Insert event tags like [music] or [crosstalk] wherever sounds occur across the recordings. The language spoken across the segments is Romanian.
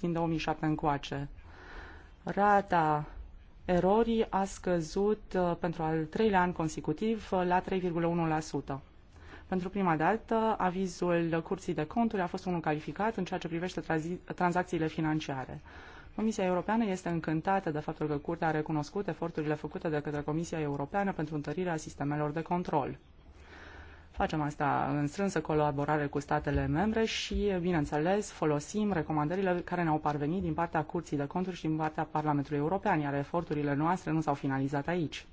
din 2007 încoace. Rata erorii a scăzut uh, pentru al treilea an consecutiv uh, la 3,1%. Pentru prima dată, avizul Curții de Conturi a fost unul calificat în ceea ce privește tranzacțiile financiare. Comisia Europeană este încântată de faptul că Curtea a recunoscut eforturile făcute de către Comisia Europeană pentru întărirea sistemelor de control. Facem asta în strânsă colaborare cu statele membre și, bineînțeles, folosim recomandările care ne-au parvenit din partea Curții de Conturi și din partea Parlamentului European, iar eforturile noastre nu s-au finalizat aici.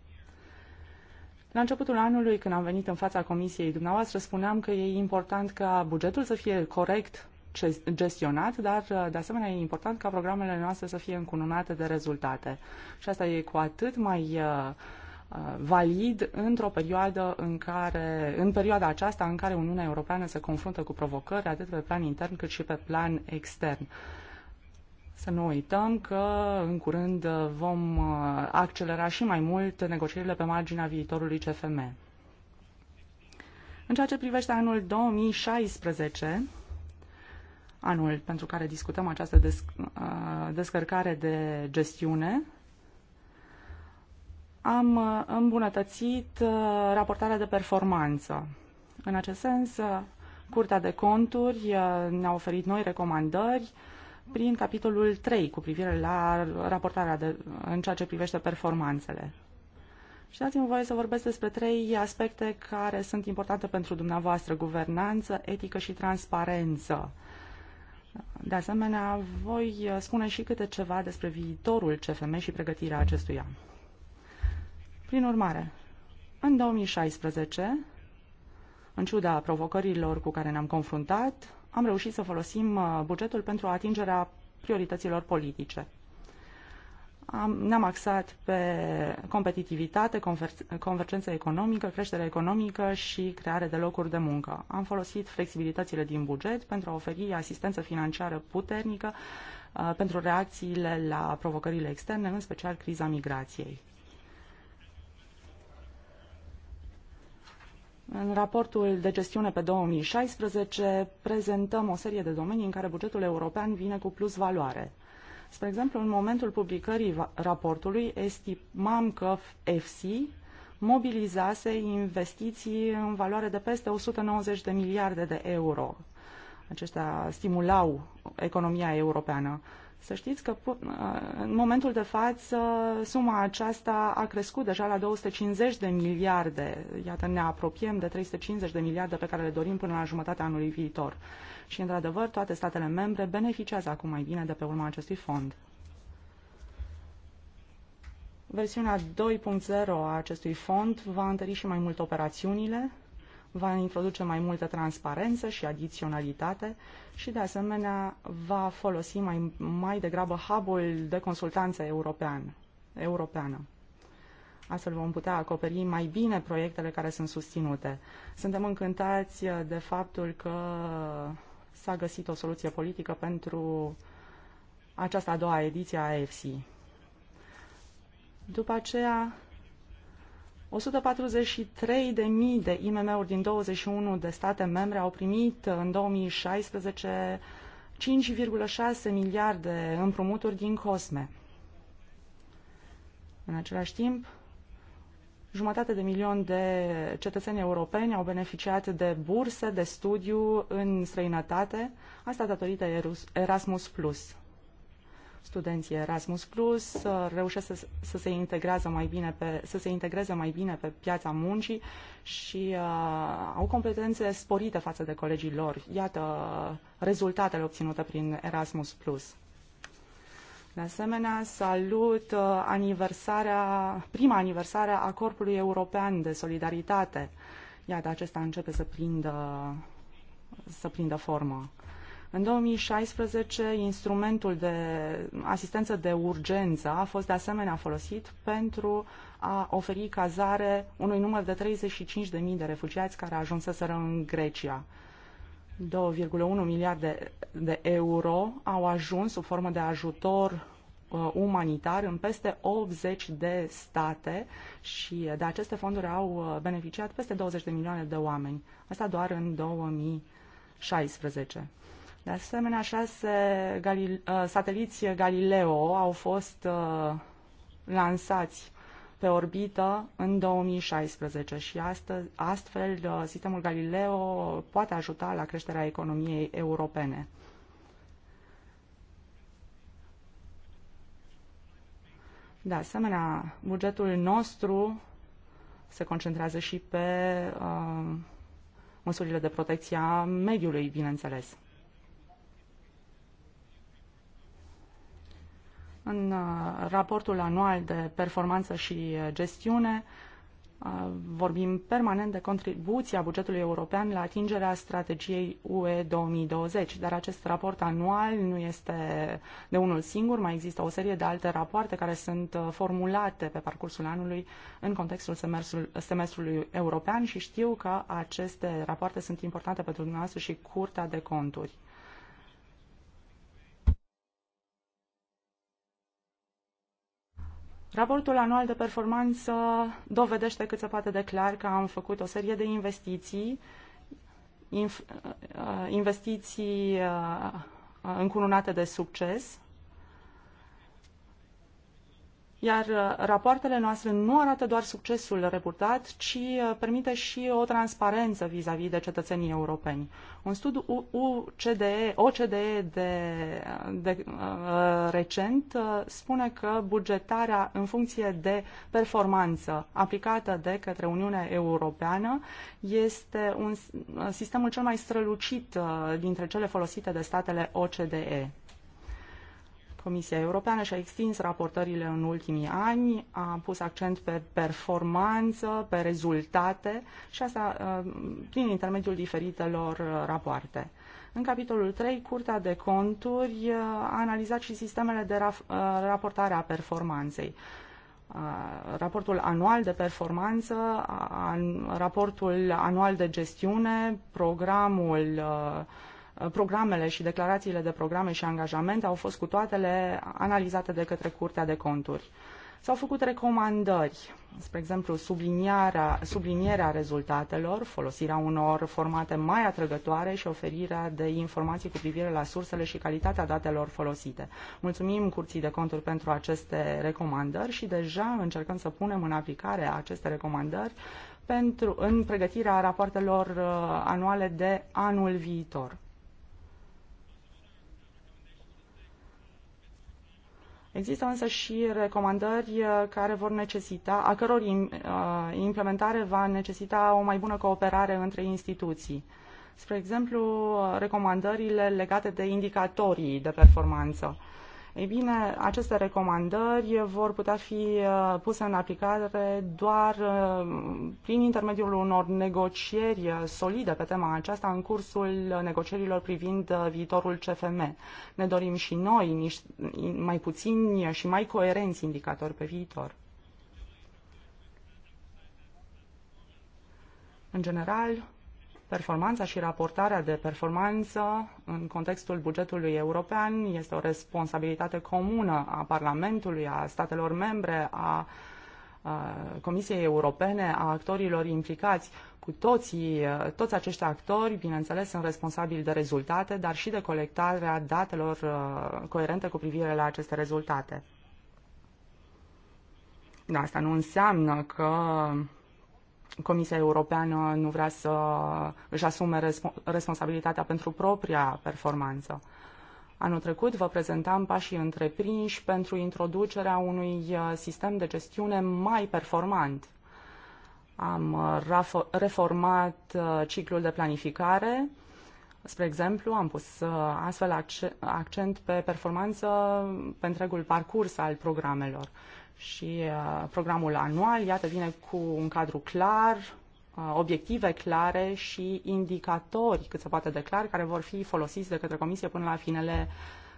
La începutul anului, când am venit în fața comisiei dumneavoastră, spuneam că e important ca bugetul să fie corect gestionat, dar de asemenea e important ca programele noastre să fie încununate de rezultate. Și asta e cu atât mai valid într-o perioadă în care, în perioada aceasta în care Uniunea Europeană se confruntă cu provocări atât pe plan intern cât și pe plan extern. Să nu uităm că în curând vom uh, accelera și mai mult negocierile pe marginea viitorului CFM. În ceea ce privește anul 2016, anul pentru care discutăm această desc- uh, descărcare de gestiune, am uh, îmbunătățit uh, raportarea de performanță. În acest sens, uh, Curtea de Conturi ne-a oferit noi recomandări prin capitolul 3 cu privire la raportarea de, în ceea ce privește performanțele. Și dați-mi voie să vorbesc despre trei aspecte care sunt importante pentru dumneavoastră, guvernanță, etică și transparență. De asemenea, voi spune și câte ceva despre viitorul CFM și pregătirea acestuia. Prin urmare, în 2016, în ciuda provocărilor cu care ne-am confruntat, am reușit să folosim uh, bugetul pentru atingerea priorităților politice. Am, ne-am axat pe competitivitate, conver, convergență economică, creștere economică și creare de locuri de muncă. Am folosit flexibilitățile din buget pentru a oferi asistență financiară puternică uh, pentru reacțiile la provocările externe, în special criza migrației. În raportul de gestiune pe 2016 prezentăm o serie de domenii în care bugetul european vine cu plus valoare. Spre exemplu, în momentul publicării raportului, estimam că FC mobilizase investiții în valoare de peste 190 de miliarde de euro. Aceștia stimulau economia europeană. Să știți că în momentul de față suma aceasta a crescut deja la 250 de miliarde. Iată, ne apropiem de 350 de miliarde pe care le dorim până la jumătatea anului viitor. Și, într-adevăr, toate statele membre beneficiază acum mai bine de pe urma acestui fond. Versiunea 2.0 a acestui fond va întări și mai mult operațiunile, va introduce mai multă transparență și adiționalitate și, de asemenea, va folosi mai, mai degrabă hub-ul de consultanță european, europeană. Astfel vom putea acoperi mai bine proiectele care sunt susținute. Suntem încântați de faptul că s-a găsit o soluție politică pentru această a doua ediție a EFSI. După aceea, 143.000 de IMM-uri din 21 de state membre au primit în 2016 5,6 miliarde împrumuturi din COSME. În același timp, jumătate de milion de cetățeni europeni au beneficiat de burse de studiu în străinătate, asta datorită Erasmus+ studenții Erasmus Plus reușesc să, să se integreze mai bine pe, să se integreze mai bine pe piața muncii și uh, au competențe sporite față de colegii lor. Iată uh, rezultatele obținute prin Erasmus Plus. De asemenea, salut uh, aniversarea, prima aniversare a Corpului European de Solidaritate. Iată, acesta începe să prindă, să prindă formă. În 2016, instrumentul de asistență de urgență a fost de asemenea folosit pentru a oferi cazare unui număr de 35.000 de refugiați care ajunseseră în Grecia. 2,1 miliarde de euro au ajuns sub formă de ajutor uh, umanitar în peste 80 de state și de aceste fonduri au uh, beneficiat peste 20 de milioane de oameni. Asta doar în 2016. De asemenea, șase Galil- uh, sateliți Galileo au fost uh, lansați pe orbită în 2016 și astă, astfel uh, sistemul Galileo poate ajuta la creșterea economiei europene. De asemenea, bugetul nostru se concentrează și pe uh, măsurile de protecție a mediului, bineînțeles. În uh, raportul anual de performanță și uh, gestiune uh, vorbim permanent de contribuția bugetului european la atingerea strategiei UE 2020, dar acest raport anual nu este de unul singur, mai există o serie de alte rapoarte care sunt formulate pe parcursul anului în contextul semestrului european și știu că aceste rapoarte sunt importante pentru dumneavoastră și Curtea de Conturi. Raportul anual de performanță dovedește cât se poate de clar că am făcut o serie de investiții, uh, investiții uh, uh, încununate de succes, iar uh, rapoartele noastre nu arată doar succesul reportat, ci uh, permite și o transparență vis-a-vis -vis de cetățenii europeni. Un studiu UCDE, OCDE de, uh, de uh, recent uh, spune că bugetarea în funcție de performanță aplicată de către Uniunea Europeană este un, uh, sistemul cel mai strălucit dintre cele folosite de statele OCDE. Comisia Europeană și-a extins raportările în ultimii ani, a pus accent pe performanță, pe rezultate și asta uh, prin intermediul diferitelor uh, rapoarte. În capitolul 3, Curtea de Conturi uh, a analizat și sistemele de raportare a performanței raportul anual de performanță, raportul anual de gestiune, programul programele și declarațiile de programe și angajamente au fost cu toatele analizate de către Curtea de Conturi. S-au făcut recomandări, spre exemplu sublinierea, sublinierea rezultatelor, folosirea unor formate mai atrăgătoare și oferirea de informații cu privire la sursele și calitatea datelor folosite. Mulțumim Curții de Conturi pentru aceste recomandări și deja încercăm să punem în aplicare aceste recomandări pentru, în pregătirea rapoartelor uh, anuale de anul viitor. Există însă și recomandări uh, care vor necesita, a căror uh, implementare va necesita o mai bună cooperare între instituții. Spre exemplu, uh, recomandările legate de indicatorii de performanță. Ei bine, aceste recomandări vor putea fi uh, puse în aplicare doar uh, prin intermediul unor negocieri solide pe tema aceasta în cursul negocierilor privind uh, viitorul CFM. Ne dorim și noi mai puțini și mai coerenți indicatori pe viitor. În general, Performanța și raportarea de performanță în contextul bugetului european este o responsabilitate comună a Parlamentului, a statelor membre, a, a Comisiei Europene, a actorilor implicați. Cu toții, toți acești actori, bineînțeles, sunt responsabili de rezultate, dar și de colectarea datelor uh, coerente cu privire la aceste rezultate. Da, asta nu înseamnă că Comisia Europeană nu vrea să își asume responsabilitatea pentru propria performanță. Anul trecut vă prezentam pașii întreprinși pentru introducerea unui uh, sistem de gestiune mai performant. Am uh, reformat uh, ciclul de planificare, Spre exemplu, am pus astfel accent pe performanță pe întregul parcurs al programelor și uh, programul anual, iată, vine cu un cadru clar, uh, obiective clare și indicatori cât se poate de clar care vor fi folosiți de către Comisie până la finele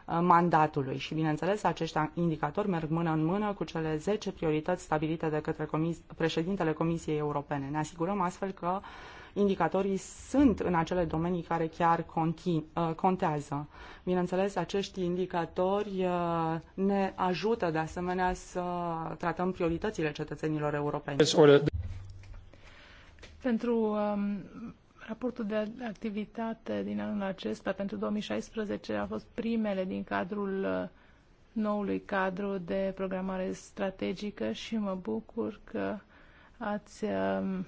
uh, mandatului și, bineînțeles, acești indicatori merg mână în mână cu cele 10 priorități stabilite de către președintele Comisiei Europene. Ne asigurăm astfel că uh, indicatorii sunt în acele domenii care chiar uh, contează. Bineînțeles, acești indicatori uh, ne ajută de asemenea să tratăm prioritățile cetățenilor europeni. Pentru um, raportul de activitate din anul acesta, pentru 2016, a fost primele din cadrul uh, noului cadru de programare strategică și mă bucur că ați um,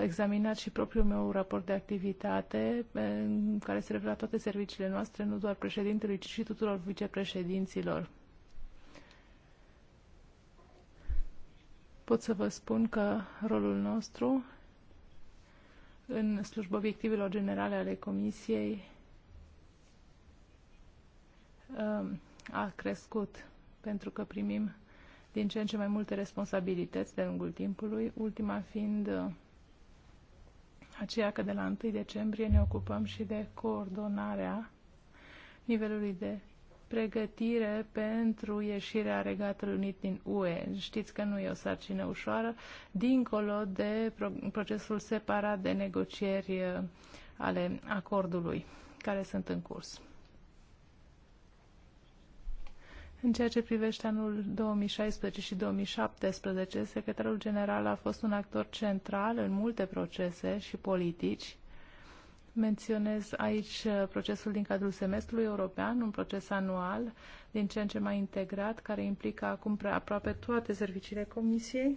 examinat și propriul meu raport de activitate, în care se referă toate serviciile noastre, nu doar președintelui, ci și tuturor vicepreședinților. Pot să vă spun că rolul nostru în slujba obiectivelor generale ale Comisiei um, a crescut pentru că primim din ce în ce mai multe responsabilități de-a lungul timpului, ultima fiind uh, aceea că de la 1 decembrie ne ocupăm și de coordonarea nivelului de pregătire pentru ieșirea Regatului Unit din UE. Știți că nu e o sarcină ușoară, dincolo de procesul separat de negocieri uh, ale acordului care sunt în curs. În ceea ce privește anul 2016 și 2017, secretarul general a fost un actor central în multe procese și politici. Menționez aici uh, procesul din cadrul semestrului european, un proces anual din ce în ce mai integrat, care implică acum aproape toate serviciile Comisiei,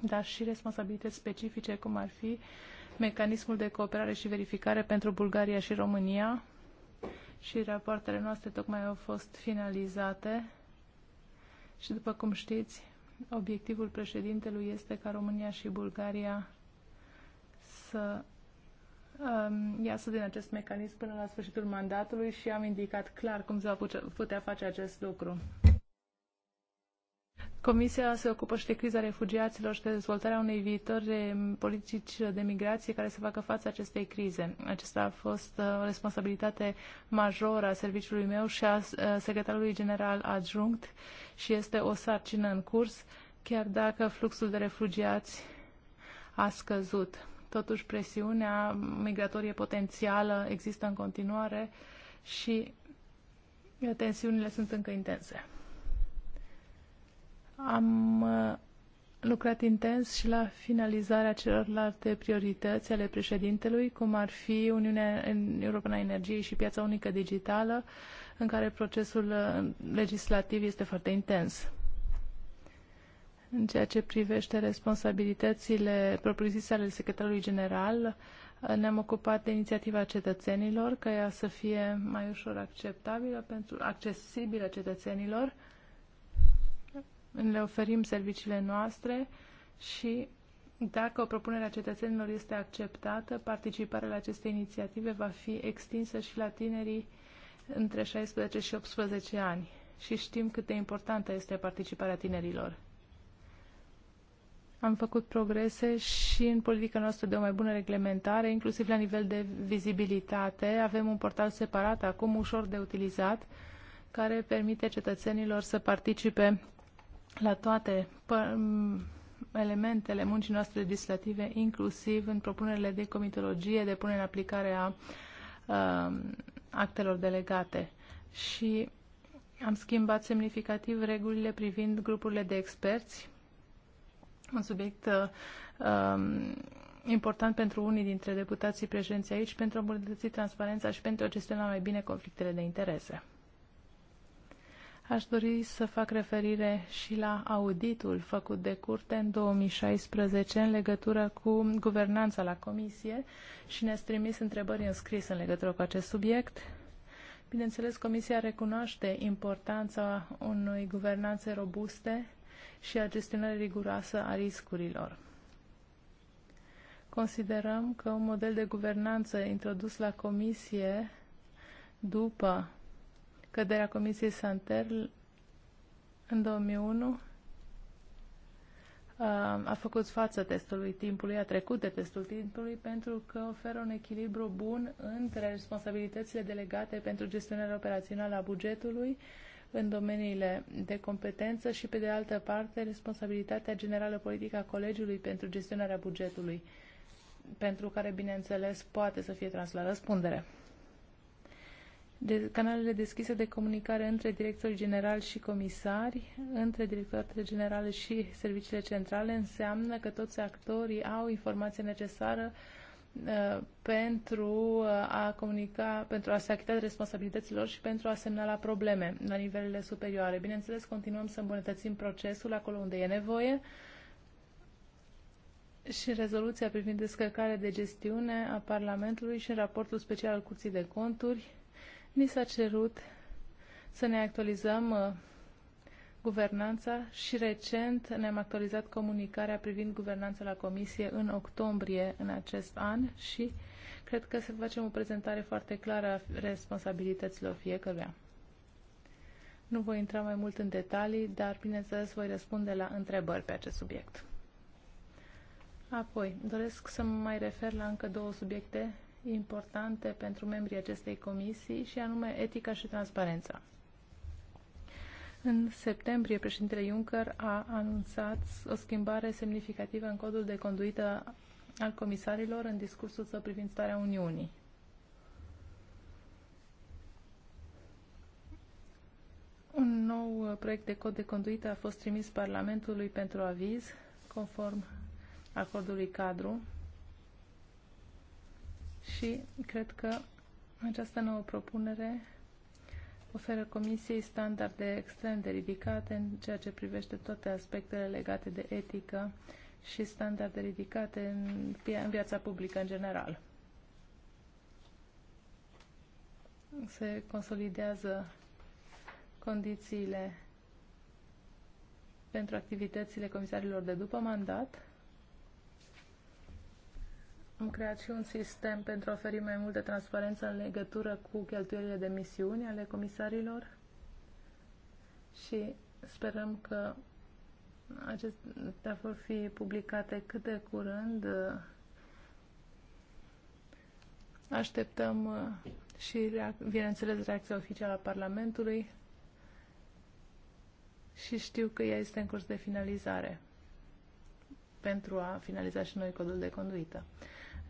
dar și responsabilități specifice, cum ar fi mecanismul de cooperare și verificare pentru Bulgaria și România, și rapoartele noastre tocmai au fost finalizate și, după cum știți, obiectivul președintelui este ca România și Bulgaria să um, iasă din acest mecanism până la sfârșitul mandatului și am indicat clar cum se va putea face acest lucru. Comisia se ocupă și de criza refugiaților și de dezvoltarea unei viitoare politici de migrație care să facă față acestei crize. Acesta a fost uh, o responsabilitate majoră a serviciului meu și a uh, secretarului general adjunct și este o sarcină în curs, chiar dacă fluxul de refugiați a scăzut. Totuși, presiunea migratorie potențială există în continuare și tensiunile sunt încă intense. Am uh, lucrat intens și la finalizarea celorlalte priorități ale președintelui, cum ar fi Uniunea Europeană a Energiei și Piața Unică Digitală, în care procesul uh, legislativ este foarte intens. În ceea ce privește responsabilitățile propriu-zise ale secretarului general, uh, ne-am ocupat de inițiativa cetățenilor, ca ea să fie mai ușor acceptabilă, pentru, accesibilă cetățenilor, le oferim serviciile noastre și dacă o propunere a cetățenilor este acceptată, participarea la aceste inițiative va fi extinsă și la tinerii între 16 și 18 ani. Și știm cât de importantă este participarea tinerilor. Am făcut progrese și în politica noastră de o mai bună reglementare, inclusiv la nivel de vizibilitate. Avem un portal separat, acum ușor de utilizat, care permite cetățenilor să participe la toate elementele muncii noastre legislative, inclusiv în propunerile de comitologie, de punere în aplicare a uh, actelor delegate. Și am schimbat semnificativ regulile privind grupurile de experți, un subiect uh, um, important pentru unii dintre deputații prezenți aici, pentru a îmbunătăți transparența și pentru a gestiona mai bine conflictele de interese. Aș dori să fac referire și la auditul făcut de curte în 2016 în legătură cu guvernanța la comisie și ne-ați trimis întrebări înscrise în legătură cu acest subiect. Bineînțeles, Comisia recunoaște importanța unei guvernanțe robuste și a gestionării riguroasă a riscurilor. Considerăm că un model de guvernanță introdus la Comisie după căderea Comisiei Santer în 2001 uh, a făcut față testului timpului, a trecut de testul timpului pentru că oferă un echilibru bun între responsabilitățile delegate pentru gestionarea operațională a bugetului în domeniile de competență și, pe de altă parte, responsabilitatea generală politică a colegiului pentru gestionarea bugetului, pentru care, bineînțeles, poate să fie tras răspundere de canalele deschise de comunicare între directori generali și comisari, între directoratele generale și serviciile centrale, înseamnă că toți actorii au informația necesară uh, pentru uh, a comunica, pentru a se achita de responsabilităților și pentru a semnala probleme la nivelele superioare. Bineînțeles, continuăm să îmbunătățim procesul acolo unde e nevoie și rezoluția privind descărcarea de gestiune a Parlamentului și în raportul special al Curții de Conturi ni s-a cerut să ne actualizăm uh, guvernanța și recent ne-am actualizat comunicarea privind guvernanța la comisie în octombrie în acest an și cred că să facem o prezentare foarte clară a responsabilităților fiecăruia. Nu voi intra mai mult în detalii, dar bineînțeles voi răspunde la întrebări pe acest subiect. Apoi, doresc să mă mai refer la încă două subiecte importante pentru membrii acestei comisii și anume etica și transparența. În septembrie, președintele Juncker a anunțat o schimbare semnificativă în codul de conduită al comisarilor în discursul său privind starea Uniunii. Un nou proiect de cod de conduită a fost trimis Parlamentului pentru aviz, conform acordului cadru și cred că această nouă propunere oferă Comisiei standarde extrem de ridicate în ceea ce privește toate aspectele legate de etică și standarde ridicate în, în viața publică în general. Se consolidează condițiile pentru activitățile comisarilor de după mandat am creat și un sistem pentru a oferi mai multă transparență în legătură cu cheltuielile de misiuni ale comisarilor și sperăm că acestea vor fi publicate cât de curând. Așteptăm uh, și, bineînțeles, reacția oficială a Parlamentului și știu că ea este în curs de finalizare pentru a finaliza și noi codul de conduită.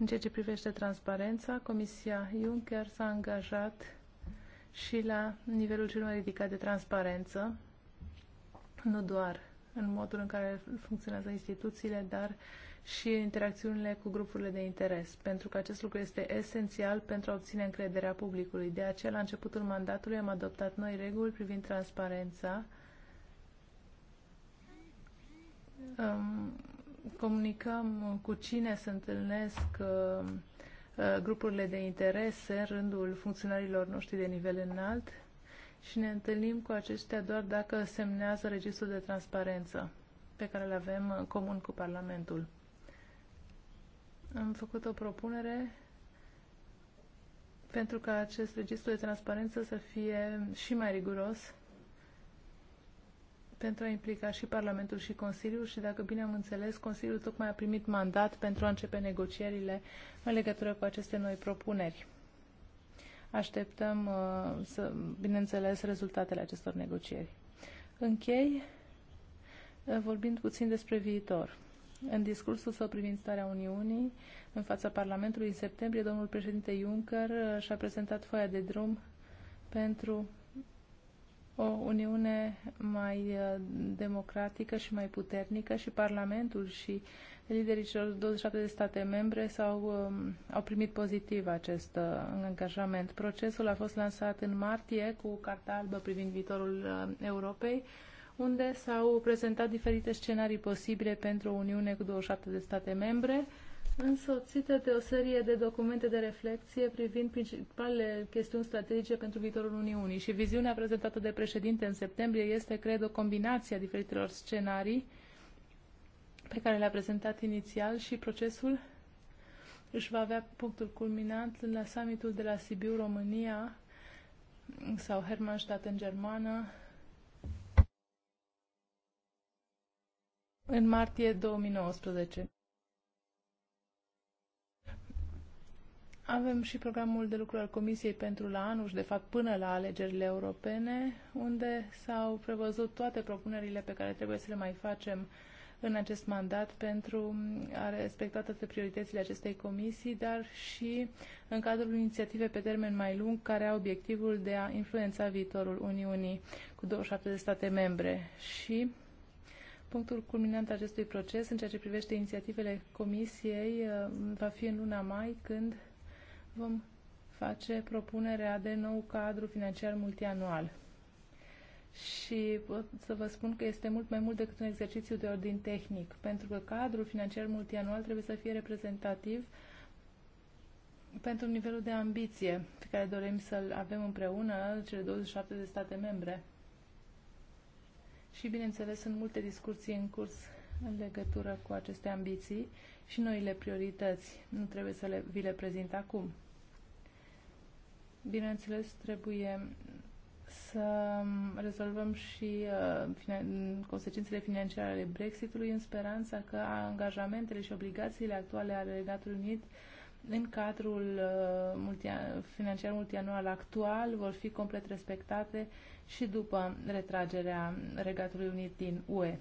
În ceea ce privește transparența, Comisia Juncker s-a angajat și la nivelul cel mai ridicat de transparență, nu doar în modul în care funcționează instituțiile, dar și interacțiunile cu grupurile de interes, pentru că acest lucru este esențial pentru a obține încrederea publicului. De aceea, la începutul mandatului, am adoptat noi reguli privind transparența comunicăm cu cine se întâlnesc uh, uh, grupurile de interese, rândul funcționarilor noștri de nivel înalt și ne întâlnim cu aceștia doar dacă semnează registrul de transparență pe care îl avem în comun cu Parlamentul. Am făcut o propunere pentru ca acest registru de transparență să fie și mai riguros pentru a implica și Parlamentul și Consiliul și, dacă bine am înțeles, Consiliul tocmai a primit mandat pentru a începe negocierile în legătură cu aceste noi propuneri. Așteptăm, uh, să, bineînțeles, rezultatele acestor negocieri. Închei uh, vorbind puțin despre viitor. În discursul său privind starea Uniunii, în fața Parlamentului, în septembrie, domnul președinte Juncker uh, și-a prezentat foaia de drum pentru o Uniune mai uh, democratică și mai puternică și Parlamentul și liderii celor 27 de state membre s-au, um, au primit pozitiv acest uh, angajament. Procesul a fost lansat în martie cu Carta Albă privind viitorul uh, Europei, unde s-au prezentat diferite scenarii posibile pentru o Uniune cu 27 de state membre, însoțită de o serie de documente de reflexie privind principalele chestiuni strategice pentru viitorul Uniunii. Și viziunea prezentată de președinte în septembrie este, cred, o combinație a diferitelor scenarii pe care le-a prezentat inițial și procesul își va avea punctul culminant la summitul de la Sibiu, România sau Hermannstadt în germană în martie 2019. Avem și programul de lucru al Comisiei pentru la anul și, de fapt, până la alegerile europene, unde s-au prevăzut toate propunerile pe care trebuie să le mai facem în acest mandat pentru a respecta toate prioritățile acestei comisii, dar și în cadrul inițiative pe termen mai lung care au obiectivul de a influența viitorul Uniunii cu 27 de state membre. Și punctul culminant acestui proces, în ceea ce privește inițiativele comisiei, uh, va fi în luna mai, când vom face propunerea de nou cadru financiar multianual. Și pot să vă spun că este mult mai mult decât un exercițiu de ordin tehnic, pentru că cadrul financiar multianual trebuie să fie reprezentativ pentru nivelul de ambiție pe care dorim să-l avem împreună cele 27 de state membre. Și, bineînțeles, sunt multe discuții în curs în legătură cu aceste ambiții și noile priorități. Nu trebuie să le, vi le prezint acum. Bineînțeles, trebuie să rezolvăm și uh, consecințele financiare ale Brexitului în speranța că angajamentele și obligațiile actuale ale Regatului Unit în cadrul uh, multian financiar multianual actual vor fi complet respectate și după retragerea Regatului Unit din UE.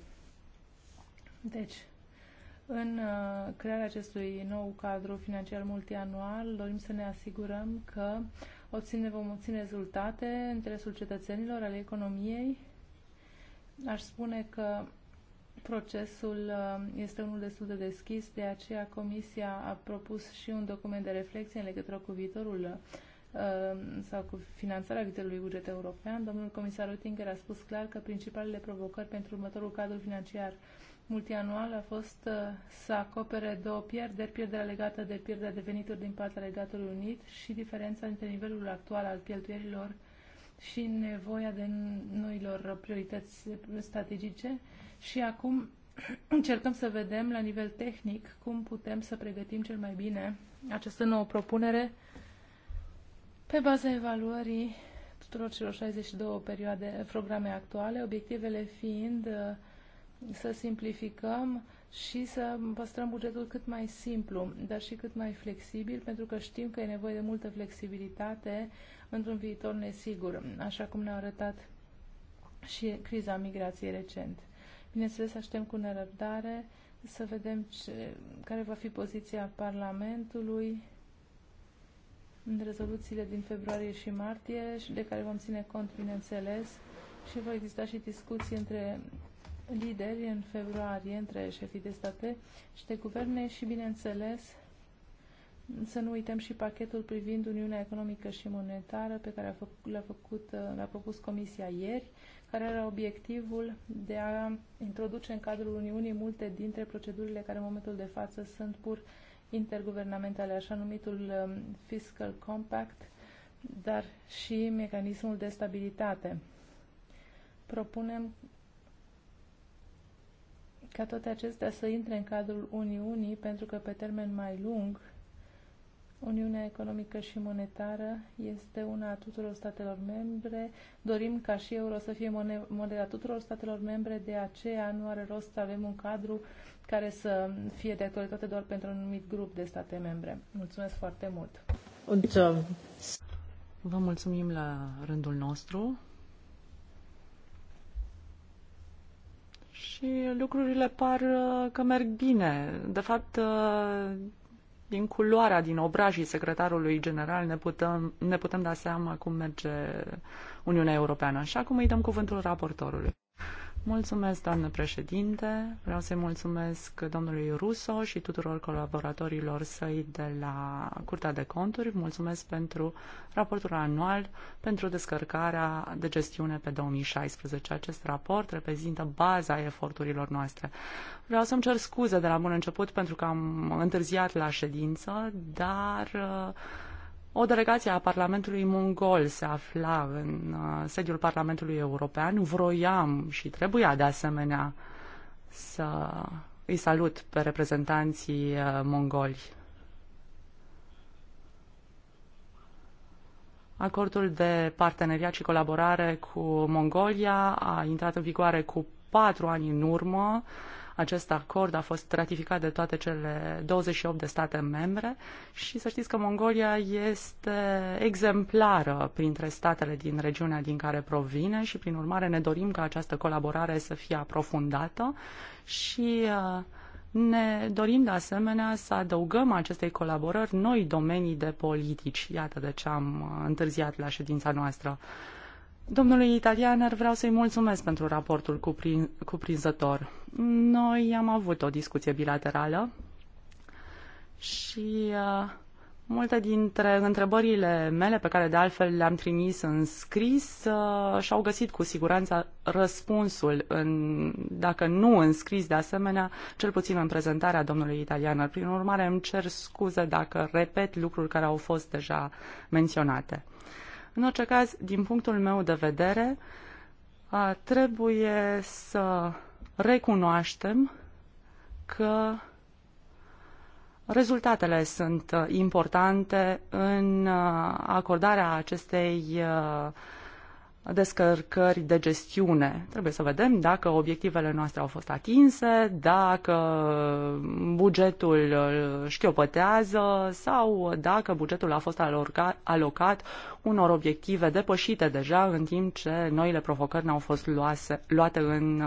Deci, în uh, crearea acestui nou cadru financiar multianual, dorim să ne asigurăm că uh, obține, vom obține rezultate în interesul cetățenilor, ale economiei. Aș spune că procesul uh, este unul destul de deschis, de aceea Comisia a propus și un document de reflexie în legătură cu viitorul uh, sau cu finanțarea viitorului buget european. Domnul comisar Oettinger a spus clar că principalele provocări pentru următorul cadru financiar multianual a fost uh, să acopere două pierderi, pierderea legată de pierderea de venituri din partea Regatului Unit și diferența între nivelul actual al cheltuielilor și nevoia de noilor priorități strategice și acum [clears throat] încercăm să vedem la nivel tehnic cum putem să pregătim cel mai bine această nouă propunere pe baza evaluării tuturor celor 62 perioade, programe actuale, obiectivele fiind uh, să simplificăm și să păstrăm bugetul cât mai simplu, dar și cât mai flexibil, pentru că știm că e nevoie de multă flexibilitate într-un viitor nesigur, așa cum ne-a arătat și criza migrației recent. Bineînțeles, așteptăm cu nerăbdare să vedem ce, care va fi poziția Parlamentului în rezoluțiile din februarie și martie și de care vom ține cont, bineînțeles, și vor exista și discuții între lideri în februarie între șefii de state și de guverne și, bineînțeles, să nu uităm și pachetul privind Uniunea Economică și Monetară pe care l-a, făcut, l-a propus Comisia ieri, care era obiectivul de a introduce în cadrul Uniunii multe dintre procedurile care în momentul de față sunt pur interguvernamentale, așa numitul um, Fiscal Compact, dar și mecanismul de stabilitate. Propunem ca toate acestea să intre în cadrul Uniunii, pentru că pe termen mai lung, Uniunea Economică și Monetară este una a tuturor statelor membre. Dorim ca și euro să fie moneda tuturor statelor membre, de aceea nu are rost să avem un cadru care să fie de actualitate doar pentru un anumit grup de state membre. Mulțumesc foarte mult! Vă mulțumim la rândul nostru. Și lucrurile par uh, că merg bine. De fapt, uh, din culoarea, din obrajii secretarului general ne putem, ne putem da seama cum merge Uniunea Europeană. Așa cum îi dăm cuvântul raportorului. Mulțumesc, doamnă președinte. Vreau să-i mulțumesc domnului Russo și tuturor colaboratorilor săi de la Curtea de Conturi. Mulțumesc pentru raportul anual, pentru descărcarea de gestiune pe 2016. Acest raport reprezintă baza eforturilor noastre. Vreau să-mi cer scuze de la bun început pentru că am întârziat la ședință, dar uh, o delegație a Parlamentului Mongol se afla în uh, sediul Parlamentului European. Vroiam și trebuia de asemenea să îi salut pe reprezentanții uh, mongoli. Acordul de parteneriat și colaborare cu Mongolia a intrat în vigoare cu patru ani în urmă. Acest acord a fost ratificat de toate cele 28 de state membre și să știți că Mongolia este exemplară printre statele din regiunea din care provine și prin urmare ne dorim ca această colaborare să fie aprofundată și uh, ne dorim de asemenea să adăugăm acestei colaborări noi domenii de politici. Iată de ce am uh, întârziat la ședința noastră. Domnului Italianer vreau să-i mulțumesc pentru raportul cuprin, cuprinzător. Noi am avut o discuție bilaterală și uh, multe dintre întrebările mele pe care de altfel le-am trimis în scris uh, și-au găsit cu siguranță răspunsul, în, dacă nu în scris de asemenea, cel puțin în prezentarea domnului italian. Prin urmare, îmi cer scuze dacă repet lucruri care au fost deja menționate. În orice caz, din punctul meu de vedere, uh, trebuie să recunoaștem că rezultatele sunt uh, importante în uh, acordarea acestei uh, descărcări de gestiune. Trebuie să vedem dacă obiectivele noastre au fost atinse, dacă bugetul șchiopătează sau dacă bugetul a fost alocat, unor obiective depășite deja în timp ce noile provocări n-au fost luase, luate în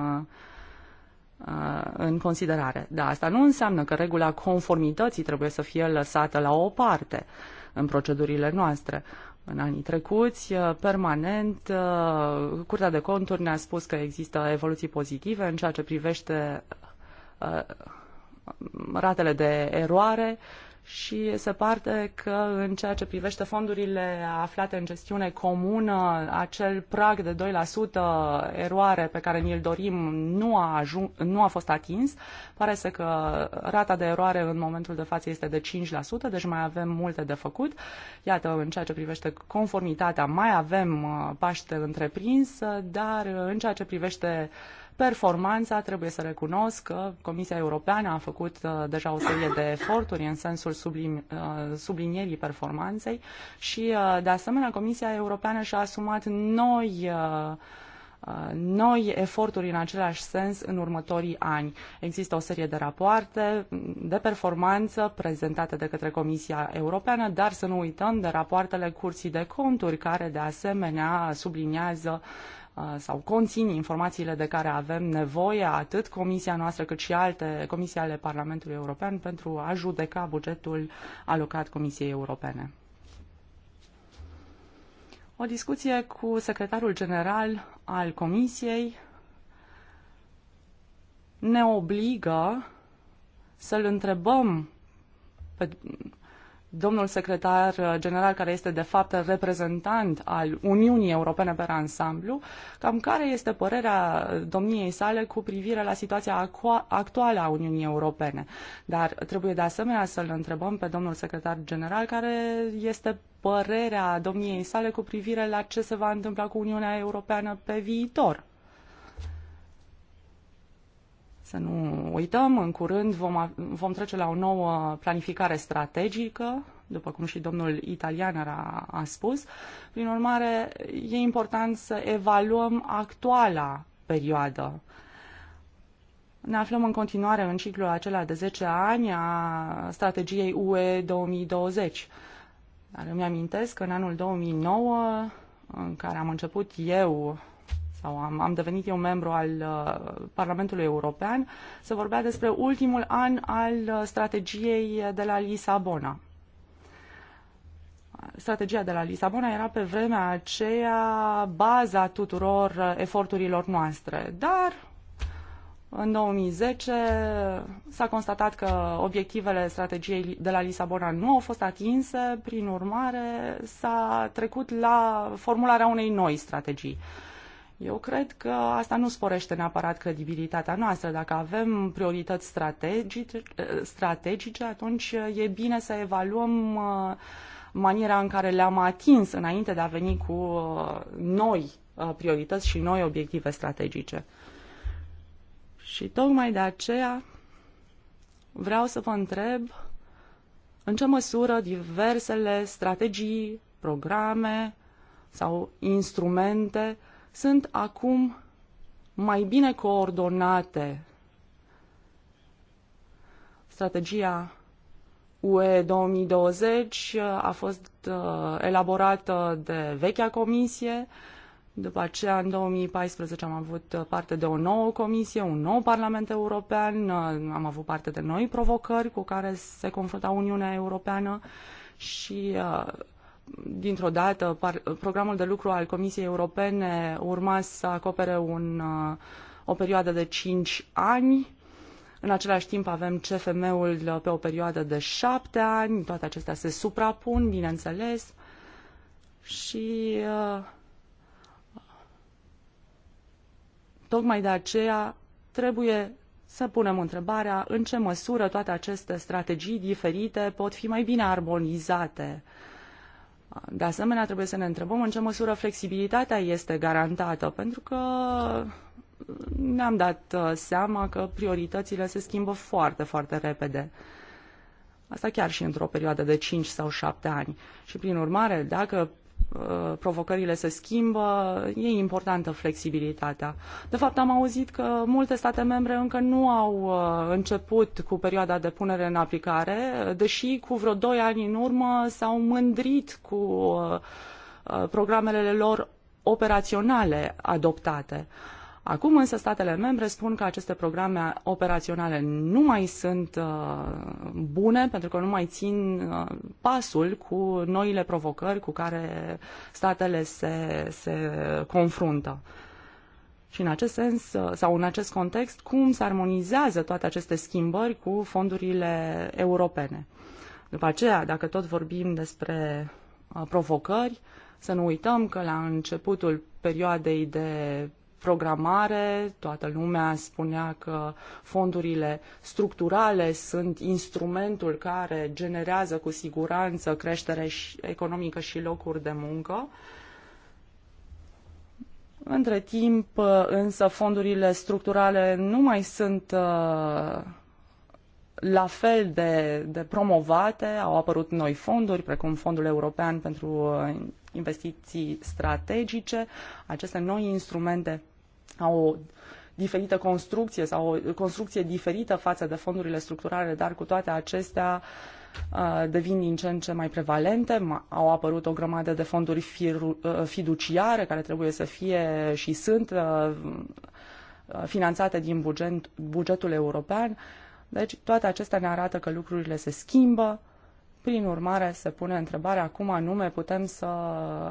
Uh, în considerare. Dar asta nu înseamnă că regula conformității trebuie să fie lăsată la o parte în procedurile noastre. În anii trecuți, uh, permanent, uh, Curtea de Conturi ne-a spus că există evoluții pozitive în ceea ce privește ratele de eroare, și se pare că în ceea ce privește fondurile aflate în gestiune comună, acel prag de 2% eroare pe care ni-l dorim nu a, ajung, nu a fost atins. Pare să că rata de eroare în momentul de față este de 5%, deci mai avem multe de făcut. Iată, în ceea ce privește conformitatea, mai avem uh, paște întreprins, uh, dar uh, în ceea ce privește uh, performanța, trebuie să recunosc că Comisia Europeană a făcut uh, deja o serie de eforturi în sensul sublim, uh, sublinierii performanței și, uh, de asemenea, Comisia Europeană și-a asumat noi uh, uh, noi eforturi în același sens în următorii ani. Există o serie de rapoarte de performanță prezentate de către Comisia Europeană, dar să nu uităm de rapoartele Curții de Conturi, care de asemenea subliniază uh, Uh, sau conțin informațiile de care avem nevoie, atât comisia noastră cât și alte comisii ale Parlamentului European, pentru a judeca bugetul alocat Comisiei Europene. O discuție cu secretarul general al Comisiei ne obligă să-l întrebăm pe domnul secretar uh, general, care este de fapt reprezentant al Uniunii Europene pe ansamblu, cam care este părerea domniei sale cu privire la situația actuală a Uniunii Europene. Dar trebuie de asemenea să-l întrebăm pe domnul secretar general care este părerea domniei sale cu privire la ce se va întâmpla cu Uniunea Europeană pe viitor. Să nu uităm, în curând vom, vom trece la o nouă planificare strategică, după cum și domnul italian a, a spus. Prin urmare, e important să evaluăm actuala perioadă. Ne aflăm în continuare în ciclul acela de 10 ani a strategiei UE 2020. Dar îmi amintesc că în anul 2009, în care am început eu sau am, am devenit eu membru al uh, Parlamentului European, se vorbea despre ultimul an al uh, strategiei de la Lisabona. Strategia de la Lisabona era pe vremea aceea baza tuturor uh, eforturilor noastre, dar în 2010 s-a constatat că obiectivele strategiei de la Lisabona nu au fost atinse, prin urmare s-a trecut la formularea unei noi strategii. Uh, eu cred că asta nu sporește neapărat credibilitatea noastră. Dacă avem priorități strategice, strategice atunci e bine să evaluăm uh, maniera în care le-am atins înainte de a veni cu uh, noi uh, priorități și noi obiective strategice. Și tocmai de aceea vreau să vă întreb în ce măsură diversele strategii, programe sau instrumente uh, sunt acum mai bine coordonate. Strategia UE 2020 uh, a fost uh, elaborată de vechea comisie, după aceea, în 2014, am avut uh, parte de o nouă comisie, un nou Parlament European, am avut parte de noi provocări cu care se confrunta Uniunea Europeană și dintr-o dată, programul de lucru al Comisiei Europene urma să acopere un, uh, o perioadă de cinci ani. În același timp avem CFM-ul pe o perioadă de 7 ani, toate acestea se suprapun, bineînțeles, și uh, tocmai de aceea trebuie să punem întrebarea în ce măsură toate aceste strategii diferite pot fi mai bine armonizate uh, de asemenea, trebuie să ne întrebăm în ce măsură flexibilitatea este garantată, pentru că ne-am dat uh, seama că prioritățile se schimbă foarte, foarte repede. Asta chiar și într-o perioadă de 5 sau 7 ani. Și prin urmare, dacă Uh, provocările se schimbă, e importantă flexibilitatea. De fapt, am auzit că multe state membre încă nu au uh, început cu perioada de punere în aplicare, deși cu vreo doi ani în urmă s-au mândrit cu uh, programele lor operaționale adoptate. Uh, Acum însă statele membre spun că aceste programe operaționale nu mai sunt uh, bune pentru că nu mai țin uh, pasul cu noile provocări cu care statele se, se confruntă. Și în acest sens, uh, sau în acest context, cum se armonizează toate aceste schimbări cu fondurile europene? După aceea, dacă tot vorbim despre provocări, să nu uităm că la începutul perioadei de programare, toată lumea spunea că fondurile structurale sunt instrumentul care generează cu siguranță creștere economică și locuri de muncă. Între timp, însă, fondurile structurale nu mai sunt uh, la fel de, de promovate. Au apărut noi fonduri, precum Fondul European pentru uh, Investiții Strategice. Aceste noi instrumente au o diferită construcție sau o construcție diferită față de fondurile structurale, dar cu toate acestea uh, devin din ce în ce mai prevalente. Au apărut o grămadă de fonduri uh, fiduciare care trebuie să fie și sunt uh, finanțate din buget, bugetul european. Deci toate acestea ne arată că lucrurile se schimbă prin urmare, se pune întrebarea cum anume putem să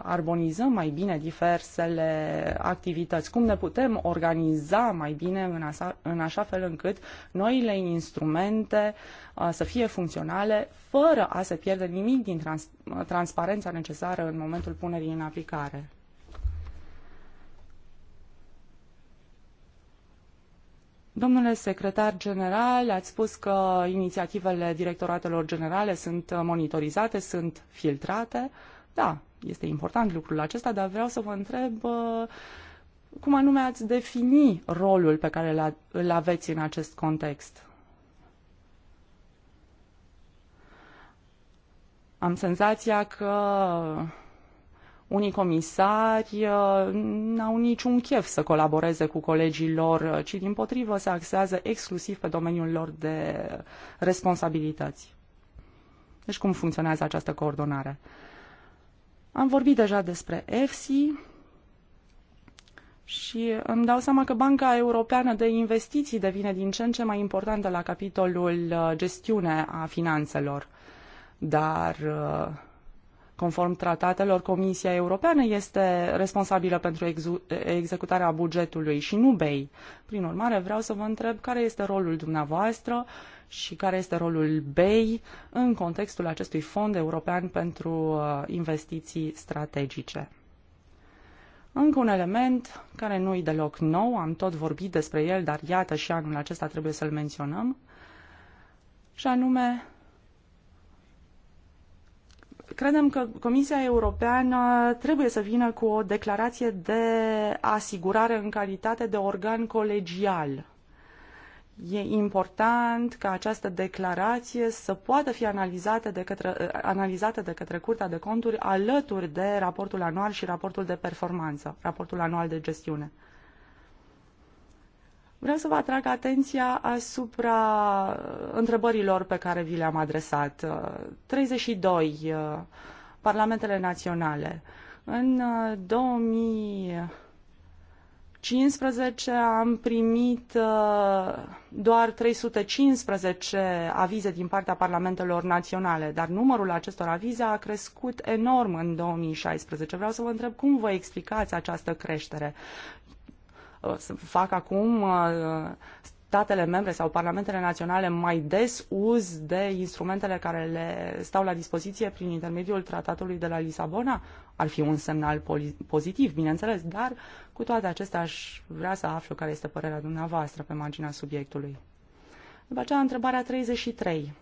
arbonizăm mai bine diversele activități, cum ne putem organiza mai bine în, asa, în așa fel încât noile instrumente uh, să fie funcționale fără a se pierde nimic din trans, transparența necesară în momentul punerii în aplicare. Domnule secretar general, ați spus că inițiativele directoratelor generale sunt monitorizate, sunt filtrate. Da, este important lucrul acesta, dar vreau să vă întreb uh, cum anume ați defini rolul pe care îl aveți în acest context. Am senzația că unii comisari uh, n-au niciun chef să colaboreze cu colegii lor, uh, ci din potrivă se axează exclusiv pe domeniul lor de responsabilități. Deci cum funcționează această coordonare? Am vorbit deja despre EFSI și îmi dau seama că Banca Europeană de Investiții devine din ce în ce mai importantă la capitolul uh, gestiune a finanțelor. Dar Conform tratatelor, Comisia Europeană este responsabilă pentru executarea bugetului și nu BEI. Prin urmare, vreau să vă întreb care este rolul dumneavoastră și care este rolul BEI în contextul acestui fond european pentru uh, investiții strategice. Încă un element care nu e deloc nou, am tot vorbit despre el, dar iată și anul acesta trebuie să-l menționăm, și anume Credem că Comisia Europeană trebuie să vină cu o declarație de asigurare în calitate de organ colegial. E important ca această declarație să poată fi analizată de către, analizată de către Curtea de Conturi alături de raportul anual și raportul de performanță, raportul anual de gestiune. Vreau să vă atrag atenția asupra uh, întrebărilor pe care vi le-am adresat. 32. Uh, uh, parlamentele naționale. În 2015 am primit doar 315 avize din partea parlamentelor naționale, dar numărul acestor avize a crescut enorm în 2016. Vreau să vă întreb cum vă explicați această creștere. Uh, fac acum uh, statele membre sau parlamentele naționale mai des uz de instrumentele care le stau la dispoziție prin intermediul tratatului de la Lisabona? Ar fi un semnal pozitiv, bineînțeles, dar cu toate acestea aș vrea să aflu care este părerea dumneavoastră pe marginea subiectului. După aceea, întrebarea 33.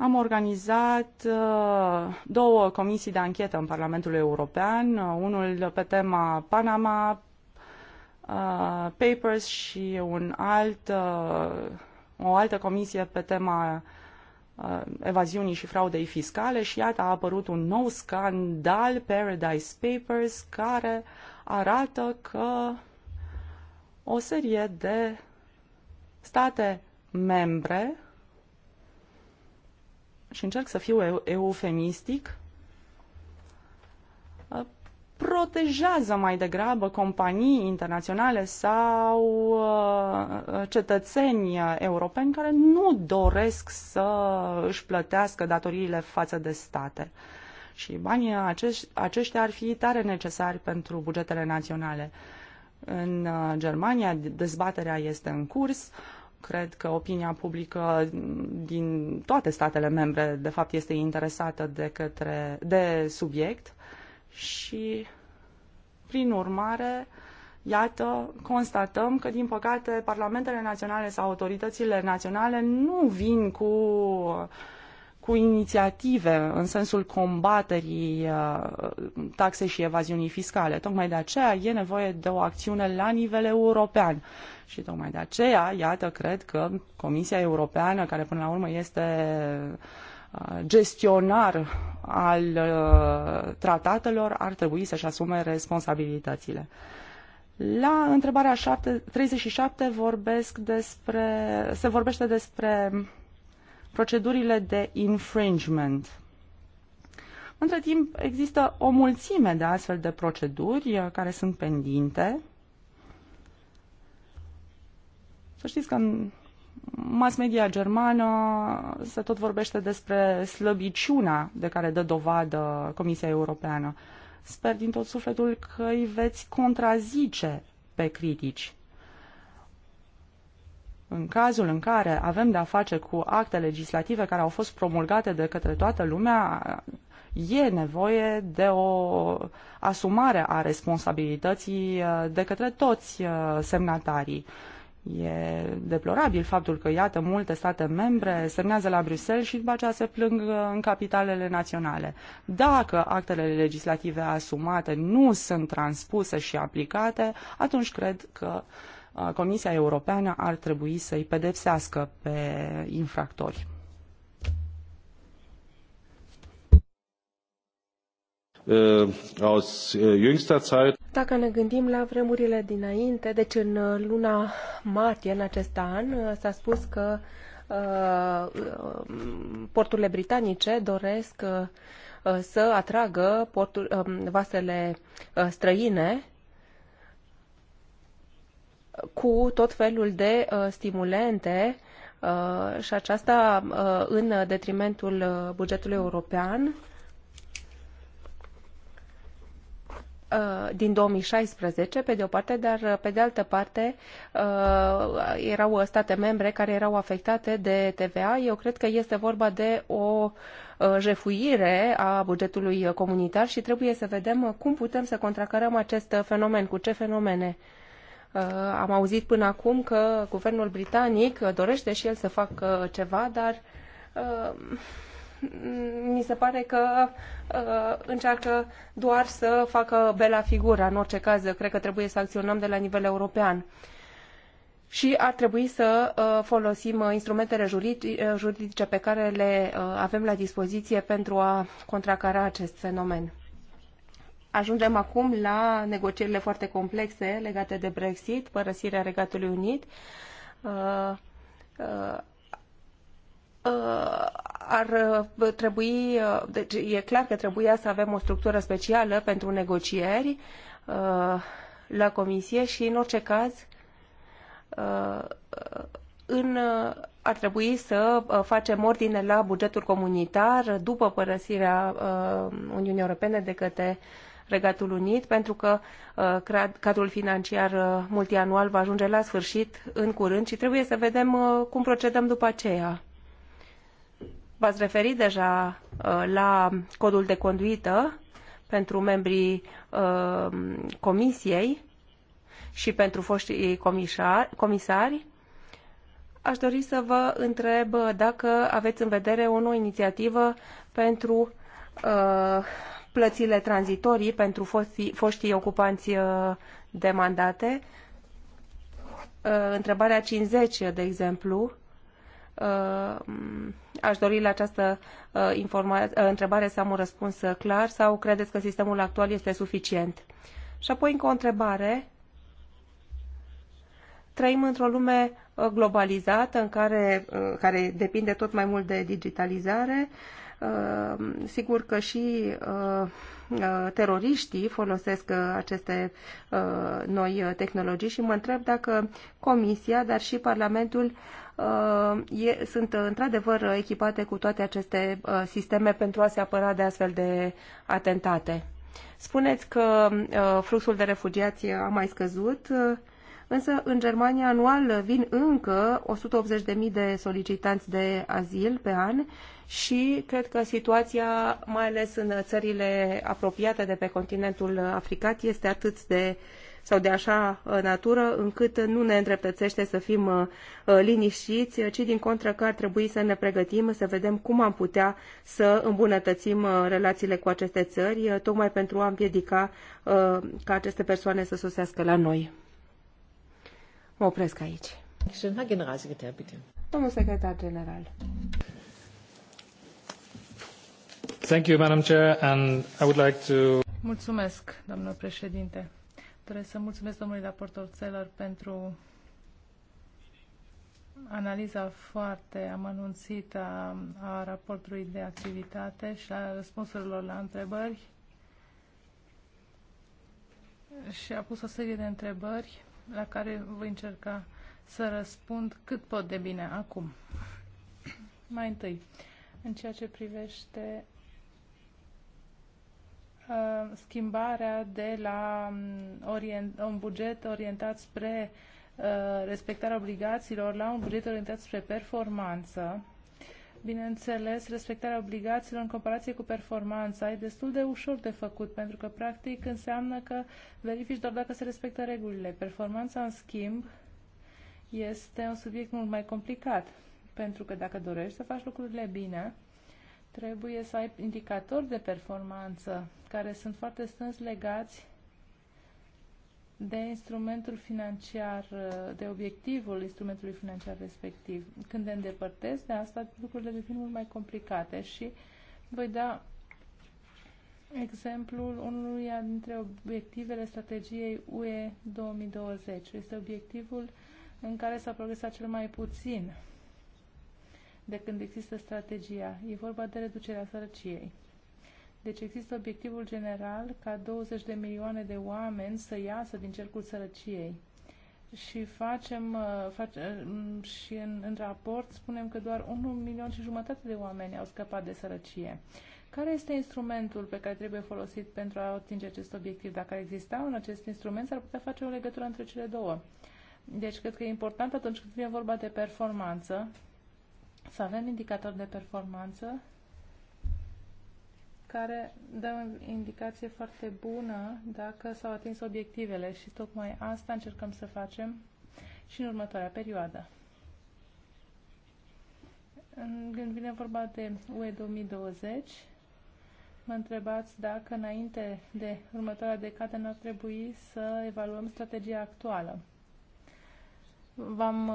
Am organizat uh, două comisii de anchetă în Parlamentul European, uh, unul pe tema Panama uh, Papers și un alt, o altă comisie pe tema evaziunii și fraudei fiscale și iată a apărut un nou scandal, Paradise Papers, care arată că o serie de state membre și încerc să fiu eufemistic, ă, protejează mai degrabă companii internaționale sau ă, cetățeni europeni care nu doresc să își plătească datoriile față de state. Și banii acești, aceștia ar fi tare necesari pentru bugetele naționale. În ă, Germania dezbaterea este în curs. Uh, Cred că opinia publică din toate statele membre, de fapt, este interesată de, către, de subiect și, prin urmare, iată, constatăm că, din păcate, parlamentele naționale sau autoritățile naționale nu vin cu uh, cu inițiative în sensul combaterii uh, taxei și evaziunii fiscale. Tocmai de aceea e nevoie de o acțiune la nivel european. Și tocmai de aceea, iată, cred că Comisia Europeană, care până la urmă este uh, gestionar al uh, tratatelor, ar trebui să-și asume responsabilitățile. La întrebarea șapte, 37 vorbesc despre, se vorbește despre procedurile de infringement. Între timp, există o mulțime de astfel de proceduri uh, care sunt pendinte. Să știți că în mass media germană se tot vorbește despre slăbiciunea de care dă dovadă Comisia Europeană. Sper din tot sufletul că îi veți contrazice pe critici în cazul în care avem de-a face cu acte legislative care au fost promulgate de către toată lumea, e nevoie de o asumare a responsabilității uh, de către toți uh, semnatarii. E deplorabil faptul că, iată, multe state membre semnează la Bruxelles și după aceea se plâng uh, în capitalele naționale. Dacă actele legislative asumate nu sunt transpuse și aplicate, atunci cred că uh, Comisia Europeană ar trebui să-i pedepsească pe infractori. Äh, äh, Dacă ne gândim la vremurile dinainte, deci în uh, luna martie în acest an, uh, s-a spus că uh, porturile britanice doresc să atragă portul, vasele străine cu tot felul de uh, stimulente uh, și aceasta uh, în detrimentul bugetului european din 2016, pe de o parte, dar pe de altă parte erau state membre care erau afectate de TVA. Eu cred că este vorba de o jefuire a bugetului comunitar și trebuie să vedem cum putem să contracarăm acest fenomen, cu ce fenomene Uh, am auzit până acum că guvernul britanic dorește și el să facă uh, ceva, dar uh, mi se pare că încearcă doar să facă bela figura. În orice caz, cred că trebuie să acționăm de la nivel european. Și ar trebui să folosim instrumentele juridice pe care le avem la dispoziție pentru a contracara acest fenomen. Ajungem acum la negocierile foarte complexe legate de Brexit, părăsirea Regatului Unit. Uh, uh, uh ar trebui, uh, deci e clar că trebuia să avem o structură specială pentru negocieri uh, la comisie și în orice caz în, ar trebui să facem ordine la bugetul comunitar după părăsirea Uniunii Europene de către Regatul Unit, pentru că uh, cadrul financiar uh, multianual va ajunge la sfârșit în curând și trebuie să vedem uh, cum procedăm după aceea. V-ați referit deja la codul de conduită pentru membrii comisiei și pentru foștii comisari. comisari aș dori să vă întreb dacă aveți în vedere o nouă inițiativă pentru uh, plățile tranzitorii pentru foștii, ocupanți uh, de mandate. Uh, întrebarea 50, de exemplu, uh, aș dori la această întrebare să am un răspuns clar sau credeți că sistemul actual este suficient? Și apoi încă o întrebare. Trăim într-o lume globalizată în care, care depinde tot mai mult de digitalizare. Uh, Uh, sigur că și uh, uh, teroriștii folosesc aceste noi tehnologii și mă întreb dacă Comisia, dar și Parlamentul sunt într-adevăr echipate cu toate aceste sisteme pentru a se apăra de astfel de atentate. Spuneți că fluxul de refugiați a mai scăzut, însă în Germania anual vin încă 180.000 de solicitanți de azil pe an și cred că situația, mai ales în țările apropiate de pe continentul african, este atât de sau de așa uh, natură încât nu ne îndreptățește să fim uh, uh, liniștiți, ci din contră că ar trebui să ne pregătim, să vedem cum am putea să îmbunătățim relațiile cu aceste țări, tocmai pentru a împiedica ca aceste persoane să sosească la noi. Mă opresc aici. Domnul secretar general. Mulțumesc, doamnă președinte. Doresc să mulțumesc domnului raportor Țelăr pentru analiza foarte amănunțită a raportului de activitate și a răspunsurilor la întrebări și a pus o serie de întrebări la care voi încerca să răspund cât pot de bine acum. Mai întâi, în ceea ce privește Uh, schimbarea de la um, un buget orientat spre uh, respectarea obligațiilor la un buget orientat spre performanță. Bineînțeles, respectarea obligațiilor în comparație cu performanța e destul de ușor de făcut, pentru că practic înseamnă că verifici doar dacă se respectă regulile. Performanța, în schimb, este un subiect mult mai complicat, pentru că dacă dorești să faci lucrurile bine, Trebuie să ai indicatori de performanță care sunt foarte strâns legați de instrumentul financiar, de obiectivul instrumentului financiar respectiv. Când te îndepărtezi de asta, lucrurile devin mult mai complicate și voi da exemplul unuia dintre obiectivele strategiei UE 2020. Este obiectivul în care s-a progresat cel mai puțin de când există strategia. E vorba de reducerea sărăciei. Deci există obiectivul general ca 20 de milioane de oameni să iasă din cercul sărăciei. Și facem, uh, face, uh, și în, în raport spunem că doar 1 milion și jumătate de oameni au scăpat de sărăcie. Care este instrumentul pe care trebuie folosit pentru a atinge acest obiectiv? Dacă ar exista un acest instrument, s-ar putea face o legătură între cele două. Deci, cred că e important atunci când vine vorba de performanță, să avem indicatori de performanță care dă o indicație foarte bună dacă s-au atins obiectivele și tocmai asta încercăm să facem și în următoarea perioadă. Când vine vorba de UE 2020, mă întrebați dacă înainte de următoarea decadă n-ar trebui să evaluăm strategia actuală. V-am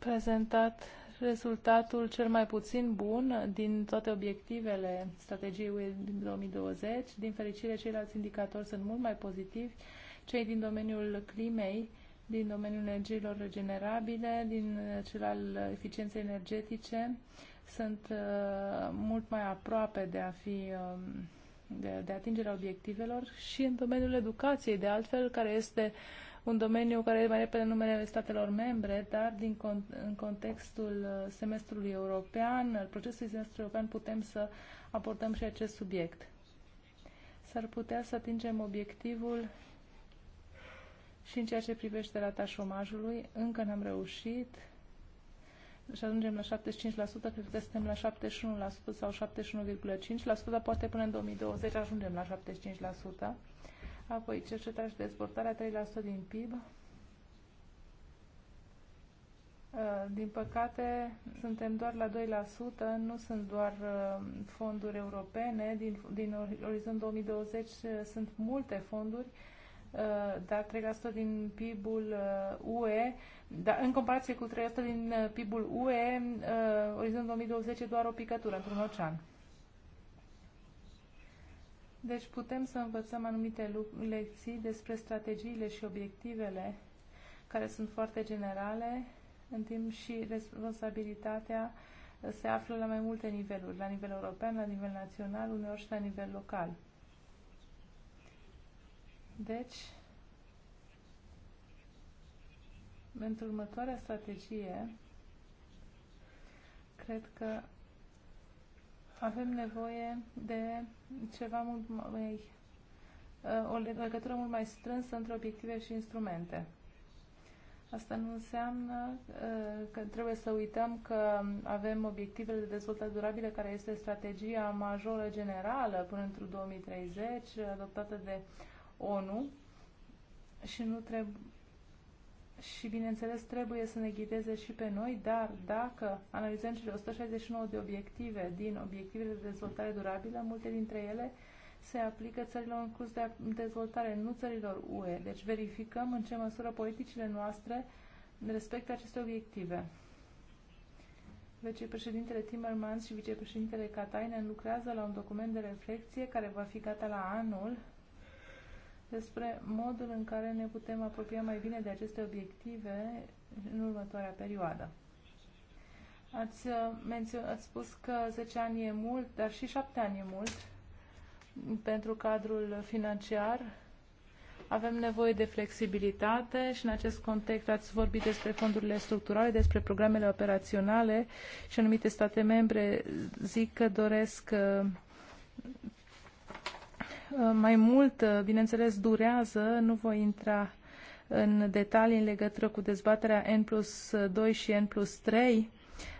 prezentat rezultatul cel mai puțin bun din toate obiectivele strategiei UE 2020. Din fericire, ceilalți indicatori sunt mult mai pozitivi. Cei din domeniul climei, din domeniul energiilor regenerabile, din cel al eficienței energetice, sunt uh, mult mai aproape de a fi uh, de, de atingerea obiectivelor și în domeniul educației, de altfel, care este uh, un domeniu care mai repede numele statelor membre, dar din con- în contextul uh, semestrului european, al procesului semestrului european, putem să aportăm și acest subiect. S-ar putea să atingem obiectivul și în ceea ce privește rata șomajului, încă n-am reușit și deci ajungem la 75%, cred că suntem la 71% sau 71,5%, poate până în 2020 ajungem la 75%. Apoi, cercetarea și dezvoltarea 3% din PIB. Uh, din păcate, suntem doar la 2%, nu sunt doar uh, fonduri europene. Din, din Orizont 2020 uh, sunt multe fonduri, dar 3% din PIB-ul UE, dar în comparație cu 3% din PIB-ul UE, Orizont 2020 e doar o picătură într-un ocean. Deci putem să învățăm anumite lecții despre strategiile și obiectivele care sunt foarte generale, în timp și responsabilitatea se află la mai multe niveluri, la nivel european, la nivel național, uneori și la nivel local. Deci, pentru următoarea strategie, cred că avem nevoie de ceva mult mai, o legătură mult mai strânsă între obiective și instrumente. Asta nu înseamnă uh, că trebuie să uităm că avem obiectivele de dezvoltare durabilă, care este strategia majoră generală până într 2030, adoptată de ONU, și nu trebuie și, bineînțeles, trebuie să ne ghideze și pe noi, dar dacă analizăm cele 169 de obiective din obiectivele de dezvoltare durabilă, multe dintre ele se aplică țărilor în curs de dezvoltare, nu țărilor UE. Deci verificăm în ce măsură politicile noastre respectă aceste obiective. Vicepreședintele Timmermans și vicepreședintele Katainen lucrează la un document de reflexie care va fi gata la anul despre modul în care ne putem apropia mai bine de aceste obiective în următoarea perioadă. Ați, uh, ați spus că 10 ani e mult, dar și 7 ani e mult pentru cadrul financiar. Avem nevoie de flexibilitate și în acest context ați vorbit despre fondurile structurale, despre programele operaționale și anumite state membre zic că doresc uh, mai mult, uh, bineînțeles, durează, nu voi intra în detalii în legătură cu dezbaterea N plus 2 și N plus 3,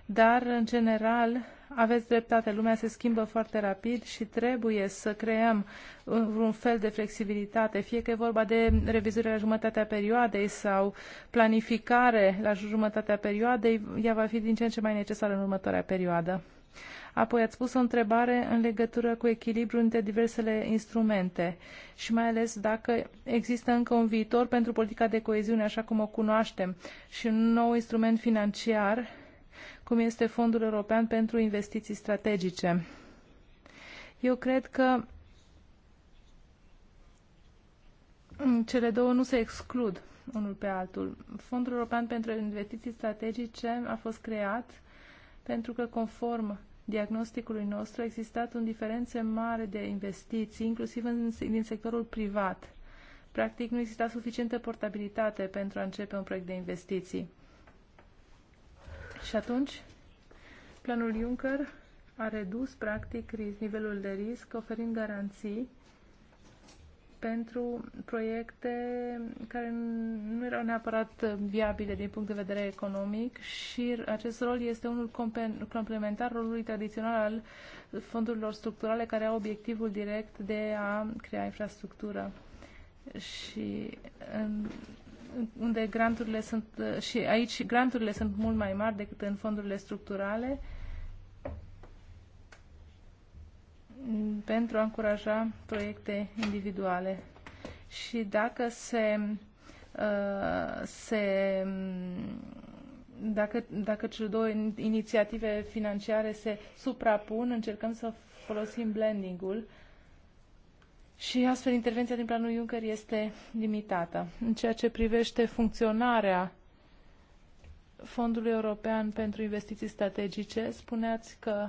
dar, în general, aveți dreptate, lumea se schimbă foarte rapid și trebuie să creăm un fel de flexibilitate, fie că e vorba de revizuire la jumătatea perioadei sau planificare la jumătatea perioadei, ea va fi din ce în ce mai necesară în următoarea perioadă. Apoi ați pus o întrebare în legătură cu echilibrul între diversele instrumente și mai ales dacă există încă un viitor pentru politica de coeziune așa cum o cunoaștem și un nou instrument financiar cum este Fondul European pentru Investiții Strategice. Eu cred că cele două nu se exclud unul pe altul. Fondul European pentru Investiții Strategice a fost creat pentru că, conform diagnosticului nostru a existat un diferență mare de investiții, inclusiv în, din sectorul privat. Practic, nu exista suficientă portabilitate pentru a începe un proiect de investiții. Și atunci, planul Juncker a redus, practic, nivelul de risc, oferind garanții pentru proiecte care nu erau neapărat viabile din punct de vedere economic și acest rol este unul complementar rolului tradițional al fondurilor structurale care au obiectivul direct de a crea infrastructură. Și unde granturile sunt și aici granturile sunt mult mai mari decât în fondurile structurale pentru a încuraja proiecte individuale. Și dacă se, uh, se mm, dacă, dacă cele două inițiative financiare se suprapun, încercăm să folosim blending-ul și astfel intervenția din planul Juncker este limitată. În ceea ce privește funcționarea Fondului European pentru Investiții Strategice, spuneați că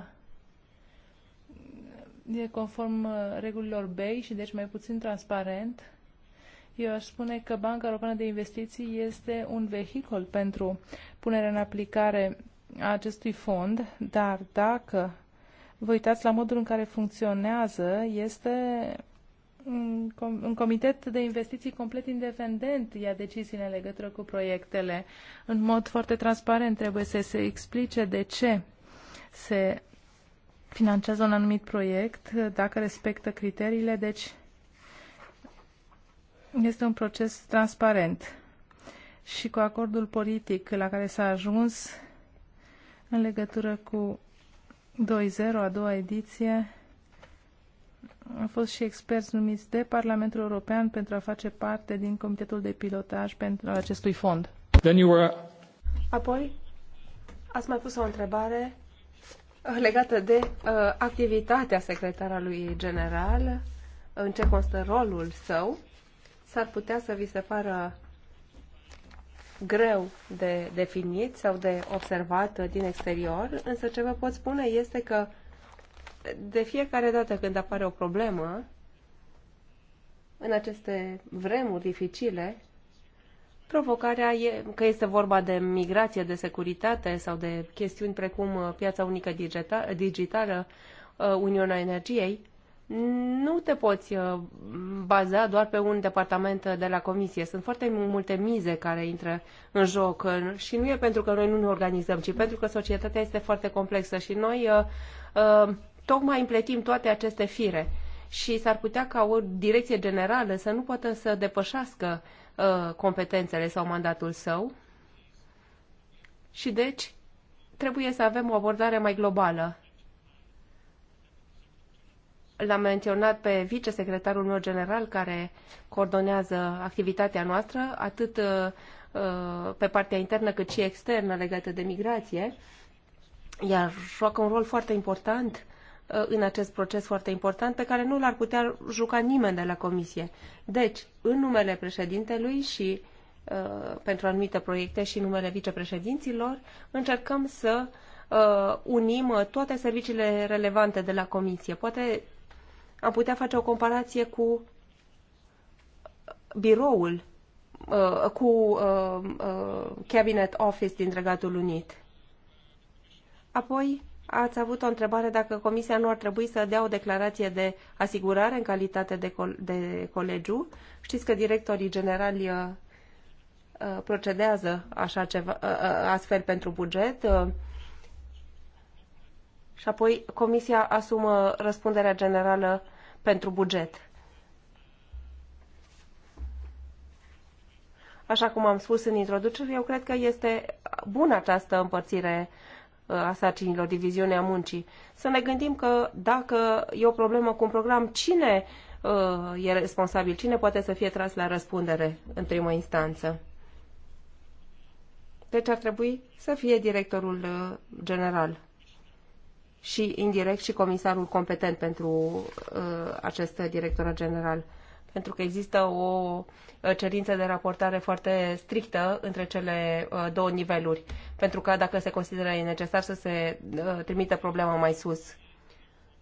e conform uh, regulilor BEI și deci mai puțin transparent. Eu aș spune că Banca Europeană de Investiții este un vehicul pentru punerea în aplicare a acestui fond, dar dacă vă uitați la modul în care funcționează, este un, com un comitet de investiții complet independent ia deciziile în legătură cu proiectele. În mod foarte transparent trebuie să se explice de ce se financează un anumit proiect, dacă respectă criteriile, deci este un proces transparent. Și cu acordul politic la care s-a ajuns în legătură cu 2.0, a doua ediție, au fost și experți numiți de Parlamentul European pentru a face parte din comitetul de pilotaj pentru acestui fond. Then you were... Apoi, ați mai pus o întrebare Uh, legată de uh, activitatea secretarului general, în ce constă rolul său, s-ar putea să vi se pară greu de definit sau de observat uh, din exterior, însă ce vă pot spune este că de fiecare dată când apare o problemă, în aceste vremuri dificile, Provocarea e că este vorba de migrație, de securitate sau de chestiuni precum uh, piața unică digitală, uh, Uniunea Energiei, nu te poți uh, baza doar pe un departament de la comisie. Sunt foarte multe mize care intră în joc și nu e pentru că noi nu ne organizăm, ci pentru că societatea este foarte complexă și noi tocmai împletim toate aceste fire și s-ar putea ca o direcție generală să nu poată să depășească uh, Uh, competențele sau mandatul său și deci trebuie să avem o abordare mai globală. L-am menționat pe vicesecretarul meu general care coordonează activitatea noastră, atât uh, uh, pe partea internă cât și externă legată de migrație, iar joacă un rol foarte important Uh, în acest proces foarte important pe care nu l-ar putea juca nimeni de la Comisie. Deci, în numele președintelui și uh, pentru anumite proiecte și numele vicepreședinților, încercăm să uh, unim toate serviciile relevante de la Comisie. Poate am putea face o comparație cu biroul, cu Cabinet Office din Regatul Unit. Apoi, ați avut o întrebare dacă Comisia nu ar trebui să dea o declarație de asigurare în calitate de, col- de colegiu. Știți că directorii generali uh, uh, procedează așa ceva, uh, astfel pentru buget. Și apoi Comisia asumă răspunderea generală pentru buget. Așa cum am spus în introducere, eu cred că este bună această împărțire uh, a sarcinilor, diviziunea muncii. Să ne gândim că dacă e o problemă cu un program, cine uh, e responsabil, cine poate să fie tras la răspundere în primă instanță. Deci ar trebui să fie directorul uh, general și indirect și comisarul competent pentru uh, acest director general pentru că există o uh, cerință de raportare foarte strictă între cele uh, două niveluri, pentru că dacă se consideră necesar să se uh, trimită problema mai sus.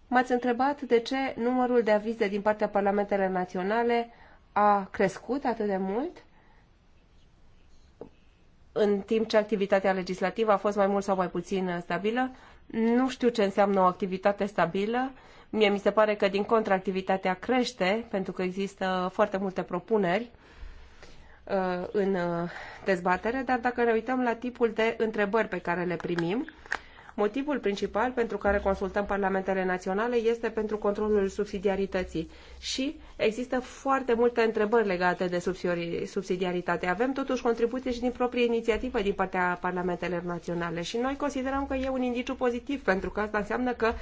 M-ați întrebat de ce numărul de avize din partea parlamentelor naționale a crescut atât de mult, în timp ce activitatea legislativă a fost mai mult sau mai puțin stabilă. Nu știu ce înseamnă o activitate stabilă Mie mi se pare că, din contra, activitatea crește, pentru că există foarte multe propuneri uh, în uh, dezbatere, dar dacă ne uităm la tipul de întrebări pe care le primim, Motivul principal pentru care consultăm parlamentele naționale este pentru controlul subsidiarității și există foarte multe întrebări legate de subsidiaritate. Avem totuși contribuții și din proprie inițiativă din partea parlamentelor naționale și noi considerăm că e un indiciu pozitiv pentru că asta înseamnă că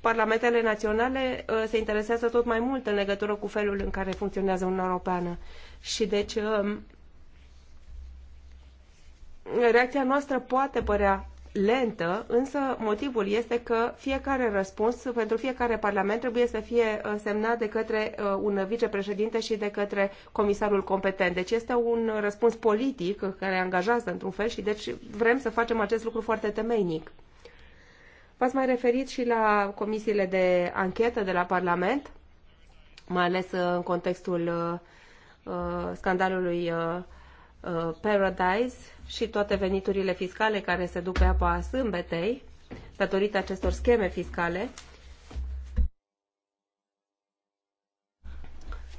parlamentele naționale uh, se interesează tot mai mult în legătură cu felul în care funcționează Uniunea Europeană. Și deci um, reacția noastră poate părea lentă, însă motivul este că fiecare răspuns pentru fiecare parlament trebuie să fie uh, semnat de către uh, un vicepreședinte și de către comisarul competent. Deci este un răspuns politic care angajează într-un fel și deci vrem să facem acest lucru foarte temeinic. V-ați mai referit și la comisiile de anchetă de la Parlament, mai ales uh, în contextul uh, scandalului uh, Paradise și toate veniturile fiscale care se duc pe apa sâmbetei, datorită acestor scheme fiscale.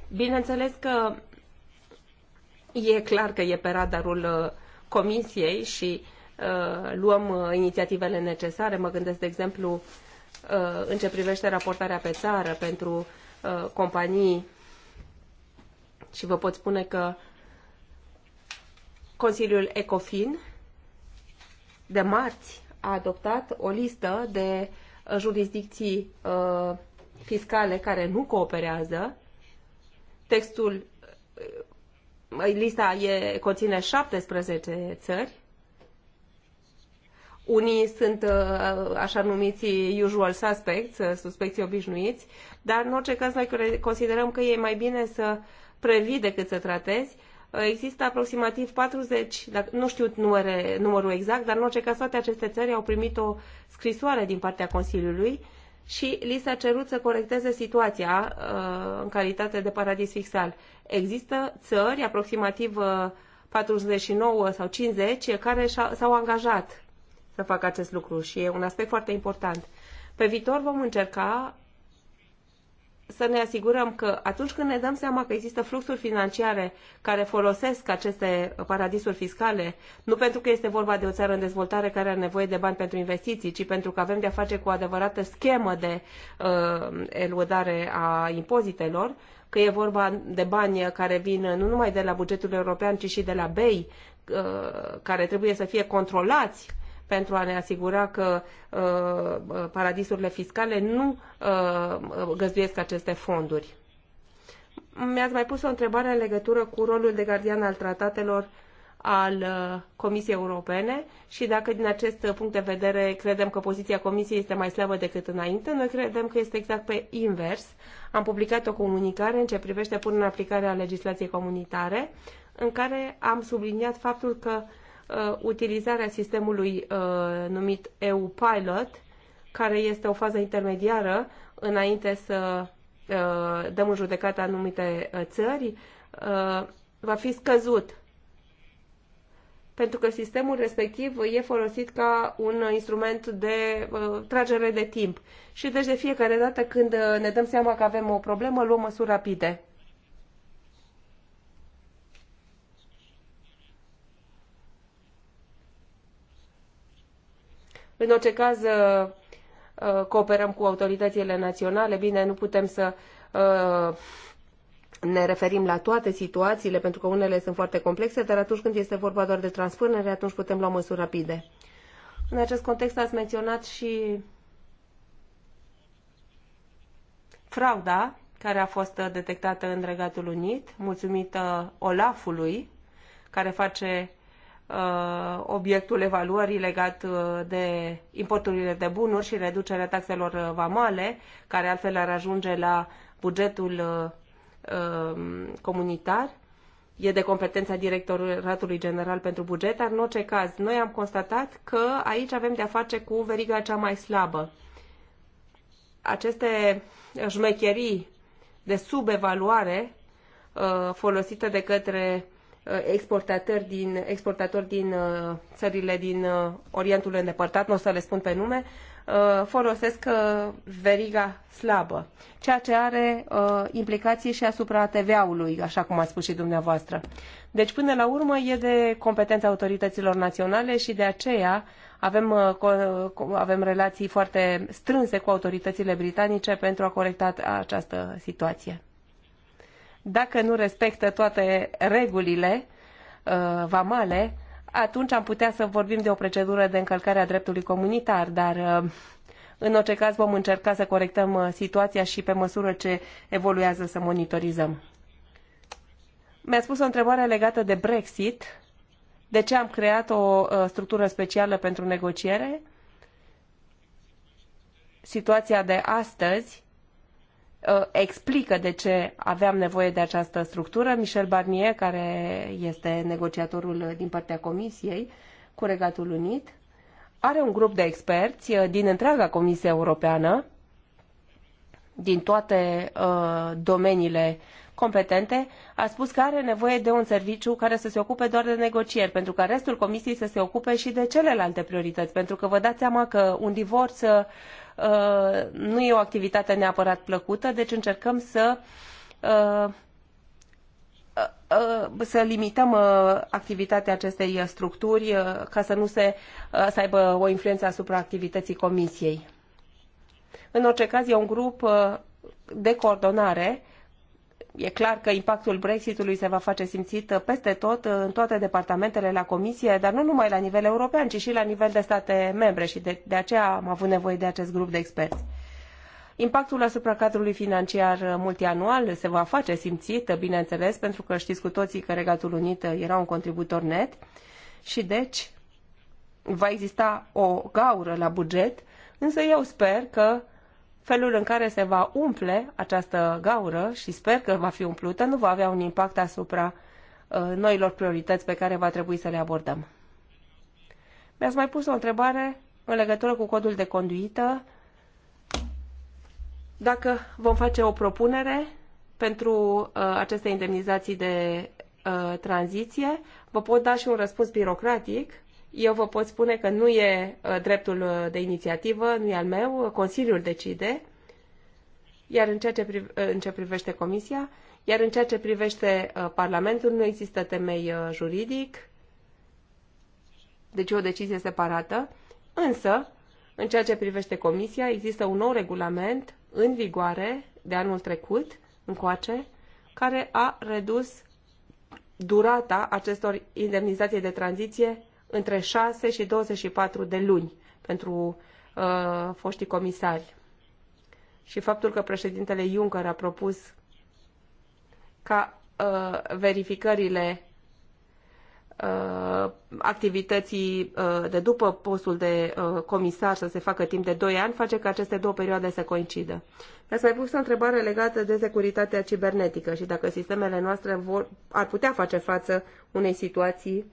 Bineînțeles că e clar că e pe radarul uh, Comisiei și uh, luăm uh, inițiativele necesare. Mă gândesc, de exemplu, uh, în ce privește raportarea pe țară pentru uh, companii și vă pot spune că Consiliul ECOFIN de marți a adoptat o listă de uh, jurisdicții uh, fiscale care nu cooperează. Textul, uh, uh lista e, conține 17 țări. Unii sunt uh, așa numiți usual suspects, uh, suspecții obișnuiți, dar în orice caz noi considerăm că e mai bine să previi decât să tratezi Există aproximativ 40, nu știu numere, numărul exact, dar în orice caz toate aceste țări au primit o scrisoare din partea Consiliului și li s-a cerut să corecteze situația uh, în calitate de paradis fiscal. Există țări, aproximativ 49 uh, sau 50, care s-au angajat să facă acest lucru și e un aspect foarte important. Pe viitor vom încerca să ne asigurăm că atunci când ne dăm seama că există fluxuri financiare care folosesc aceste paradisuri fiscale, nu pentru că este vorba de o țară în dezvoltare care are nevoie de bani pentru investiții, ci pentru că avem de-a face cu o adevărată schemă de uh, eludare a impozitelor, că e vorba de bani care vin nu numai de la bugetul european, ci și de la BEI, uh, care trebuie să fie controlați uh, pentru a ne asigura că uh, paradisurile fiscale nu uh, găzduiesc aceste fonduri. Mi-ați mai pus o întrebare în legătură cu rolul de gardian al tratatelor al uh, Comisiei Europene și dacă din acest punct de vedere credem că poziția Comisiei este mai slabă decât înainte, noi credem că este exact pe invers. Am publicat o comunicare în ce privește punerea în aplicare a legislației comunitare, în care am subliniat faptul că uh, Uh, utilizarea sistemului uh, numit EU-Pilot, care este o fază intermediară înainte să uh, dăm în judecată anumite țări, va fi scăzut pentru că sistemul respectiv e folosit ca un instrument de uh, tragere de timp. Și deci de fiecare dată când ne dăm seama că avem o problemă, luăm măsuri rapide. În orice caz, uh, uh, cooperăm cu autoritățile naționale. Bine, nu putem să uh, ne referim la toate situațiile, pentru că unele sunt foarte complexe, dar atunci când este vorba doar de transpunere, atunci putem lua măsuri rapide. În acest context ați menționat și frauda care a fost detectată în Regatul Unit, mulțumită Olafului, care face Uh, obiectul evaluării legat uh, de importurile de bunuri și reducerea taxelor uh, vamale, care altfel ar ajunge la bugetul um, comunitar. E de competența Directoratului General pentru Buget, dar în orice caz, noi am constatat că aici avem de-a face cu veriga cea mai slabă. Aceste jmecherii de subevaluare folosite de către Uh, exportatori din, exportatori din uh, țările din uh, Orientul îndepărtat, nu o să le spun pe nume, folosesc veriga slabă, ceea ce are implicații și asupra TVA-ului, așa cum a spus și dumneavoastră. Deci, până la urmă, e de competența autorităților naționale și de aceea avem, avem relații foarte strânse cu autoritățile britanice pentru a corecta această situație dacă nu respectă toate regulile uh, vamale, atunci am putea să vorbim de o procedură de încălcare a dreptului comunitar, dar uh, în orice caz vom încerca să corectăm uh, situația și pe măsură ce evoluează să monitorizăm. Mi-a spus o întrebare legată de Brexit. De ce am creat o uh, structură specială pentru negociere? Situația de astăzi Uh, explică de ce aveam nevoie de această structură. Michel Barnier, care este negociatorul uh, din partea Comisiei cu Regatul Unit, are un grup de experți uh, din întreaga Comisie Europeană din toate uh, domeniile competente, a spus că are nevoie de un serviciu care să se ocupe doar de negocieri, pentru ca restul comisiei să se ocupe și de celelalte priorități, pentru că vă dați seama că un divorț uh, nu e o activitate neapărat plăcută, deci încercăm să uh, uh să limităm uh, activitatea acestei uh, structuri ca să nu se să aibă o influență asupra activității comisiei. În orice caz, e un grup uh, de coordonare. E clar că impactul Brexitului se va face simțit uh, peste tot, uh, în toate departamentele la Comisie, dar nu numai la nivel european, ci și la nivel de state membre și de, de aceea am avut nevoie de acest grup de experți. Impactul asupra cadrului financiar multianual se va face simțit, bineînțeles, pentru că știți cu toții că Regatul Unit era un contributor net și deci va exista o gaură la buget însă eu sper că felul în care se va umple această gaură și sper că va fi umplută nu va avea un impact asupra uh, noilor priorități pe care va trebui să le abordăm. Mi-ați mai pus o întrebare în legătură cu codul de conduită. Dacă vom face o propunere pentru uh, aceste indemnizații de uh, tranziție, vă pot da și un răspuns birocratic. Eu vă pot spune că nu e uh, dreptul uh, de inițiativă, nu e al meu, Consiliul decide, iar în ceea ce, pri- uh, în ce privește Comisia, iar în ceea ce privește Parlamentul, nu există temei juridic, deci o decizie separată, însă, în ceea ce privește Comisia, există un nou regulament în vigoare de anul trecut, încoace, care a redus durata acestor indemnizații de tranziție între 6 și 24 de luni pentru uh, foștii comisari. Și faptul că președintele Juncker a propus ca uh, verificările uh, activității uh, de după postul de uh, comisar să se facă timp de 2 ani, face ca aceste două perioade să coincidă. Mi-ați mai pus o întrebare legată de securitatea cibernetică și dacă sistemele noastre vor, ar putea face față unei situații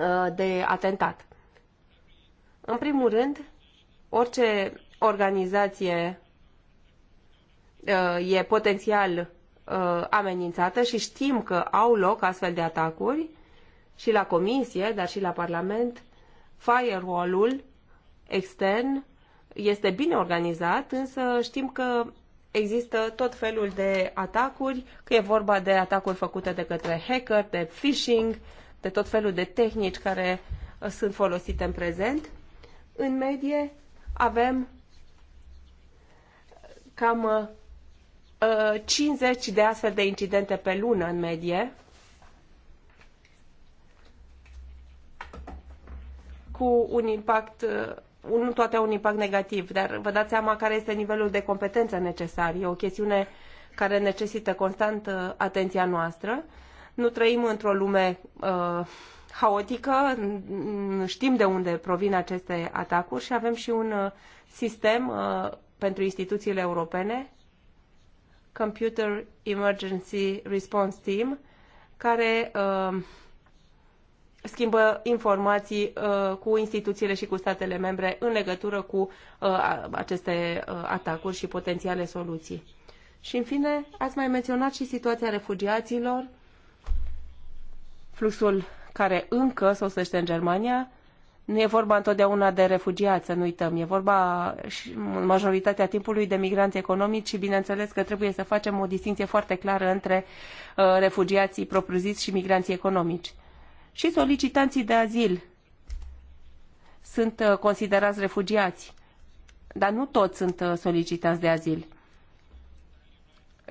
Uh, de atentat. În primul rând, orice organizație uh, e potențial uh, amenințată și știm că au loc astfel de atacuri și la comisie, dar și la Parlament, firewall-ul extern este bine organizat, însă știm că există tot felul de atacuri, că e vorba de atacuri făcute de către hacker, de phishing, de tot felul de tehnici care uh, sunt folosite în prezent. În medie avem uh, cam 50 uh, de astfel de incidente pe lună în medie, cu un impact, nu toate au un impact negativ, dar vă dați seama care este nivelul de competență necesar. E o chestiune care necesită constant atenția noastră nu trăim într-o lume uh, haotică, știm de unde provin aceste atacuri și avem și un uh, sistem uh, pentru instituțiile europene, Computer Emergency Response Team, care uh, schimbă informații uh, cu instituțiile și cu statele membre în legătură cu uh, aceste uh, atacuri și potențiale soluții. Și în fine, ați mai menționat și situația refugiaților fluxul care încă sosește în Germania, nu e vorba întotdeauna de refugiați, să nu uităm. E vorba și majoritatea timpului de migranți economici și bineînțeles că trebuie să facem o distinție foarte clară între uh, refugiații propriu-ziți și migranții economici. Și solicitanții de azil sunt uh, considerați refugiați, dar nu toți sunt uh, solicitanți de azil.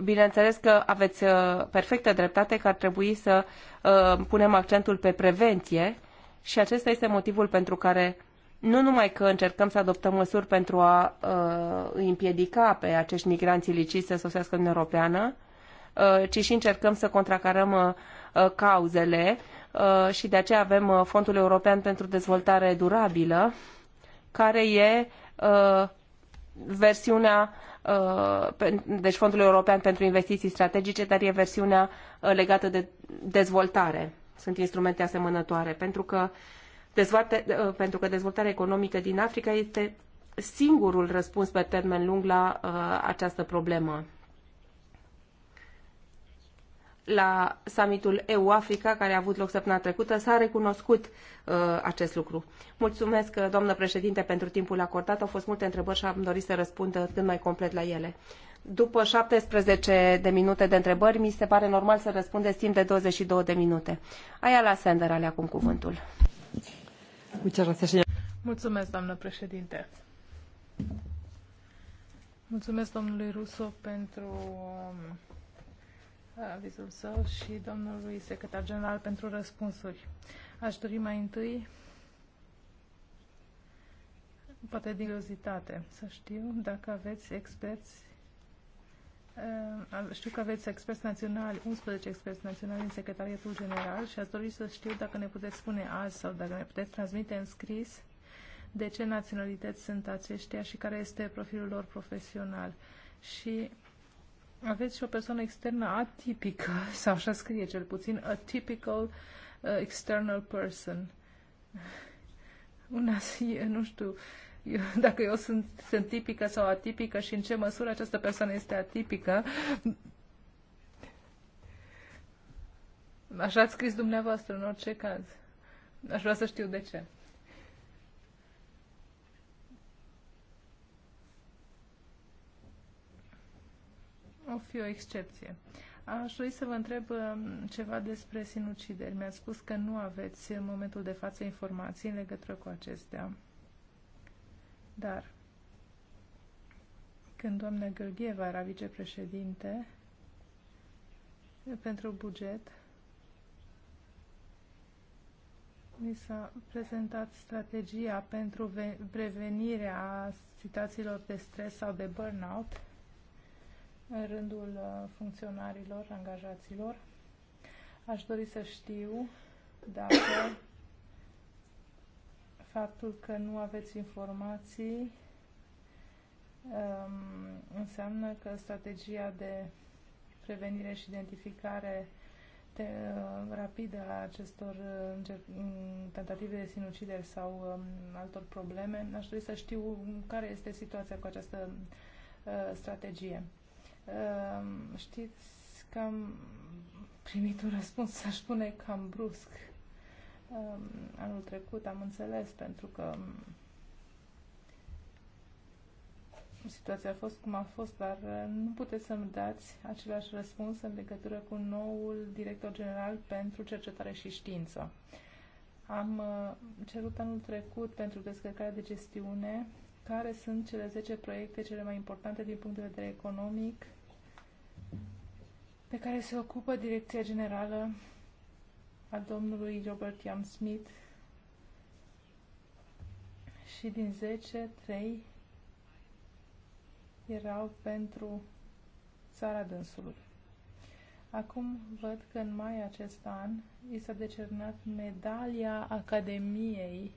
Bineînțeles că aveți uh, perfectă dreptate că ar trebui să uh, punem accentul pe prevenție și acesta este motivul pentru care nu numai că încercăm să adoptăm măsuri pentru a îi uh, împiedica pe acești migranți iliciți să sosească în Europeană, ci și încercăm să contracarăm cauzele și de aceea avem Fondul European pentru Dezvoltare Durabilă, care e versiunea, uh, deci Fondul European pentru Investiții Strategice, dar e versiunea uh, legată de dezvoltare. Sunt instrumente asemănătoare, pentru că, dezvolte, uh, pentru că dezvoltarea economică din Africa este singurul răspuns pe termen lung la această problemă la summitul EU-Africa, care a avut loc săptămâna trecută, s-a recunoscut uh, acest lucru. Mulțumesc, uh, doamnă președinte, pentru timpul acordat. Au fost multe întrebări și am dorit să răspund uh, cât mai complet la ele. După 17 de minute de întrebări, mi se pare normal să răspundeți timp de 22 de minute. Aia la Sender ale acum cuvântul. Mulțumesc, doamnă președinte. Mulțumesc domnului Russo pentru um, avizul său și domnului secretar general pentru răspunsuri. Aș dori mai întâi, poate din curiozitate, să știu dacă aveți experți uh, știu că aveți experți naționali, 11 experți naționali în Secretariatul General și ați dori să știu dacă ne puteți spune azi sau dacă ne puteți transmite în scris de ce naționalități sunt aceștia și care este profilul lor profesional. Și aveți și o persoană externă atipică, [laughs] sau așa scrie cel puțin, a typical uh, external person. Una, [laughs] nu știu eu, [laughs] dacă eu sunt, sunt tipică sau atipică și în ce măsură această persoană este atipică. Așa ați scris dumneavoastră, în orice caz. Aș vrea să știu de ce. o fi o excepție. Aș dori să vă întreb uh, ceva despre sinucideri. Mi-ați spus că nu aveți în uh, momentul de față informații în legătură cu acestea. Dar când doamna Gheorgheva era vicepreședinte uh, pentru buget, mi s-a prezentat strategia pentru prevenirea situațiilor de stres sau de burnout în rândul uh, funcționarilor, angajaților. Aș dori să știu dacă [coughs] faptul că nu aveți informații um, înseamnă că strategia de prevenire și identificare uh, rapidă a acestor uh, tentative de sinucideri sau um, altor probleme. Aș dori să știu care este situația cu această uh, strategie. Ehm, știți că am primit un răspuns, aș spune, cam brusc. Ehm, anul trecut am înțeles, pentru că situația a fost cum a fost, dar eh, nu puteți să-mi dați același răspuns în legătură cu noul director general pentru cercetare și știință. Am eh, cerut anul trecut pentru descărcarea de gestiune care sunt cele 10 proiecte cele mai importante din punct de vedere economic de care se ocupă Direcția Generală a domnului Robert Ian Smith și din 10, 3 erau pentru țara dânsului. Acum văd că în mai acest an i s-a decernat medalia Academiei,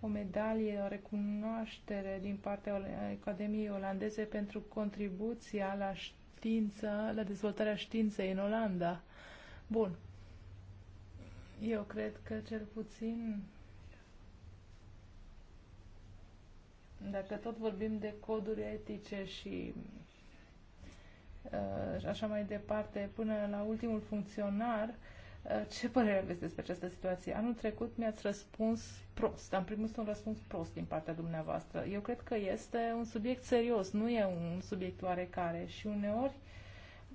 o medalie, o recunoaștere din partea Academiei Olandeze pentru contribuția la știința, la dezvoltarea științei în Olanda. Bun. Eu cred că cel puțin dacă tot vorbim de coduri etice și uh, așa mai departe, până la ultimul funcționar, uh, Uh, ce părere aveți despre această situație? Anul trecut mi-ați răspuns prost. Am primit un răspuns prost din partea dumneavoastră. Eu cred că este un subiect serios, nu e un subiect oarecare. Și uneori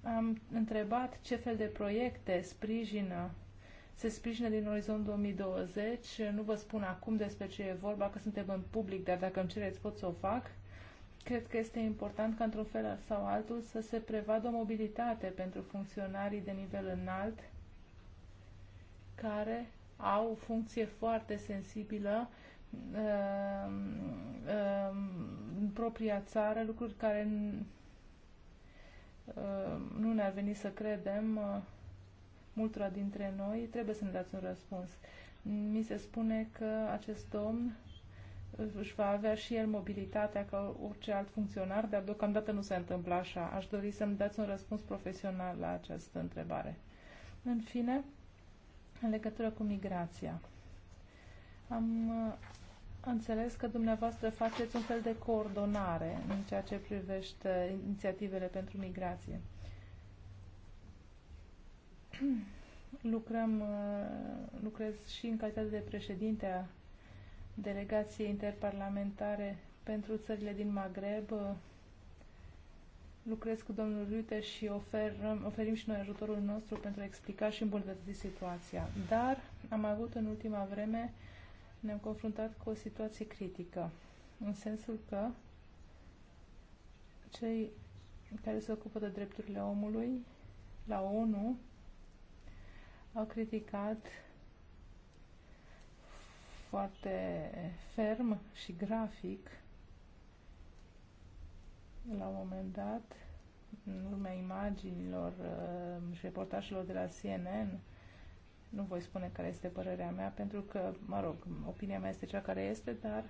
am întrebat ce fel de proiecte sprijină se sprijină din orizont 2020. Nu vă spun acum despre ce e vorba, că suntem în public, dar dacă îmi cereți pot să o fac. Cred că este important ca într-un fel sau altul să se prevadă o mobilitate pentru funcționarii de nivel înalt care au o funcție foarte sensibilă ehm, ehm, în propria țară, lucruri care ehm, nu ne-ar veni să credem multora dintre noi, trebuie să ne dați un răspuns. Mi se spune că acest domn își va avea și el mobilitatea ca orice alt funcționar, dar deocamdată nu se întâmplă așa. Aș dori să-mi dați un răspuns profesional la această întrebare. În fine, în legătură cu migrația. Am uh, înțeles că dumneavoastră faceți un fel de coordonare în ceea ce privește inițiativele pentru migrație. [clears throat] Lucrăm, uh, lucrez și în calitate de președinte a delegației interparlamentare pentru țările din Maghreb, uh, lucrez cu domnul Rute și oferăm, oferim și noi ajutorul nostru pentru a explica și îmbunătăți situația. Dar am avut în ultima vreme, ne-am confruntat cu o situație critică, în sensul că cei care se ocupă de drepturile omului la ONU au criticat foarte ferm și grafic la un moment dat, în urma imaginilor uh, și reportajelor de la CNN, nu voi spune care este părerea mea, pentru că, mă rog, opinia mea este cea care este, dar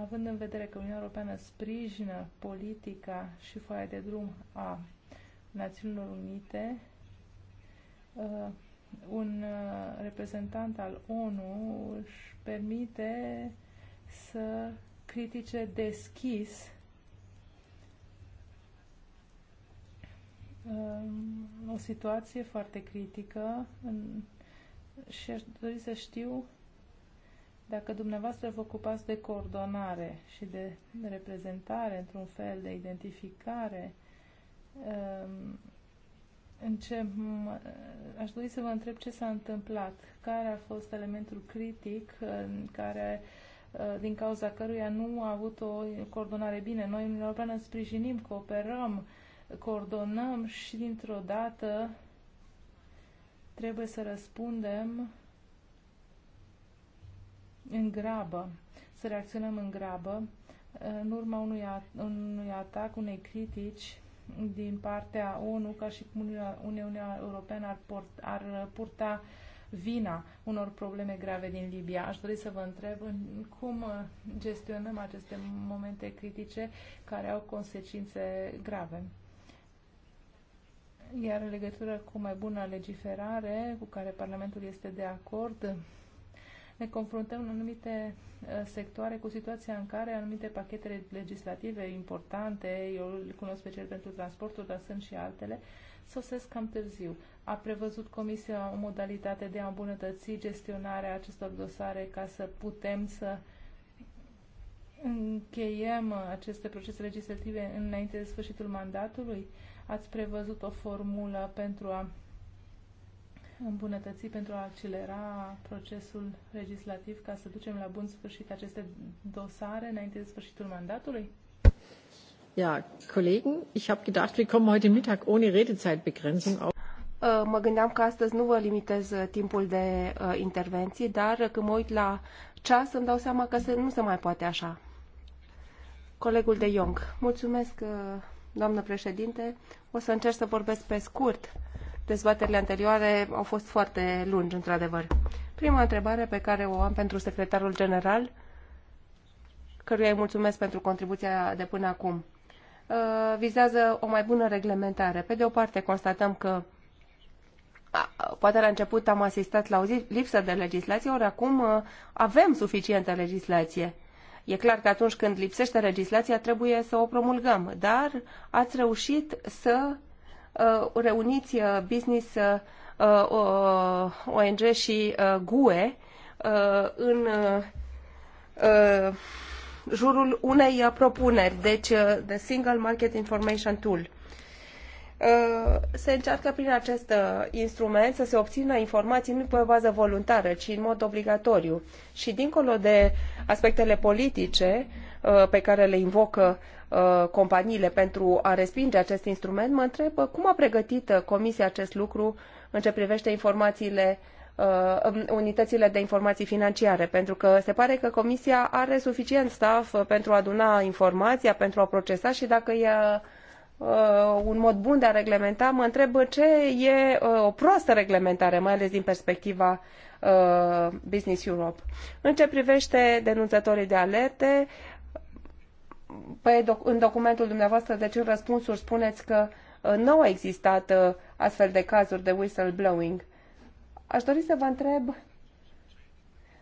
având în vedere că Uniunea Europeană sprijină politica și foaia de drum a Națiunilor Unite, uh, un uh, reprezentant al ONU își permite să critique deschis Ehm, o situație foarte critică și aș dori să știu dacă dumneavoastră vă ocupați de coordonare și de reprezentare, într-un fel, de identificare, ehm, în ce, aș dori să vă întreb ce s-a întâmplat, care a fost elementul critic în care, ă, din cauza căruia nu a avut o coordonare bine. Noi, în Europeană, sprijinim, cooperăm coordonăm și dintr-o dată trebuie să răspundem în grabă, să reacționăm în grabă în urma unui, at- unui atac, unei critici din partea ONU, ca și cum Uniunea, Europeană ar, port, ar purta vina unor probleme grave din Libia. Aș dori să vă întreb cum gestionăm aceste momente critice care au consecințe grave. Iar în legătură cu mai bună legiferare cu care Parlamentul este de acord, ne confruntăm în anumite uh, sectoare cu situația în care anumite pachete legislative importante, eu le cunosc pe cel pentru transportul, dar sunt și altele, sosesc cam târziu. A prevăzut Comisia o modalitate de a îmbunătăți gestionarea acestor dosare ca să putem să încheiem aceste procese legislative înainte de sfârșitul mandatului? Uh, ați prevăzut o formulă pentru a îmbunătăți, pentru a accelera procesul legislativ ca să ducem la bun sfârșit aceste dosare înainte de sfârșitul mandatului? Ja, Kollegen, ich habe gedacht, wir kommen heute Mittag ohne Redezeitbegrenzung auf. Ă, mă gândeam că astăzi nu vă limitez ă, timpul de uh, intervenții, dar când mă uit la ceas îmi dau seama că se, nu se mai poate așa. Colegul de Young, mulțumesc. Uh, doamnă președinte. O să încerc să vorbesc pe scurt. Dezbaterile anterioare au fost foarte lungi, într-adevăr. Prima întrebare pe care o am pentru secretarul general, căruia îi mulțumesc pentru contribuția de până acum, uh, vizează o mai bună reglementare. Pe de o parte, constatăm că poate la început am asistat la o lipsă de legislație, ori acum uh, avem suficientă legislație E clar că atunci când lipsește legislația trebuie să o promulgăm, dar ați reușit să uh, reuniți uh, business uh, uh ONG și uh, GUE uh, în uh, uh jurul unei propuneri, deci The Single Market Information Tool. Uh, se încearcă prin acest uh, instrument să se obțină informații nu pe bază voluntară, ci în mod obligatoriu. Și dincolo de aspectele politice uh, pe care le invocă companiile pentru a respinge acest instrument, mă întreb cum a pregătit Comisia acest lucru în ce privește informațiile um, unitățile de informații financiare, pentru că se pare că Comisia are suficient staff pentru a aduna informația, pentru a procesa și dacă ea Uh, un mod bun de a reglementa, mă întreb ce e uh, o proastă reglementare, mai ales din perspectiva uh, Business Europe. În ce privește denunțătorii de alerte, în documentul dumneavoastră, deci în răspunsuri, spuneți că nu au existat astfel de cazuri de whistleblowing. Aș dori să vă întreb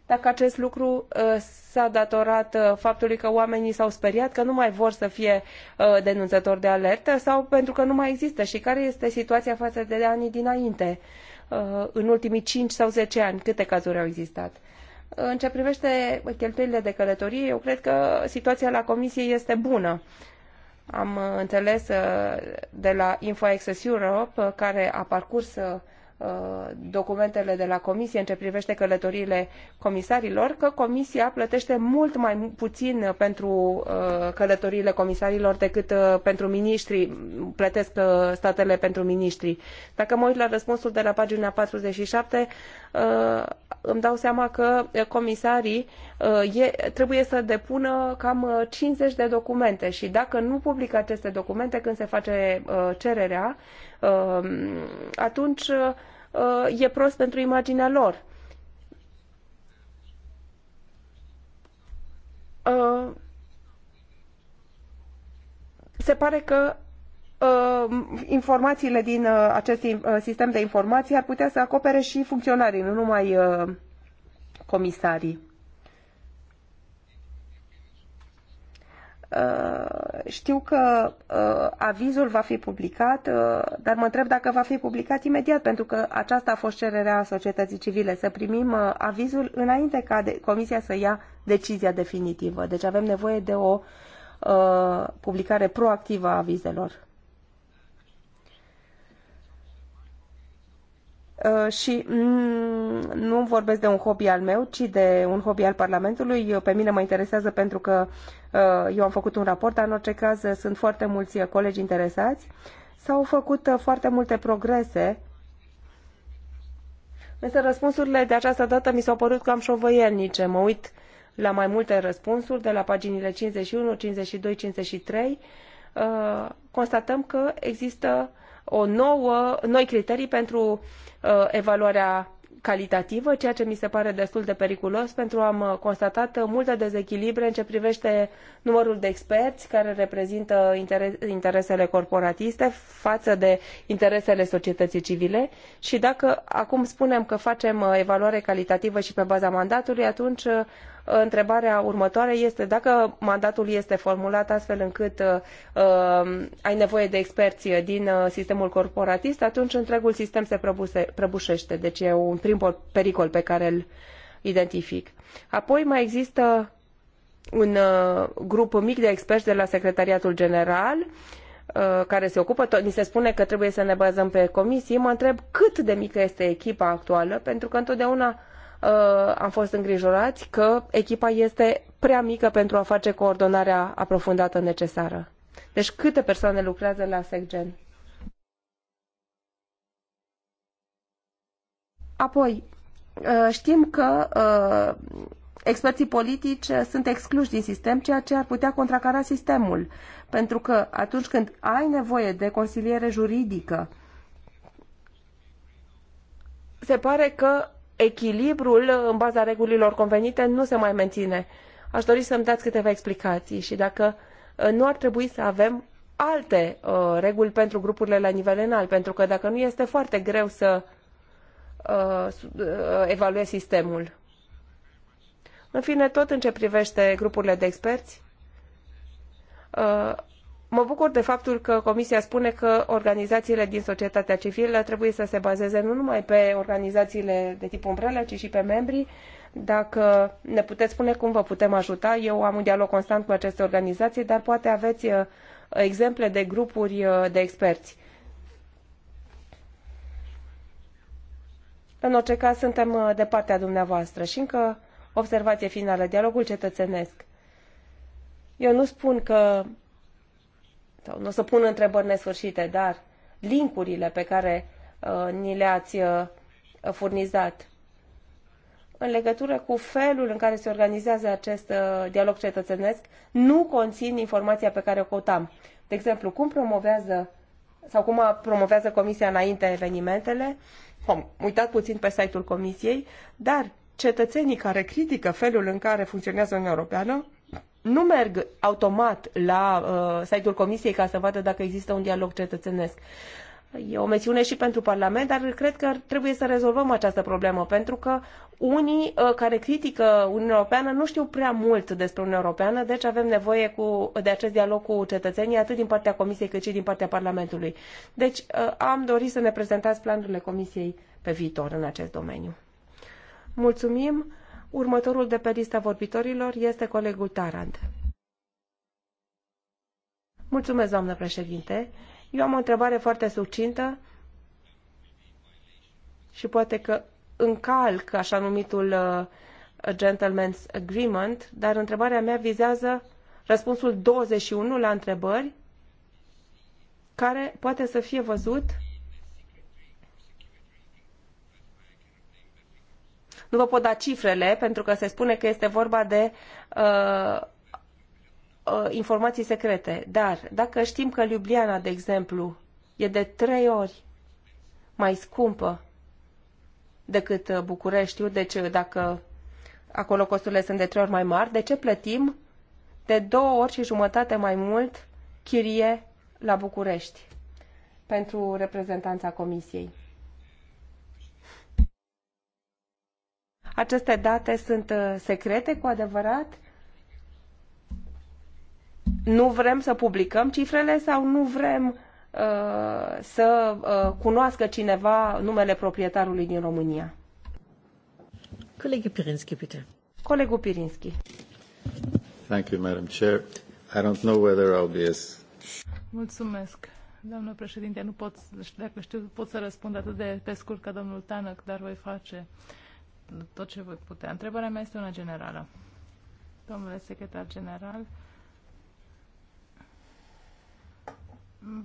dacă acest lucru uh, s-a datorat uh, faptului că oamenii s-au speriat că nu mai vor să fie uh, denunțători de alertă sau pentru că nu mai există și care este situația față de anii dinainte, în ultimii cinci sau zece ani, câte cazuri au existat. În ce privește cheltuielile de călătorie, eu cred că situația la comisie este bună. Am înțeles de la InfoAccess Europe, care a parcurs Uh, documentele de la Comisie în ce privește călătoriile comisarilor, că Comisia plătește mult mai puțin pentru uh, călătoriile comisarilor decât uh, pentru miniștri, plătesc statele pentru miniștri. Dacă mă uit la răspunsul de la pagina 47, Uh, îmi dau seama că uh, comisarii uh, e, trebuie să depună cam 50 de documente și dacă nu publică aceste documente când se face cererea, atunci e prost pentru imaginea lor. Se pare că Uh, informațiile din uh, acest uh, sistem de informații ar putea să acopere și funcționarii, nu numai comisarii. Știu că avizul va fi publicat, dar mă întreb dacă va fi publicat imediat, pentru că aceasta a fost cererea societății civile, să primim avizul înainte ca Comisia să ia decizia definitivă. Deci avem nevoie de o publicare proactivă a avizelor. Uh, și mm, nu vorbesc de un hobby al meu, ci de un hobby al Parlamentului. Pe mine mă interesează pentru că uh, eu am făcut un raport, dar în orice caz uh, sunt foarte mulți colegi interesați. S-au făcut foarte multe progrese, însă răspunsurile de această dată mi s-au părut cam șovăielnice. Mă uit la mai multe răspunsuri de la paginile 51, 52, 53. Constatăm că există uh, o nouă, noi criterii pentru uh, evaluarea calitativă, ceea ce mi se pare destul de periculos pentru am uh, constatat multe dezechilibre în ce privește numărul de experți care reprezintă interesele corporatiste față de interesele societății civile și dacă acum spunem că facem uh, evaluare calitativă și pe baza mandatului, atunci întrebarea următoare este dacă mandatul este formulat astfel încât uh, ai nevoie de experți din uh, sistemul corporatist, atunci întregul sistem se prăbuse, prăbușește. Deci e un prim pericol pe care îl identific. Apoi mai există un uh, grup mic de experți de la Secretariatul General uh, care se ocupă, tot, ni se spune că trebuie să ne bazăm pe comisie, mă întreb cât de mică este echipa actuală, pentru că întotdeauna Uh, am fost îngrijorați că echipa este prea mică pentru a face coordonarea aprofundată necesară. Deci câte persoane lucrează la SECGEN? Apoi, uh, știm că uh, experții politici sunt excluși din sistem, ceea ce ar putea contracara sistemul. Pentru că atunci când ai nevoie de consiliere juridică, se pare că echilibrul în baza regulilor convenite nu se mai menține. Aș dori să-mi dați câteva explicații și dacă uh, nu ar trebui să avem alte uh, reguli pentru grupurile la nivel înalt, pentru că dacă nu este foarte greu să uh, uh evaluezi sistemul. În fine, tot în ce privește grupurile de experți, uh, Mă bucur de faptul că Comisia spune că organizațiile din societatea civilă trebuie să se bazeze nu numai pe organizațiile de tip umbrelă, ci și pe membrii. Dacă ne puteți spune cum vă putem ajuta, eu am un dialog constant cu aceste organizații, dar poate aveți uh, exemple de grupuri uh, de experți. În orice caz, suntem uh, de partea dumneavoastră. Și încă observație finală, dialogul cetățenesc. Eu nu spun că tău. Nu o să pun întrebări nesfârșite, dar linkurile pe care uh, ni le-ați uh, furnizat în legătură cu felul în care se organizează acest uh, dialog cetățenesc nu conțin informația pe care o căutam. De exemplu, cum promovează sau cum promovează comisia înainte evenimentele, am uitat puțin pe site-ul comisiei, dar cetățenii care critică felul în care funcționează Uniunea Europeană nu merg automat la uh, site-ul Comisiei ca să vadă dacă există un dialog cetățenesc. E o mențiune și pentru Parlament, dar cred că trebuie să rezolvăm această problemă, pentru că unii uh, care critică Uniunea Europeană nu știu prea mult despre Uniunea Europeană, deci avem nevoie cu, de acest dialog cu cetățenii, atât din partea Comisiei cât și din partea Parlamentului. Deci uh, am dorit să ne prezentați planurile Comisiei pe viitor în acest domeniu. Mulțumim! Următorul de pe lista vorbitorilor este colegul Tarand. Mulțumesc, doamnă președinte. Eu am o întrebare foarte succintă și poate că încalc așa numitul uh, gentleman's agreement, dar întrebarea mea vizează răspunsul 21 la întrebări, care poate să fie văzut Nu vă pot da cifrele, pentru că se spune că este vorba de uh, uh, informații secrete. Dar dacă știm că Ljubljana, de exemplu, e de trei ori mai scumpă decât uh, Bucureștiul, deci uh, dacă acolo costurile sunt de trei ori mai mari, de ce plătim de două ori și jumătate mai mult chirie la București pentru reprezentanța comisiei? Aceste date sunt uh, secrete cu adevărat? Nu vrem să publicăm cifrele sau nu vrem uh, să uh, cunoască cineva numele proprietarului din România? Colegul Pirinski, bitte. Colegul Pirinski. Thank you, Madam Chair. I don't know whether I'll be as... Mulțumesc. Doamnă președinte, nu pot, dacă știu, pot să răspund atât de pe scurt ca domnul Tanăc, dar voi face. Uh, tot ce voi putea. Întrebarea mea este una generală. Domnule secretar general,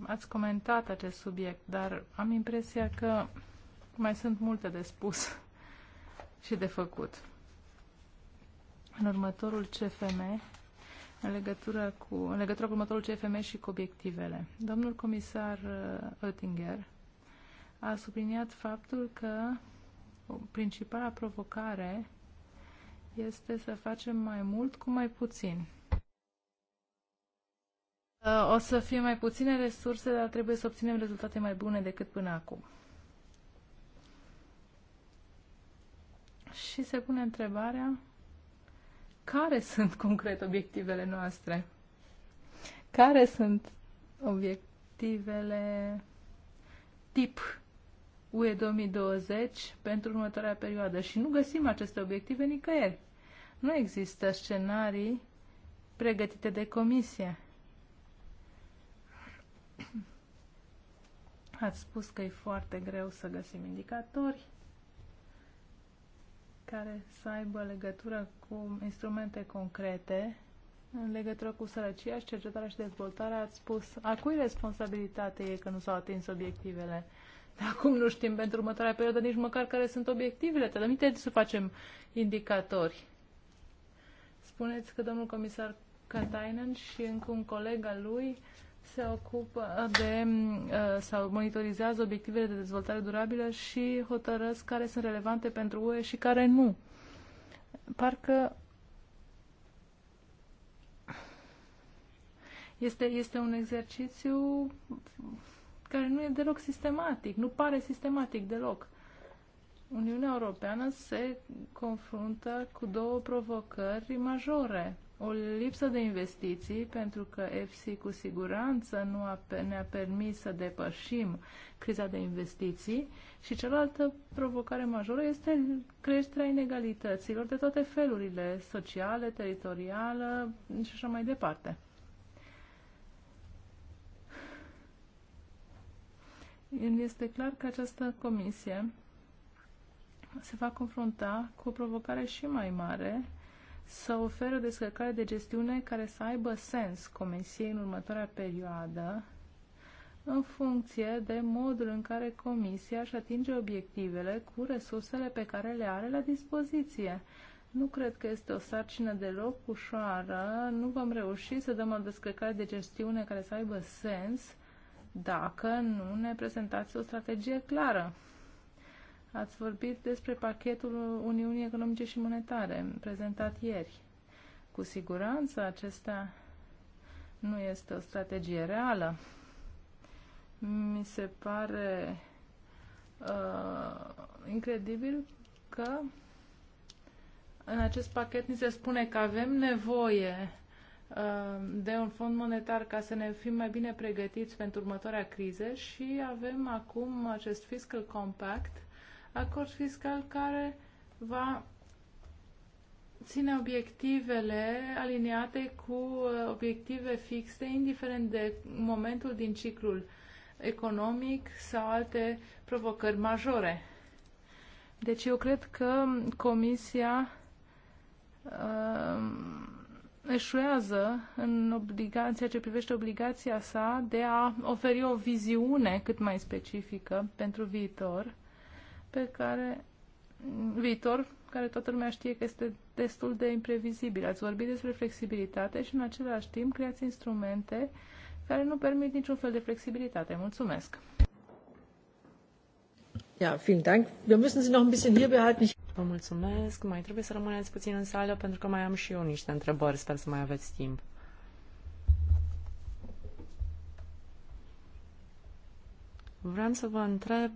ați comentat acest subiect, dar am impresia că mai sunt multe de spus [laughs] și de făcut. În următorul CFM, în legătură cu, în legătură cu următorul CFM și cu obiectivele. Domnul comisar uh, Oettinger a subliniat faptul că principala provocare este să facem mai mult cu mai puțin. Uh, o să fie mai puține resurse, dar trebuie să obținem rezultate mai bune decât până acum. Și se pune întrebarea, care [laughs] sunt concret obiectivele noastre? Care sunt obiectivele tip UE 2020 pentru următoarea perioadă și nu găsim aceste obiective nicăieri. Nu există scenarii pregătite de comisie. Ați spus că e foarte greu să găsim indicatori care să aibă legătură cu instrumente concrete în legătură cu sărăcia și cercetarea și dezvoltarea. Ați spus a cui responsabilitate e că nu s-au atins obiectivele? Acum nu știm pentru următoarea perioadă nici măcar care sunt obiectivele. Te aminte să facem indicatori. Spuneți că domnul comisar Katainen și încă un coleg al lui se ocupă de uh, sau monitorizează obiectivele de dezvoltare durabilă și hotărăsc care sunt relevante pentru UE și care nu. Parcă este, este un exercițiu care nu e deloc sistematic, nu pare sistematic deloc. Uniunea Europeană se confruntă cu două provocări majore. O lipsă de investiții, pentru că EFSI cu siguranță nu ne-a permis să depășim criza de investiții și cealaltă provocare majoră este creșterea inegalităților de toate felurile, sociale, teritoriale și așa mai departe. este clar că această comisie se va confrunta cu o provocare și mai mare să ofere o descărcare de gestiune care să aibă sens comisiei în următoarea perioadă în funcție de modul în care comisia își atinge obiectivele cu resursele pe care le are la dispoziție. Nu cred că este o sarcină deloc ușoară, nu vom reuși să dăm o descărcare de gestiune care să aibă sens dacă nu ne prezentați o strategie clară. Ați vorbit despre pachetul Uniunii Economice și Monetare, prezentat ieri. Cu siguranță acesta nu este o strategie reală. Mi se pare uh, incredibil că în acest pachet ni se spune că avem nevoie Uh, de un fond monetar ca să ne fim mai bine pregătiți pentru următoarea criză și avem acum acest fiscal compact, acord fiscal care va ține obiectivele aliniate cu uh, obiective fixe, indiferent de momentul din ciclul economic sau alte provocări majore. Deci eu cred că Comisia uh, eșuează în obligația ce privește obligația sa de a oferi o viziune cât mai specifică pentru viitor, pe care viitor care toată lumea știe că este destul de imprevizibil. Ați vorbit despre flexibilitate și în același timp creați instrumente care nu permit niciun fel de flexibilitate. Mulțumesc! Ja, vielen Dank. Wir müssen Sie noch ein bisschen hier behalten. Vă mulțumesc. Mai trebuie să rămâneți puțin în sală pentru că mai am și eu niște întrebări. Sper să mai aveți timp. Vreau să vă întreb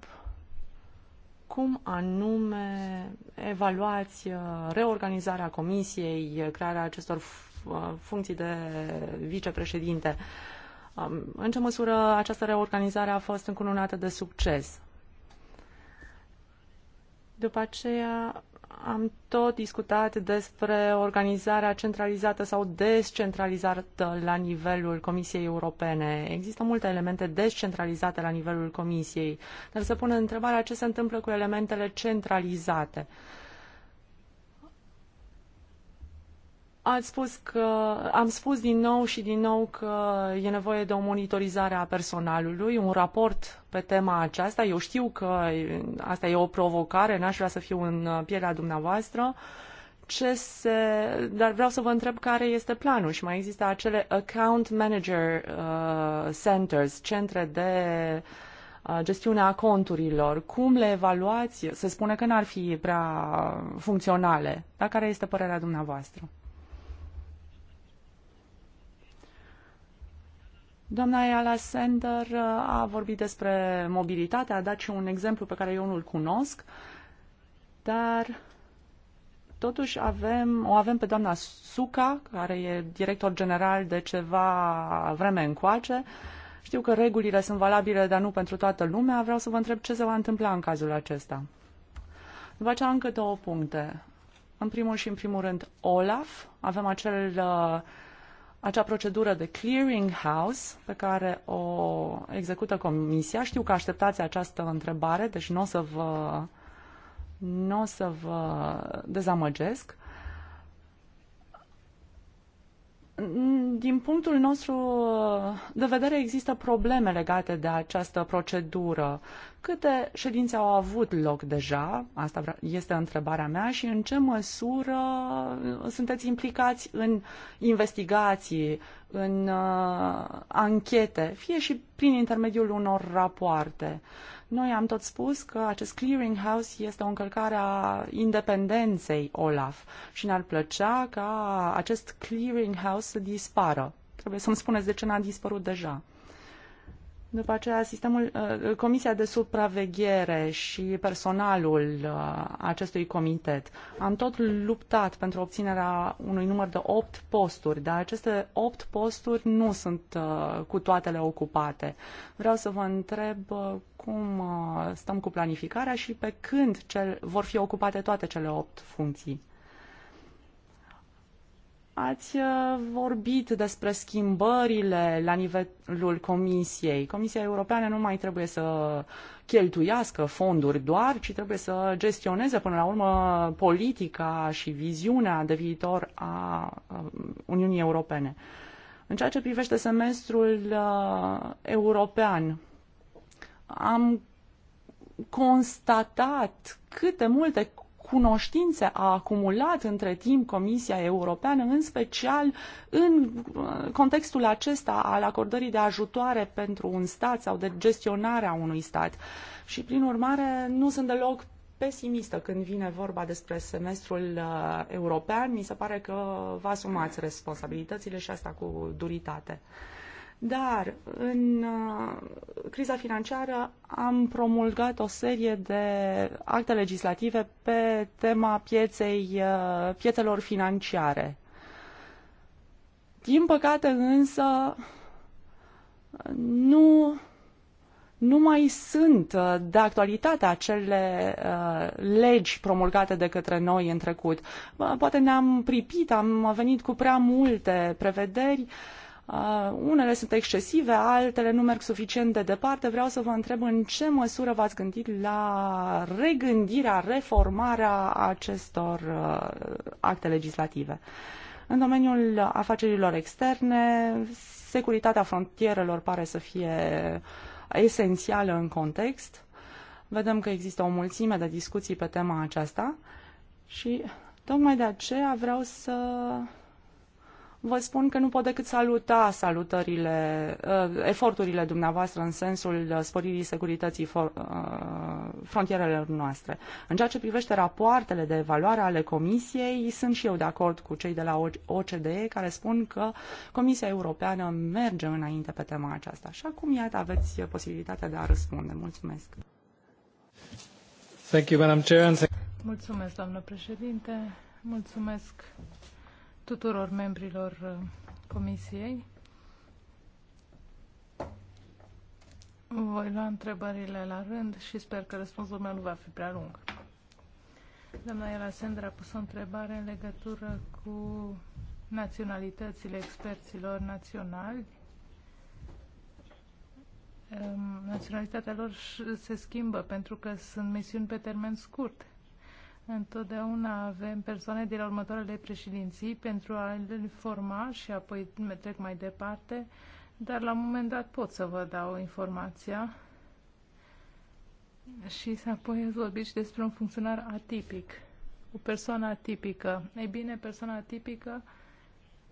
cum anume evaluați uh, reorganizarea comisiei, uh, crearea acestor uh, funcții de vicepreședinte. Um, în ce măsură această reorganizare a fost încununată de succes? După aceea am tot discutat despre organizarea centralizată sau descentralizată la nivelul Comisiei Europene. Există multe elemente descentralizate la nivelul Comisiei, dar se pune întrebarea ce se întâmplă cu elementele centralizate. Uh, Ați spus că, am spus din nou și din nou că e nevoie de o monitorizare a personalului, un raport pe tema aceasta. Eu știu că asta e o provocare, n-aș vrea să fiu în pielea dumneavoastră. Ce se... Dar vreau să vă întreb care este planul și mai există acele account manager uh, centers, centre de uh, gestiunea conturilor. Cum le evaluați? Se spune că n-ar fi prea funcționale. Dar care este părerea dumneavoastră? Doamna Ayala Sender uh, a vorbit despre mobilitate, a dat și un exemplu pe care eu nu-l cunosc, dar totuși avem, o avem pe doamna Suca, care e director general de ceva vreme încoace. Știu că regulile sunt valabile, dar nu pentru toată lumea. Vreau să vă întreb ce se va întâmpla în cazul acesta. După aceea încă două puncte. În primul și în primul rând, Olaf. Avem acel uh, acea procedură de clearing house pe care o execută Comisia. Știu că așteptați această întrebare, deci nu o să vă, n-o să vă dezamăgesc. Din punctul nostru uh, de vedere există probleme legate de această procedură. Câte ședințe au avut loc deja? Asta este întrebarea mea și în ce măsură uh, sunteți implicați în investigații, în uh, anchete, fie și prin intermediul unor rapoarte. Noi am tot spus că acest clearing house este o încălcare a independenței OLAF și ne-ar plăcea ca acest house să dispară. Trebuie să-mi spuneți de ce n-a dispărut deja. După aceea, sistemul, uh, Comisia de Supraveghere și personalul uh, acestui comitet. Am tot luptat pentru obținerea unui număr de opt posturi, dar aceste opt posturi nu sunt uh, cu toatele ocupate. Vreau să vă întreb cum stăm cu planificarea și pe când cel, vor fi ocupate toate cele opt funcții. Ați uh, vorbit despre schimbările la nivelul Comisiei. Comisia Europeană nu mai trebuie să cheltuiască fonduri doar, ci trebuie să gestioneze până la urmă politica și viziunea de viitor a uh, Uniunii Europene. În ceea ce privește semestrul uh, european, am constatat cât de multe cunoștințe a acumulat între timp Comisia Europeană, în special în uh, contextul acesta al acordării de ajutoare pentru un stat sau de gestionarea unui stat. Și, prin urmare, nu sunt deloc pesimistă când vine vorba despre semestrul uh, european. Mi se pare că vă asumați responsabilitățile și asta cu duritate. Dar în uh, criza financiară am promulgat o serie de acte legislative pe tema pieței, uh, piețelor financiare. Din păcate însă nu, nu mai sunt uh, de actualitate acele legi promulgate de către noi în trecut. Poate ne-am pripit, am venit cu prea multe prevederi uh, Uh, unele sunt excesive, altele nu merg suficient de departe. Vreau să vă întreb în ce măsură v-ați gândit la regândirea, reformarea acestor uh, acte legislative. În domeniul afacerilor externe, securitatea frontierelor pare să fie esențială în context. Vedem că există o mulțime de discuții pe tema aceasta și tocmai de aceea vreau să vă spun că nu pot decât saluta salutările, uh, eforturile dumneavoastră în sensul uh, sporirii securității uh, frontierelor noastre. În ceea ce privește rapoartele de evaluare ale Comisiei, sunt și eu de acord cu cei de la OCDE care spun că Comisia Europeană merge înainte pe tema aceasta. Și acum, iată, aveți posibilitatea de a răspunde. Mulțumesc. Thank you, Madam Chair. Mulțumesc, doamnă președinte. Mulțumesc tuturor membrilor uh, comisiei. Voi lua întrebările la rând și sper că răspunsul meu nu va fi prea lung. Doamna Ela Sandra a pus o întrebare în legătură cu naționalitățile experților naționali. Ehm, naționalitatea lor se schimbă pentru că sunt misiuni pe termen scurt. Întotdeauna avem persoane de la următoarele președinții pentru a le informa și apoi trec mai departe, dar la un moment dat pot să vă dau informația. Și să apoi ați și despre un funcționar atipic, o persoană atipică. Ei bine, persoana atipică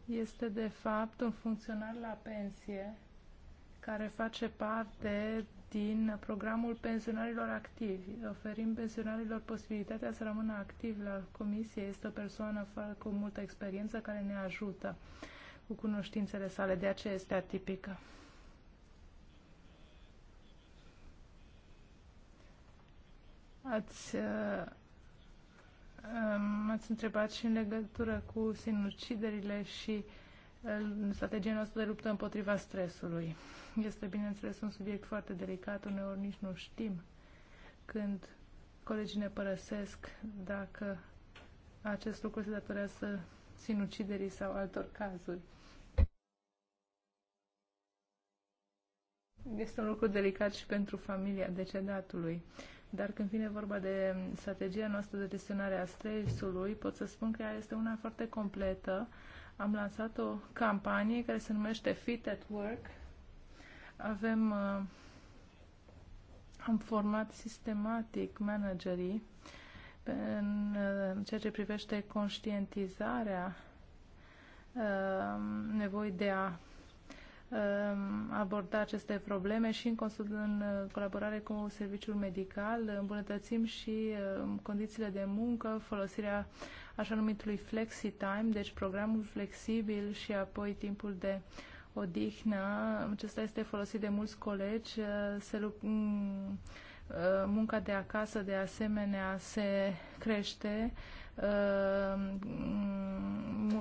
este de fapt un funcționar la pensie care face parte din programul pensionarilor activi. Oferim pensionarilor posibilitatea să rămână activi la comisie. Este o persoană cu multă experiență care ne ajută cu cunoștințele sale, de aceea este atipică. Ați, uh, m-ați um, întrebat și în legătură cu sinuciderile și uh, strategia noastră de luptă împotriva stresului. Este, bineînțeles, un subiect foarte delicat, uneori nici nu știm când colegii ne părăsesc dacă acest lucru se datorează sinuciderii sau altor cazuri. Este un lucru delicat și pentru familia decedatului. Dar când vine vorba de strategia noastră de gestionare a stresului, pot să spun că ea este una foarte completă am lansat o campanie care se numește Fit at Work. Avem, uh, am format sistematic managerii în uh, ceea ce privește conștientizarea uh, nevoii de a uh, aborda aceste probleme și în, consul, în uh, colaborare cu serviciul medical îmbunătățim și uh, condițiile de muncă, folosirea uh, așa numitului flexi time, deci programul flexibil și apoi timpul de odihnă. Acesta este folosit de mulți colegi. Uh, se uh, munca de acasă de asemenea se crește uh,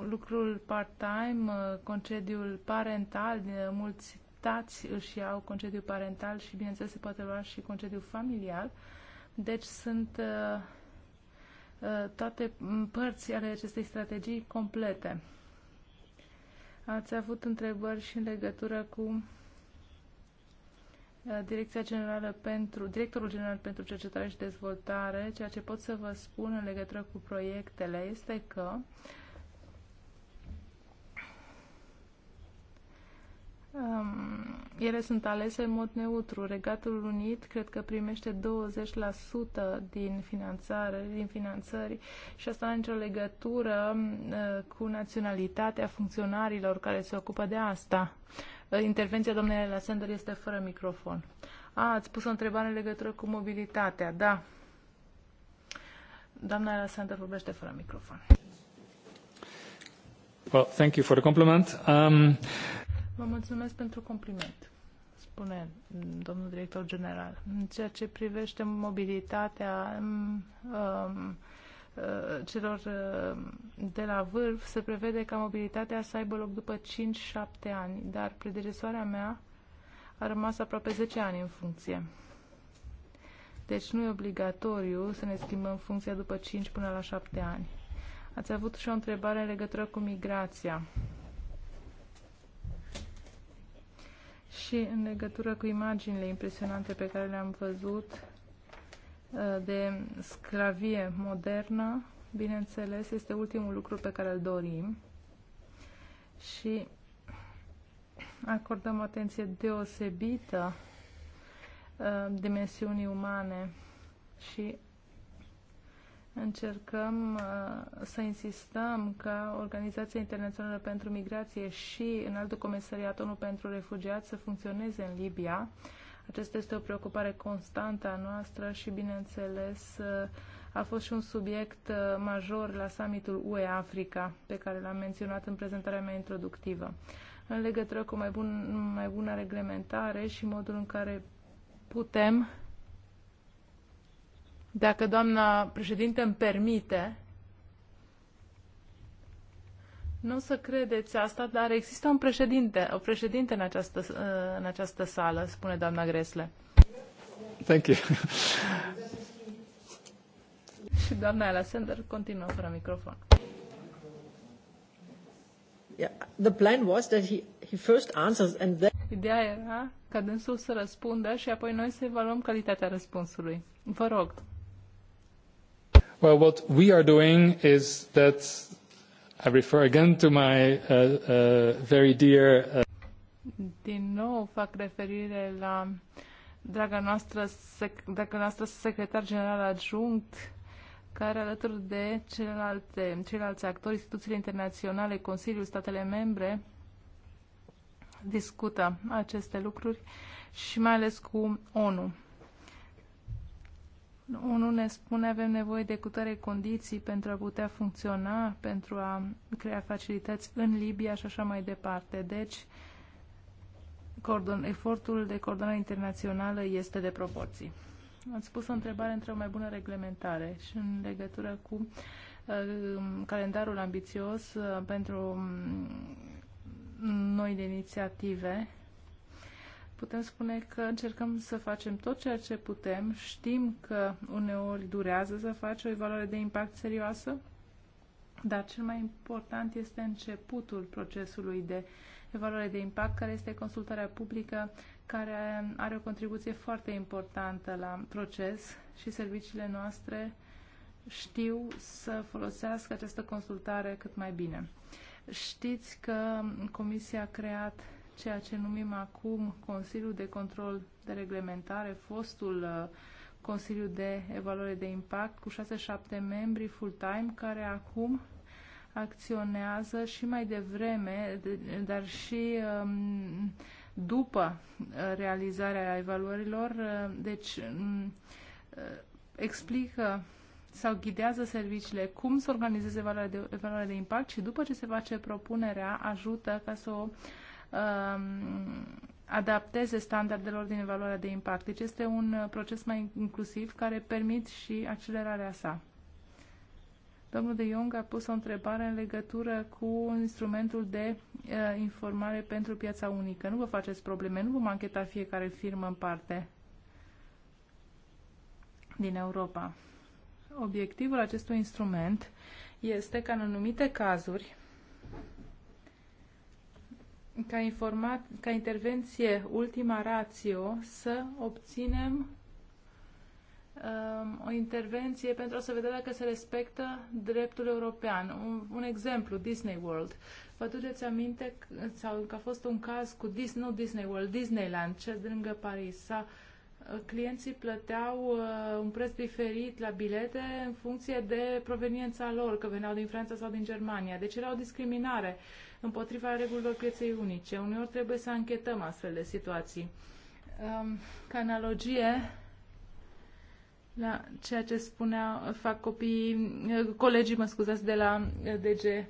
lucrul part-time, concediul parental, mulți tați își iau concediu parental și bineînțeles se poate lua și concediu familial. Deci sunt uh, toate părți ale acestei strategii complete. Ați avut întrebări și în legătură cu uh, Direcția Generală pentru, Directorul General pentru Cercetare și Dezvoltare, ceea ce pot să vă spun în legătură cu proiectele este că uh, Um, ele sunt alese în mod neutru. Regatul Unit cred că primește 20% din finanțare, din finanțări și asta are nicio legătură uh, cu naționalitatea funcționarilor care se ocupă de asta. Uh, intervenția domnului Alexander este fără microfon. A, ați pus o întrebare în legătură cu mobilitatea, da. Doamna Alexander vorbește fără microfon. Well, thank you for the compliment. Um, Vă mulțumesc pentru compliment, spune domnul director general. În ceea ce privește mobilitatea um, celor de la vârf, se prevede ca mobilitatea să aibă loc după 5-7 ani, dar predecesoarea mea a rămas aproape 10 ani în funcție. Deci nu e obligatoriu să ne schimbăm funcția după 5 până la 7 ani. Ați avut și o întrebare în legătură cu migrația. Și în legătură cu imaginile impresionante pe care le-am văzut uh, de sclavie modernă, bineînțeles, este ultimul lucru pe care îl dorim și acordăm atenție deosebită uh, dimensiunii umane și Încercăm uh, să insistăm ca Organizația Internațională pentru Migrație și Înaltul Comisariat ONU pentru Refugiați să funcționeze în Libia. Acesta este o preocupare constantă a noastră și, bineînțeles, uh, a fost și un subiect uh, major la summitul UE-Africa, pe care l-am menționat în prezentarea mea introductivă. În legătură cu mai, bun, mai bună reglementare și modul în care putem dacă doamna președinte îmi permite, nu o să credeți asta, dar există un președinte, o președinte în această, în această sală, spune doamna Gresle. Thank you. [laughs] Și doamna Alexander continuă fără microfon. Yeah, the plan was that he, he first answers and then... Ideea era ca dânsul să răspundă și apoi noi să evaluăm calitatea răspunsului. Vă rog. Well, what we are doing is that I refer again to my uh, uh, very dear. Uh... Din nou fac referire la draga noastră, sec, draga noastră secretar general adjunct, care alături de celelalte, ceilalți actori, instituțiile internaționale, Consiliul, statele membre, discută aceste lucruri și mai ales cu ONU unul ne spune avem nevoie de cutare condiții pentru a putea funcționa, pentru a crea facilități în Libia și așa mai departe. Deci, cordon, efortul de coordonare internațională este de proporții. Ați pus o întrebare între o mai bună reglementare și în legătură cu uh, calendarul ambițios uh, pentru mm, noi de inițiative putem spune că încercăm să facem tot ceea ce putem. Știm că uneori durează să faci o evaluare de impact serioasă, dar cel mai important este începutul procesului de evaluare de impact, care este consultarea publică, care are o contribuție foarte importantă la proces și serviciile noastre știu să folosească această consultare cât mai bine. Știți că Comisia a creat ceea ce numim acum Consiliul de Control de Reglementare, fostul uh, Consiliu de Evaluare de Impact, cu 6-7 membri full-time, care acum acționează și mai devreme, dar și um, după uh, realizarea evaluărilor, uh, deci um, explică sau ghidează serviciile cum să organizeze evaluarea de, evaluarea de impact și după ce se face propunerea, ajută ca să o uh, Um, adapteze standardelor din evaluarea de impact. Deci este un uh, proces mai inclusiv care permit și accelerarea sa. Domnul de Jong a pus o întrebare în legătură cu instrumentul de uh, informare pentru piața unică. Nu vă faceți probleme, nu vom ancheta fiecare firmă în parte din Europa. Obiectivul acestui instrument este ca în anumite cazuri ca, informat, ca intervenție ultima ratio să obținem um, o intervenție pentru a se vedea dacă se respectă dreptul european. Un, un exemplu, Disney World. Vă duceți aminte că, sau că a fost un caz cu Disney, nu Disney World, Disneyland, cel de lângă Paris. Sau, uh, clienții plăteau uh, un preț diferit la bilete în funcție de proveniența lor, că veneau din Franța sau din Germania. Deci era o discriminare. Uh, împotriva regulilor pieței unice. Uneori trebuie să anchetăm astfel de situații. Ca analogie, la ceea ce spunea, fac copiii, colegii, mă scuzați, de la eh, DG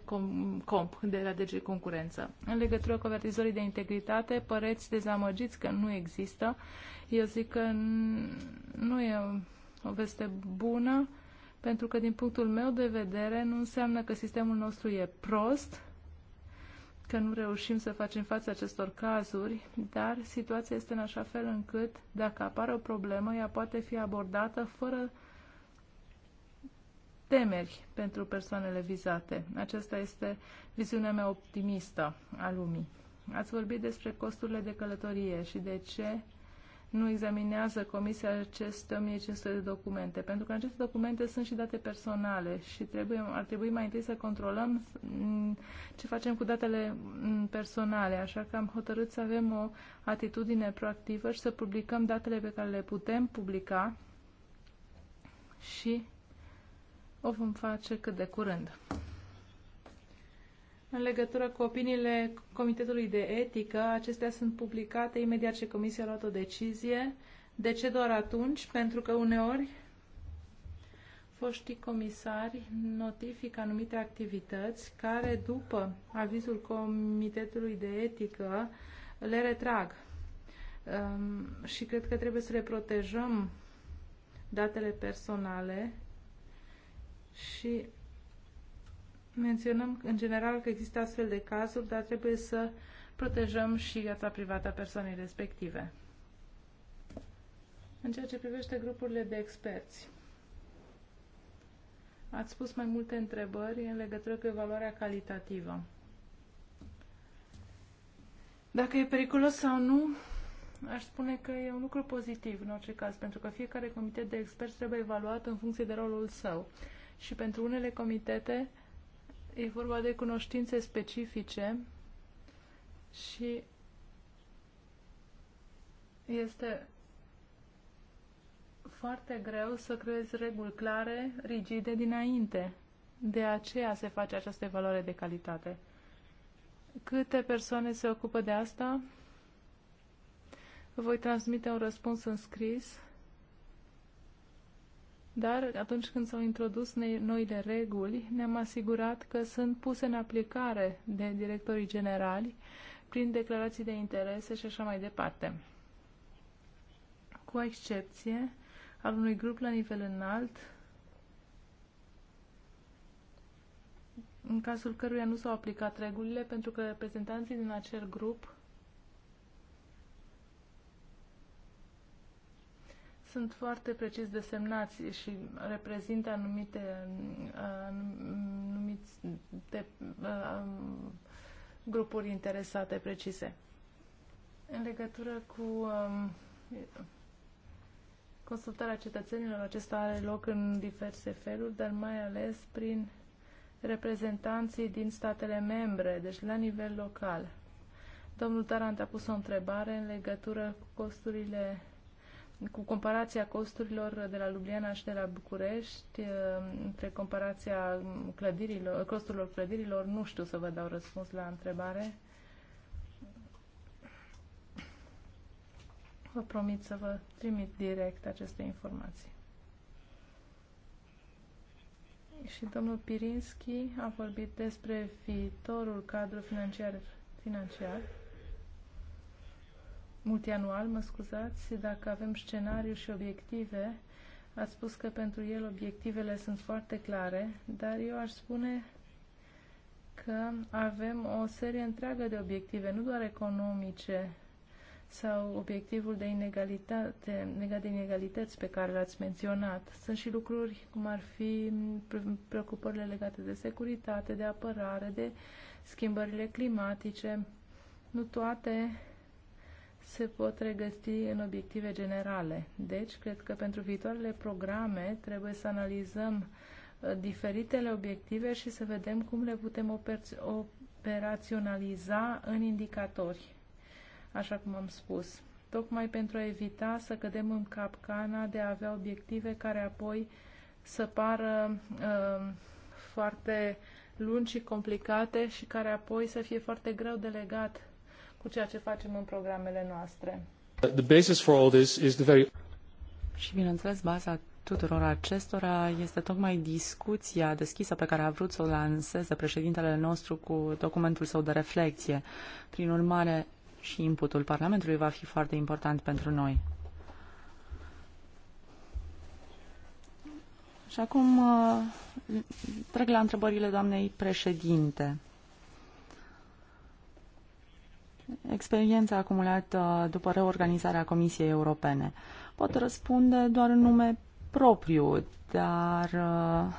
Comp, de la DG Concurență. În legătură cu avertizorii de integritate, păreți dezamăgiți că nu există. Eu zic că nu e o veste bună, pentru că din punctul meu de vedere nu înseamnă că sistemul nostru e prost, că nu reușim să facem față acestor cazuri, dar situația este în așa fel încât, dacă apare o problemă, ea poate fi abordată fără temeri pentru persoanele vizate. Aceasta este viziunea mea optimistă a lumii. Ați vorbit despre costurile de călătorie și de ce nu examinează Comisia aceste 1500 de documente, pentru că aceste documente sunt și date personale și trebuie, ar trebui mai întâi să controlăm mm, ce facem cu datele mm, personale, așa că am hotărât să avem o atitudine proactivă și să publicăm datele pe care le putem publica și o vom face cât de curând. În legătură cu opiniile Comitetului de Etică, acestea sunt publicate imediat ce Comisia a luat o decizie. De ce doar atunci? Pentru că uneori foștii comisari notifică anumite activități care, după avizul Comitetului de Etică, le retrag. Um, și cred că trebuie să le protejăm datele personale și Menționăm în general că există astfel de cazuri, dar trebuie să protejăm și viața privată a persoanei respective. În ceea ce privește grupurile de experți, ați pus mai multe întrebări în legătură cu evaluarea calitativă. Dacă e periculos sau nu, aș spune că e un lucru pozitiv în orice caz, pentru că fiecare comitet de experți trebuie evaluat în funcție de rolul său. Și pentru unele comitete, E vorba de cunoștințe specifice și este foarte greu să creezi reguli clare, rigide dinainte. De aceea se face această valoare de calitate. Câte persoane se ocupă de asta? Voi transmite un răspuns în scris dar atunci când s-au introdus noile reguli, ne-am asigurat că sunt puse în aplicare de directorii generali prin declarații de interese și așa mai departe. Cu excepție al unui grup la nivel înalt, în cazul căruia nu s-au aplicat regulile, pentru că reprezentanții din acel grup sunt foarte precis desemnați și reprezintă anumite, anumite uh, grupuri interesate precise. În legătură cu um, consultarea cetățenilor, acesta are loc în diverse feluri, dar mai ales prin reprezentanții din statele membre, deci la nivel local. Domnul Tarant a pus o întrebare în legătură cu costurile cu comparația costurilor de la Ljubljana și de la București, uh, între comparația clădirilor, costurilor clădirilor, nu știu să vă dau răspuns la întrebare. Vă promit să vă trimit direct aceste informații. Și domnul Pirinski a vorbit despre viitorul cadru financiar. financiar multianual, mă scuzați, dacă avem scenariu și obiective, a spus că pentru el obiectivele sunt foarte clare, dar eu aș spune că avem o serie întreagă de obiective, nu doar economice sau obiectivul de inegalitate, legat de inegalități pe care l-ați menționat. Sunt și lucruri cum ar fi preocupările legate de securitate, de apărare, de schimbările climatice. Nu toate se pot regăsi în obiective generale. Deci, cred că pentru viitoarele programe trebuie să analizăm uh, diferitele obiective și să vedem cum le putem operaționaliza în indicatori, așa cum am spus, tocmai pentru a evita să cădem în capcana de a avea obiective care apoi să pară uh, foarte lungi și complicate și care apoi să fie foarte greu de legat cu ceea ce facem în programele noastre. The basis for all this is the very... Și bineînțeles, baza tuturor acestora este tocmai discuția deschisă pe care a vrut să o lanseze președintele nostru cu documentul său de reflexie. Prin urmare, și inputul Parlamentului va fi foarte important pentru noi. Și acum uh, trec la întrebările doamnei președinte experiența acumulată după reorganizarea Comisiei Europene. Pot răspunde doar în nume propriu, dar uh,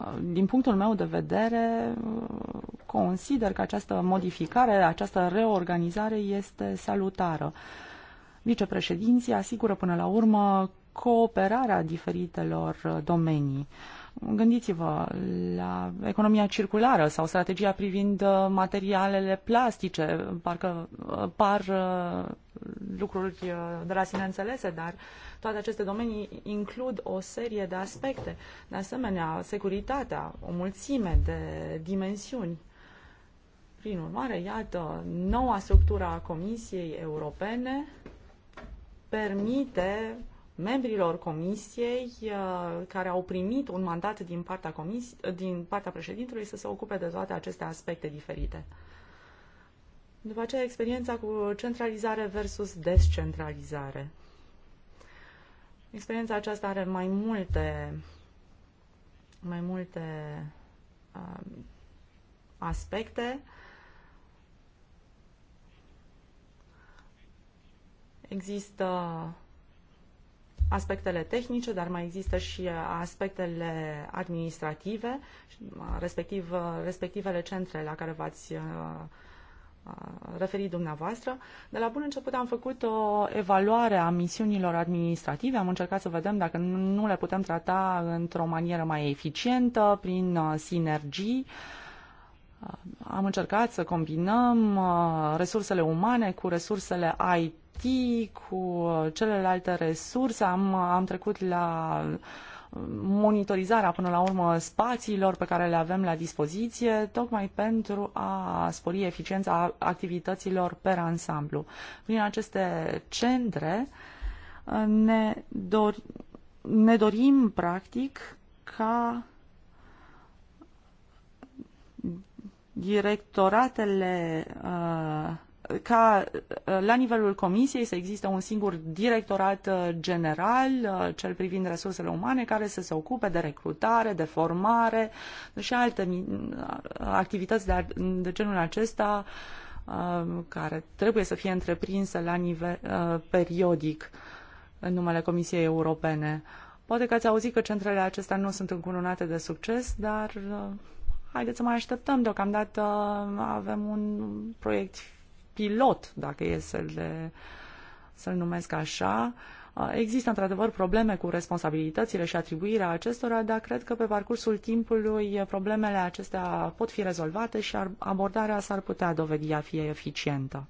uh, din punctul meu de vedere uh, consider că această modificare, această reorganizare este salutară. Vicepreședinții asigură până la urmă cooperarea diferitelor domenii. Uh, Gândiți-vă la economia circulară sau strategia privind uh, materialele plastice. Parcă uh, par uh, lucruri de la sine înțelese, dar toate aceste domenii includ o serie de aspecte. De asemenea, securitatea, o mulțime de dimensiuni. Prin urmare, iată, noua structură a Comisiei Europene permite membrilor comisiei uh, care au primit un mandat din partea, comis- din partea președintelui să se ocupe de toate aceste aspecte diferite. După aceea, experiența cu centralizare versus descentralizare. Experiența aceasta are mai multe, mai multe uh, aspecte. Există aspectele tehnice, dar mai există și uh, aspectele administrative, uh, respectiv uh, respectivele centre la care v-ați referit dumneavoastră. De la bun început am făcut o evaluare a misiunilor administrative, am încercat să vedem dacă nu le putem trata într-o manieră mai eficientă, prin sinergii. Am încercat să combinăm resursele umane cu resursele IT IT, cu uh, celelalte resurse. Am, uh, am trecut la uh, monitorizarea până la urmă spațiilor pe care le avem la dispoziție, tocmai pentru a spori eficiența activităților pe ansamblu. Prin aceste centre ne, dor- ne dorim, practic, ca directoratele uh, ca uh, la nivelul comisiei să existe un singur directorat uh, general, uh, cel privind resursele umane, care să se ocupe de recrutare, de formare și alte activități de, genul acesta care trebuie să fie întreprinse la nivel periodic în numele Comisiei Europene. Poate că ați auzit că centrele acestea nu sunt încununate de succes, dar haideți să mai așteptăm. Deocamdată avem un proiect pilot, dacă e să le, să le numesc așa, Există într-adevăr probleme cu responsabilitățile și atribuirea acestora, dar cred că pe parcursul timpului problemele acestea pot fi rezolvate și abordarea s-ar putea dovedi a fi eficientă.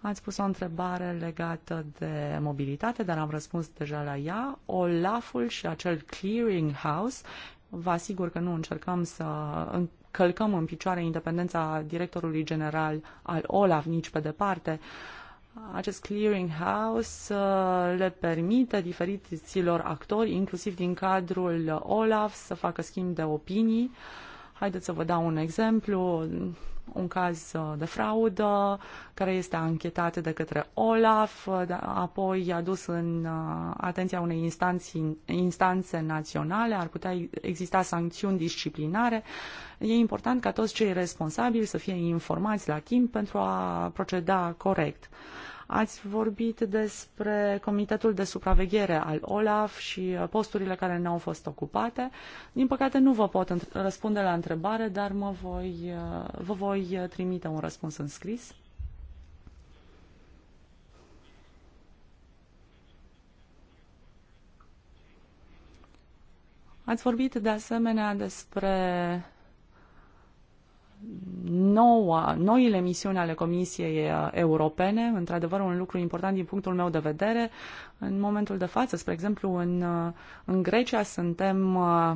Ați pus o întrebare legată de mobilitate, dar am răspuns deja la ea. Olaful și acel clearing house Vă asigur că nu încercăm să încălcăm în picioare independența directorului general al OLAF nici pe departe. Acest clearinghouse uh, le permite diferiților actori, inclusiv din cadrul OLAF, să facă schimb de opinii. Haideți să vă dau un exemplu un caz uh, de fraudă care este anchetat de către OLAF, uh, da, apoi adus în uh, atenția unei instanții, instanțe naționale, ar putea exista sancțiuni disciplinare. E important ca toți cei responsabili să fie informați la timp pentru a proceda corect. Ați vorbit despre Comitetul de Supraveghere al OLAF și uh, posturile care ne-au fost ocupate. Din păcate nu vă pot răspunde la întrebare, dar mă voi, uh, vă voi uh, trimite un răspuns în scris. Ați vorbit de asemenea despre noua, noile misiuni ale Comisiei uh, Europene, într-adevăr un lucru important din punctul meu de vedere. În momentul de față, spre exemplu, în, uh, în Grecia suntem uh,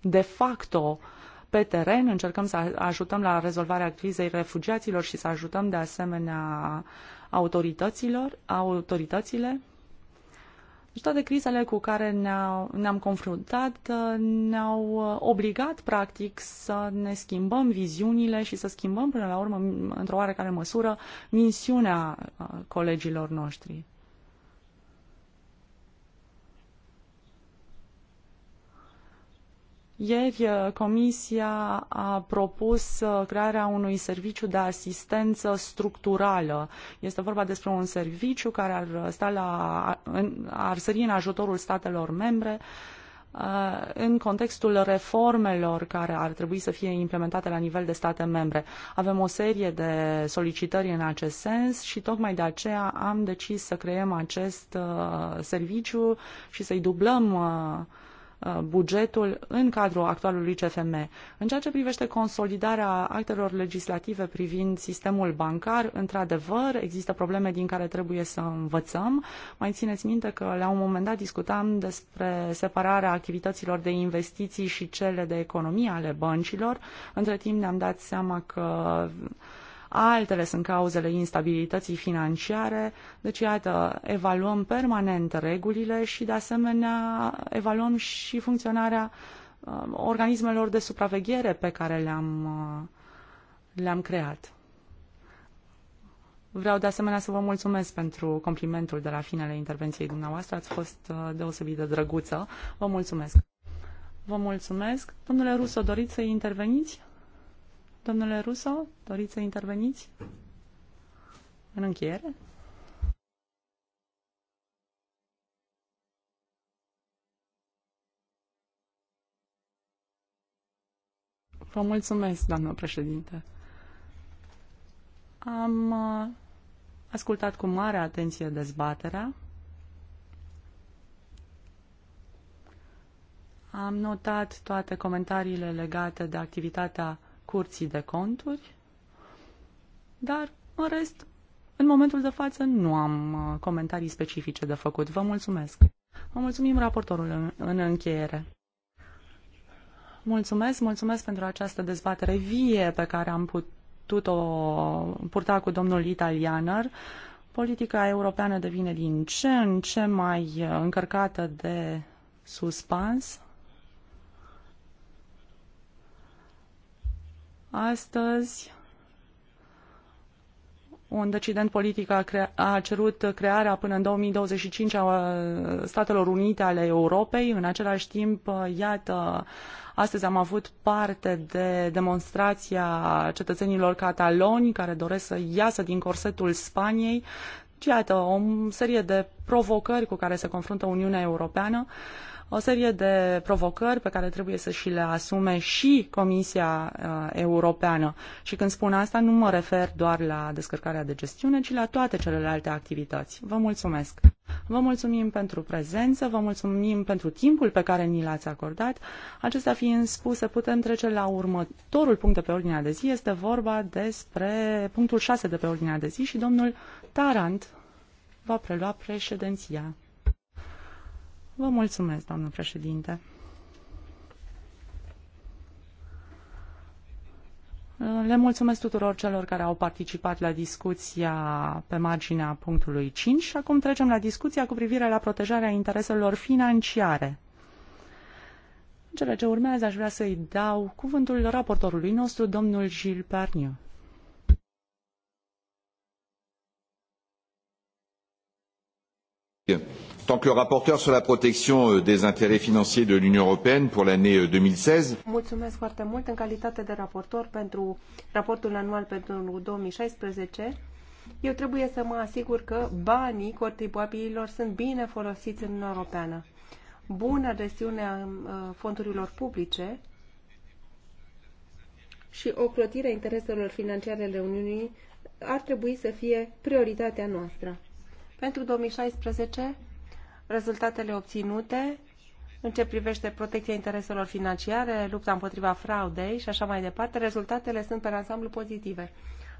de facto pe teren, încercăm să ajutăm la rezolvarea crizei refugiaților și să ajutăm de asemenea autorităților, autoritățile deci toate crizele cu care ne-am ne confruntat uh, ne-au uh, obligat, practic, să ne schimbăm viziunile și să schimbăm, până la urmă, într-o oarecare măsură, misiunea uh, colegilor noștri. Ieri uh, Comisia a propus uh, crearea unui serviciu de asistență structurală. Este vorba despre un serviciu care ar, uh, sta la, ar sări în ajutorul statelor membre în contextul reformelor care ar trebui să fie implementate la nivel de state membre. Avem o serie de solicitări în acest sens și tocmai de aceea am decis să creăm acest serviciu și să-i dublăm Uh, bugetul în cadrul actualului CFM. În ceea ce privește consolidarea actelor legislative privind sistemul bancar, într-adevăr, există probleme din care trebuie să învățăm. Mai țineți minte că la un moment dat discutam despre separarea activităților de investiții și cele de economie ale băncilor. Între timp ne-am dat seama că altele sunt cauzele instabilității financiare, deci iată, evaluăm permanent regulile și de asemenea evaluăm și funcționarea uh, organismelor de supraveghere pe care le-am uh, le-am creat. Vreau de asemenea să vă mulțumesc pentru complimentul de la finele intervenției dumneavoastră. Ați fost uh, deosebit de drăguță. Vă mulțumesc. Vă mulțumesc. Domnule Ruso, doriți să interveniți? Domnule Russo, doriți să interveniți în încheiere? Vă mulțumesc, doamnă președinte. Am uh, ascultat cu mare atenție dezbaterea. Am notat toate comentariile legate de activitatea curții de conturi, dar în rest, în momentul de față, nu am uh, comentarii specifice de făcut. Vă mulțumesc. Vă mulțumim raportorul în, în încheiere. Mulțumesc, mulțumesc pentru această dezbatere vie pe care am putut-o purta cu domnul Italianer. Politica europeană devine din ce în ce mai uh, încărcată de suspans Astăzi, un decident politic a, crea- a cerut crearea până în 2025 a Statelor Unite ale Europei. În același timp, iată, astăzi am avut parte de demonstrația cetățenilor cataloni care doresc să iasă din corsetul Spaniei. Iată, o serie de provocări cu care se confruntă Uniunea Europeană. Uh, o serie de provocări pe care trebuie să și le asume și Comisia uh, Europeană. Și când spun asta, nu mă refer doar la descărcarea de gestiune, ci la toate celelalte activități. Vă mulțumesc! Vă mulțumim pentru prezență, vă mulțumim pentru timpul pe care ni l-ați acordat. Acestea fiind spuse, putem trece la următorul punct de pe ordinea de zi. Este vorba despre punctul 6 de pe ordinea de zi și domnul Tarant va prelua președinția. Vă mulțumesc, doamnă președinte. Le mulțumesc tuturor celor care au participat la discuția pe marginea punctului 5 și acum trecem la discuția cu privire la protejarea intereselor financiare. În cele ce urmează aș vrea să-i dau cuvântul raportorului nostru, domnul Gilles Parniu. Yeah tant que le rapporteur sur la protection euh, des intérêts financiers de l'Union européenne pour l'année 2016. Euh, Mulțumesc foarte mult în calitate de raportor pentru raportul anual pentru 2016. Eu trebuie să mă asigur că banii contribuabililor sunt bine folosiți în Uniunea Europeană. Bună gestiune a uh, fondurilor publice și o clotire a intereselor financiare ale Uniunii ar trebui să fie prioritatea noastră. Pentru 2016, rezultatele obținute în ce privește protecția intereselor financiare, lupta împotriva fraudei și așa mai departe, rezultatele sunt pe ansamblu pozitive.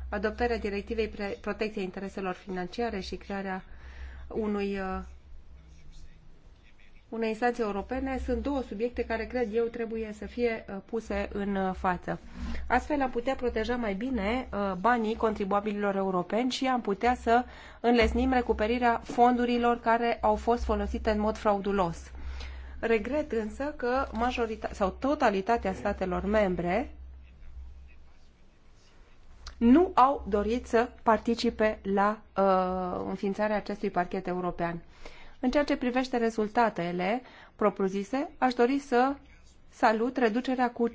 Adoptarea directivei protecției intereselor financiare și crearea unui uh, unei instanțe europene sunt două subiecte care cred eu trebuie să fie uh, puse în uh, față. Astfel am putea proteja mai bine uh, banii contribuabililor europeni și am putea să înlesnim recuperirea fondurilor care au fost folosite în mod fraudulos. Regret însă că majoritatea sau totalitatea statelor membre nu au dorit să participe la uh, înființarea acestui parchet european. Uh, în ceea ce privește rezultatele propriu-zise, aș dori să salut reducerea cu 15%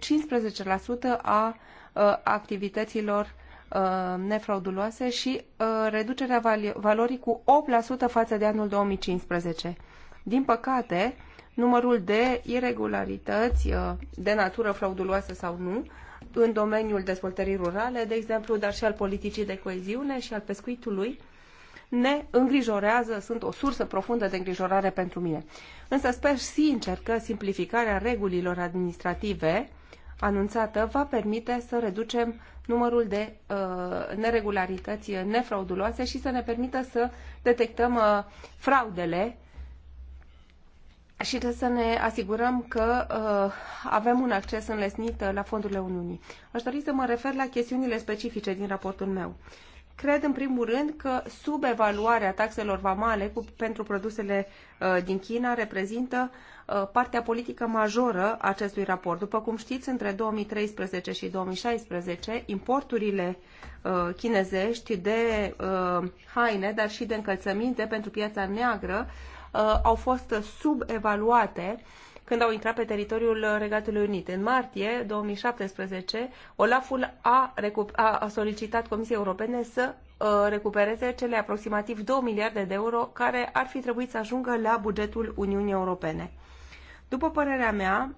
a ă, activităților ă, nefrauduloase și ă, reducerea valorii cu 8% față de anul 2015. Din păcate, numărul de irregularități de natură frauduloasă sau nu în domeniul dezvoltării rurale, de exemplu, dar și al politicii de coeziune și al pescuitului, ne îngrijorează, sunt o sursă profundă de îngrijorare pentru mine. Însă sper sincer că simplificarea regulilor administrative anunțată va permite să reducem numărul de uh, neregularități nefrauduloase și să ne permită să detectăm uh, fraudele și trebuie să ne asigurăm că uh, avem un acces înlesnit uh, la fondurile Uniunii. Aș dori să mă refer la chestiunile specifice din raportul meu. Uh, Cred, în primul rând, că subevaluarea taxelor vamale cu, pentru produsele uh, din China reprezintă uh, partea politică majoră a acestui raport. După cum știți, între 2013 și 2016, importurile uh, chinezești de uh, haine, dar și de încălțăminte pentru piața neagră, uh, au fost subevaluate uh, când au intrat pe teritoriul Regatului Unit. În martie 2017, Olaful a, a solicitat Comisiei Europene să uh, recupereze cele aproximativ 2 miliarde de euro care ar fi trebuit să ajungă la bugetul Uniunii Europene. După părerea mea,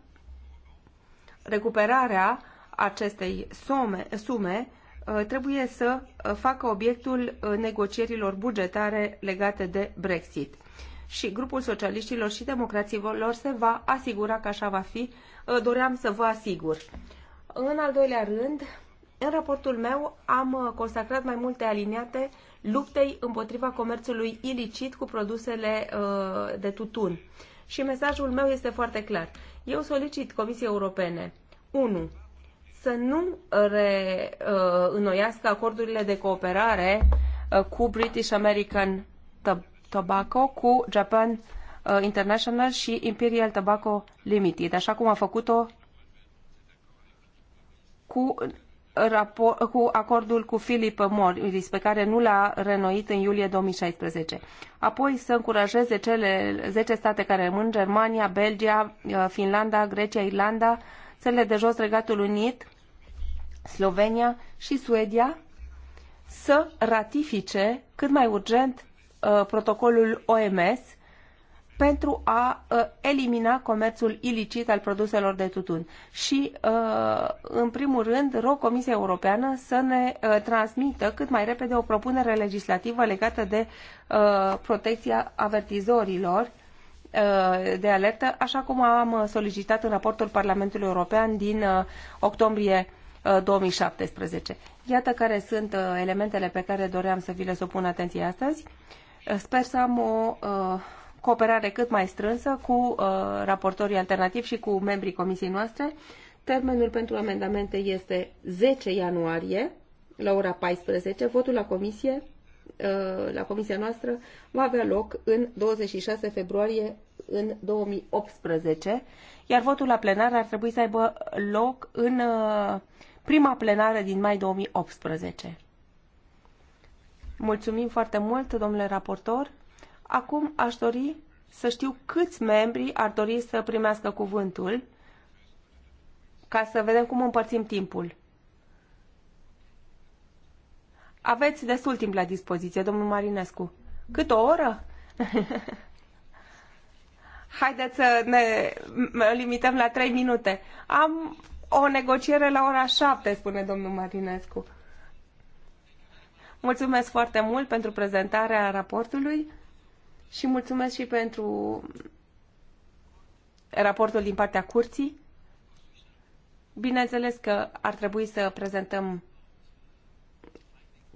recuperarea acestei sume, sume uh, trebuie să uh, facă obiectul negocierilor bugetare legate de Brexit și grupul socialiștilor și democraților se va asigura că așa va fi. Ă, doream să vă asigur. În al doilea rând, în raportul meu am ă, consacrat mai multe aliniate luptei împotriva comerțului ilicit cu produsele ă, de tutun. Și mesajul meu este foarte clar. Eu solicit Comisiei Europene 1 să nu reînnoiască acordurile de cooperare cu British American Tobacco cu Japan uh, International și Imperial Tobacco Limited, așa cum a făcut-o cu, cu acordul cu Philip Morris, pe care nu l-a renoit în iulie 2016. Apoi să încurajeze cele 10 state care rămân, Germania, Belgia, uh, Finlanda, Grecia, Irlanda, țările de jos, Regatul Unit, Slovenia și Suedia, să ratifice cât mai urgent Uh, protocolul OMS pentru a uh, elimina comerțul ilicit al produselor de tutun. Și, uh, în primul rând, rog Comisia Europeană să ne transmită cât mai repede o propunere legislativă legată de protecția avertizorilor de alertă, așa cum am solicitat în raportul Parlamentului European din octombrie 2017. Iată care sunt elementele pe care doream să vi le supun atenție astăzi. Sper să am o uh, cooperare cât mai strânsă cu uh, raportorii alternativi și cu membrii comisiei noastre. Termenul pentru amendamente este 10 ianuarie la ora 14. Votul la comisie uh, la comisia noastră va avea loc în 26 februarie în 2018, iar votul la plenar ar trebui să aibă loc în prima plenară din mai 2018. Mulțumim foarte mult, domnule raportor. Acum aș dori să știu câți membri ar dori să primească cuvântul ca să vedem cum împărțim timpul. Aveți destul timp la dispoziție, domnul Marinescu. Cât o oră? [laughs] Haideți să ne limităm la trei minute. Am o negociere la ora șapte, spune domnul Marinescu. Mulțumesc foarte mult pentru prezentarea raportului și mulțumesc și pentru raportul din partea curții. Bineînțeles că ar trebui să prezentăm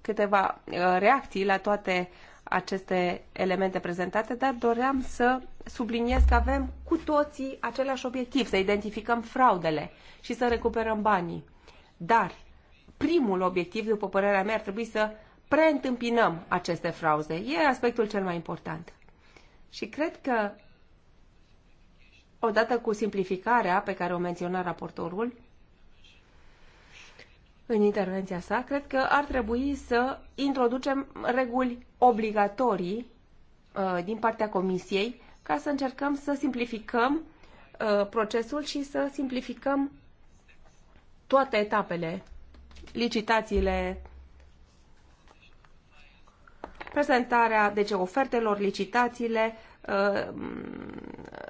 câteva uh, reacții la toate aceste elemente prezentate, dar doream să subliniez că avem cu toții același obiectiv, să identificăm fraudele și să recuperăm banii. Dar primul obiectiv, după părerea mea, ar trebui să preîntâmpinăm aceste frauze. E aspectul cel mai important. Și cred că, odată cu simplificarea pe care o menționa raportorul în intervenția sa, cred că ar trebui să introducem reguli obligatorii uh, din partea Comisiei ca să încercăm să simplificăm uh, procesul și să simplificăm toate etapele, licitațiile, prezentarea, deci ofertelor, licitațiile, uh,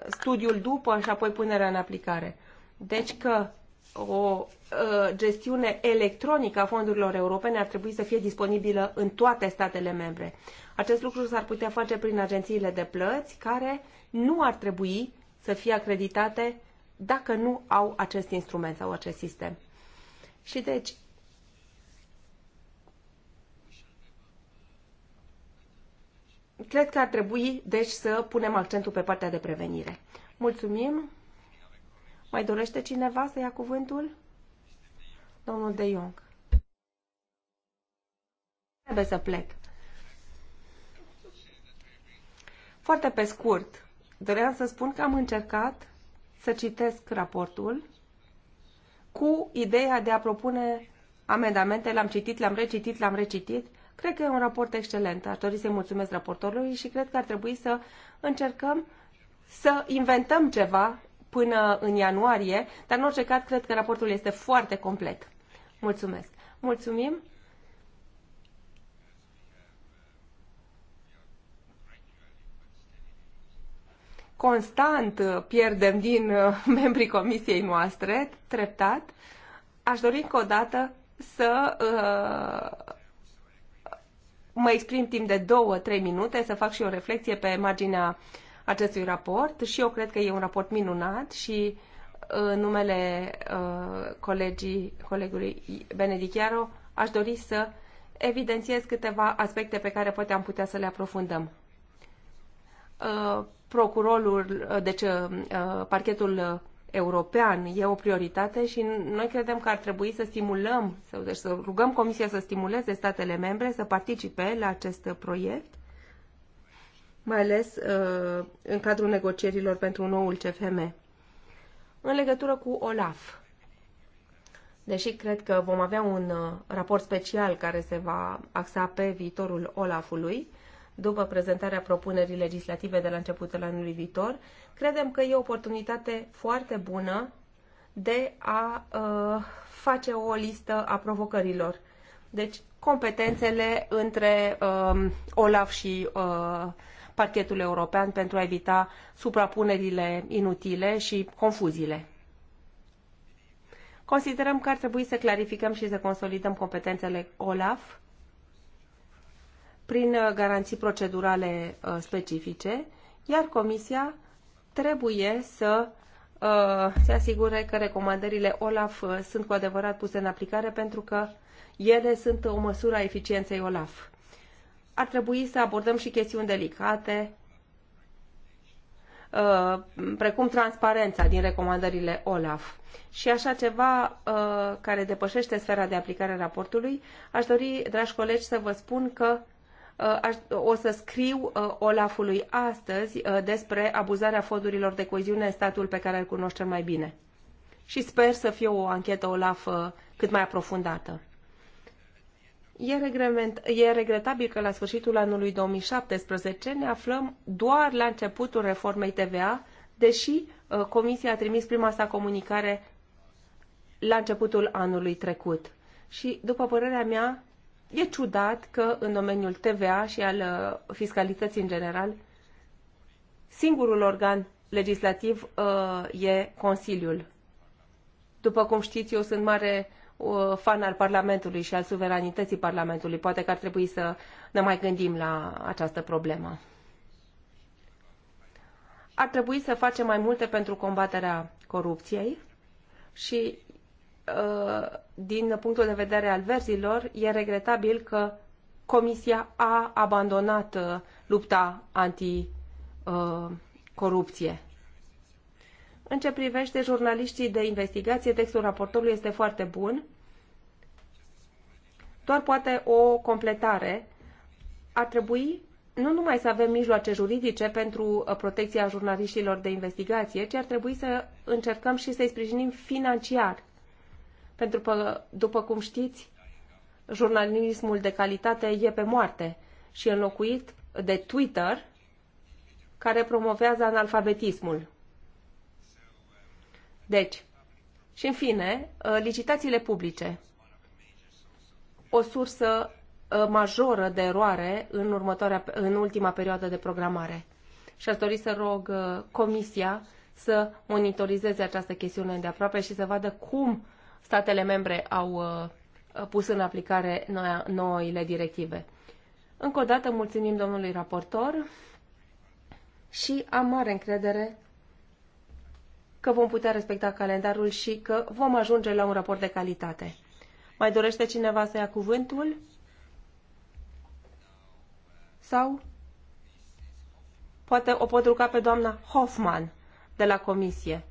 studiul după și apoi punerea în aplicare. Deci că o uh, gestiune electronică a fondurilor europene ar trebui să fie disponibilă în toate statele membre. Acest lucru s-ar putea face prin agențiile de plăți, care nu ar trebui să fie acreditate dacă nu au acest instrument sau acest sistem. Și deci, cred că ar trebui, deci, să punem accentul pe partea de prevenire. Mulțumim. Mai dorește cineva să ia cuvântul? Domnul De Jong. Trebuie să plec. Foarte pe scurt, doream să spun că am încercat să citesc raportul cu ideea de a propune amendamente, l-am citit, l-am recitit, l-am recitit Cred că e un raport excelent. Aș dori să-i mulțumesc raportorului și cred că ar trebui să încercăm să inventăm ceva până în ianuarie, dar în orice caz cred că raportul este foarte complet. Mulțumesc. Mulțumim. Constant pierdem din uh, [laughs] membrii comisiei noastre, treptat. Aș dori încă o dată să uh, mă exprim timp de două-trei minute să fac și o reflexie pe marginea acestui raport și eu cred că e un raport minunat și uh, în numele uh, colegii, colegului Benedic Iaro, aș dori să evidențiez câteva aspecte pe care poate am putea să le aprofundăm. Uh, procurorul, uh, deci uh, uh parchetul european e o prioritate și noi credem că ar trebui să stimulăm, să, deci să rugăm Comisia să stimuleze statele membre să participe la acest proiect, mai ales uh, în cadrul negocierilor pentru noul CFM. În legătură cu OLAF, deși cred că vom avea un uh, raport special care se va axa pe viitorul OLAF-ului, uh, după prezentarea propunerii legislative de la începutul anului viitor, credem că e o oportunitate foarte bună de a uh, face o listă a provocărilor. Deci, competențele între uh, OLAF și uh, parchetul european pentru a evita suprapunerile inutile și confuziile. Considerăm că ar trebui să clarificăm și să consolidăm competențele OLAF prin uh, garanții procedurale uh, specifice, iar Comisia trebuie să uh, se asigure că recomandările OLAF sunt cu adevărat puse în aplicare pentru că ele sunt o măsură a eficienței OLAF. Ar trebui să abordăm și chestiuni delicate, precum transparența din recomandările OLAF. Și așa ceva care depășește sfera de aplicare a raportului, aș dori, dragi colegi, să vă spun că Uh, o să scriu uh, Olafului astăzi uh, despre abuzarea fondurilor de coeziune în statul pe care îl cunosc cel mai bine. Și sper să fie o anchetă Olaf cât mai aprofundată. E, regrement, e regretabil că la sfârșitul anului 2017 ne aflăm doar la începutul reformei TVA, deși Comisia a trimis prima sa comunicare la începutul anului trecut. Și, după părerea mea, E ciudat că în domeniul TVA și al uh, fiscalității în general, singurul organ legislativ uh, e Consiliul. După cum știți, eu sunt mare uh, fan al Parlamentului și al suveranității Parlamentului. Poate că ar trebui să ne mai gândim la această problemă. Ar trebui să facem mai multe pentru combaterea corupției și Uh, din punctul de vedere al verzilor, e regretabil că Comisia a abandonat uh, lupta anticorupție. În ce privește jurnaliștii de investigație, textul raportorului este foarte bun. Doar poate o completare. Ar trebui nu numai să avem mijloace juridice pentru uh, protecția jurnaliștilor de investigație, ci ar trebui să încercăm și să-i sprijinim financiar pentru că, după cum știți, jurnalismul de calitate e pe moarte și înlocuit de Twitter, care promovează analfabetismul. Deci, și în fine, licitațiile publice. O sursă uh, majoră de eroare în, următoarea, în ultima perioadă de programare. Și aș dori să rog uh, Comisia să monitorizeze această chestiune de aproape și să vadă cum statele membre au uh, pus în aplicare noile directive. Încă o dată mulțumim domnului raportor și am mare încredere că vom putea respecta calendarul și că vom ajunge la un raport de calitate. Mai dorește cineva să ia cuvântul? Sau? Poate o pot ruga pe doamna Hoffman de la comisie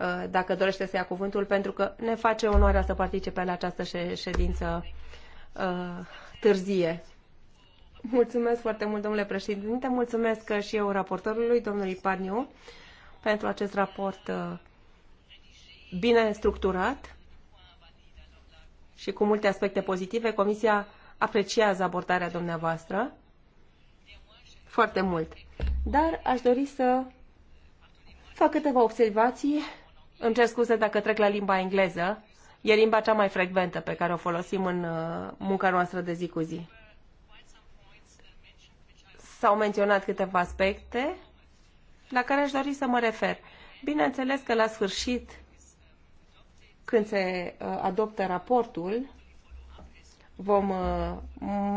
Uh, dacă dorește să ia cuvântul, pentru că ne face onoarea să participe la această ședință uh, târzie. Mulțumesc foarte mult, domnule președinte. Mulțumesc și eu raportorului, domnului Parniu, pentru acest raport uh, bine structurat și cu multe aspecte pozitive. Comisia apreciază abordarea dumneavoastră foarte mult. Dar aș dori să fac câteva observații îmi cer scuze dacă trec la limba engleză. E limba cea mai frecventă pe care o folosim în uh, munca noastră de zi cu zi. S-au menționat câteva aspecte la care aș dori să mă refer. Bineînțeles că la sfârșit, când se uh, adoptă raportul, vom uh,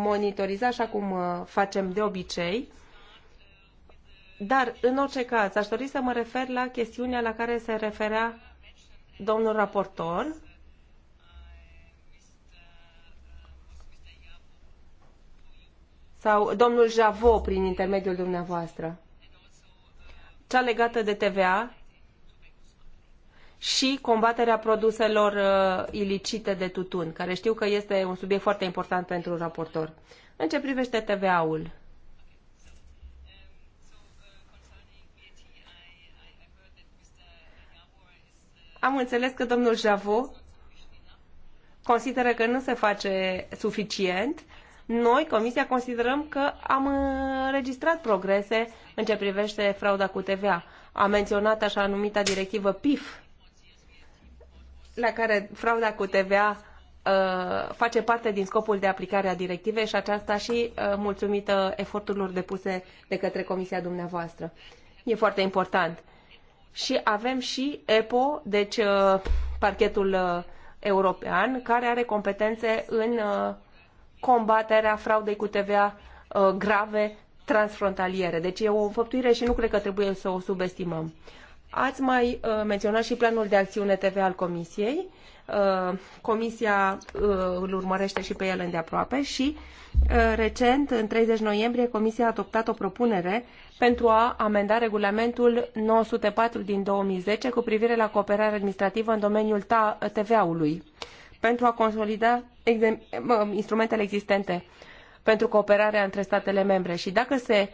monitoriza așa cum facem de obicei dar, în orice caz, aș dori să mă refer la chestiunea la care se referea domnul raportor, sau domnul Javo prin intermediul dumneavoastră, cea legată de TVA și combaterea produselor uh, ilicite de tutun, care știu că este un subiect foarte important pentru un raportor. În ce privește TVA-ul? Am înțeles că domnul Javu consideră că nu se face suficient. Noi, Comisia, considerăm că am înregistrat progrese în ce privește frauda cu TVA. Am menționat așa numita directivă PIF, la care frauda cu TVA uh, face parte din scopul de aplicare a directivei și aceasta și uh, mulțumită eforturilor depuse de către Comisia dumneavoastră. E foarte important și avem și EPO, deci uh, parchetul uh, european, care are competențe în uh, combaterea fraudei cu TVA grave transfrontaliere. Deci e o înfăptuire și nu cred că trebuie să o subestimăm. Ați mai uh, menționat și planul de acțiune TV al Comisiei. Uh, comisia uh, îl urmărește și pe el îndeaproape și recent, în 30 noiembrie, Comisia a adoptat o propunere pentru a amenda regulamentul 904 din 2010 cu privire la cooperarea administrativă în domeniul TVA-ului, pentru a consolida instrumentele existente pentru cooperarea între statele membre. Și dacă se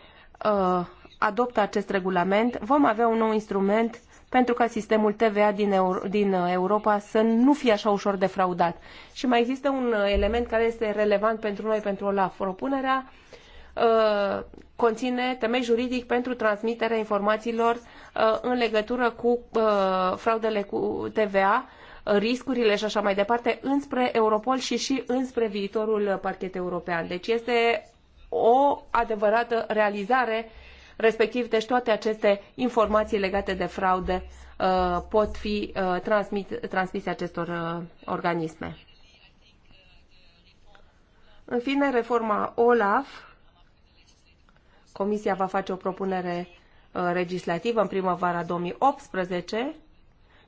uh, adoptă acest regulament, vom avea un nou instrument pentru ca sistemul TVA din, Euro- din Europa să nu fie așa ușor defraudat. Și mai există un element care este relevant pentru noi, pentru OLAF. Propunerea Uh, conține temei juridic pentru transmiterea informațiilor uh, în legătură cu uh, fraudele cu TVA, riscurile și așa mai departe, înspre Europol și și înspre viitorul parchet european. Deci este o adevărată realizare, respectiv, deci toate aceste informații legate de fraude pot fi transmit, transmise acestor organisme. În fine, reforma OLAF Comisia va face o propunere uh, legislativă în primăvara 2018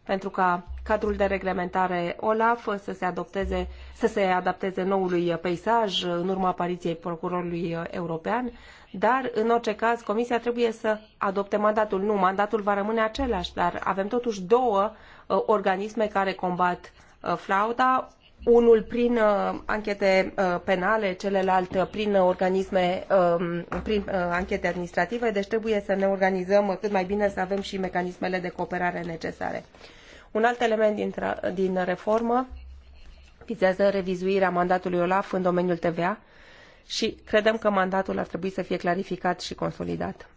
pentru ca cadrul de reglementare OLAF să se, adopteze, să se adapteze noului peisaj în urma apariției procurorului uh, european, dar în orice caz Comisia trebuie să adopte mandatul. Nu, mandatul va rămâne același, dar avem totuși două uh, organisme care combat frauda, unul prin uh, anchete uh, penale, celălalt prin organisme, um, prin uh, anchete administrative, deci trebuie să ne organizăm cât mai bine să avem și mecanismele de cooperare necesare. Un alt element din, din reformă vizează revizuirea mandatului OLAF în domeniul TVA și credem că mandatul ar trebui să fie clarificat și consolidat.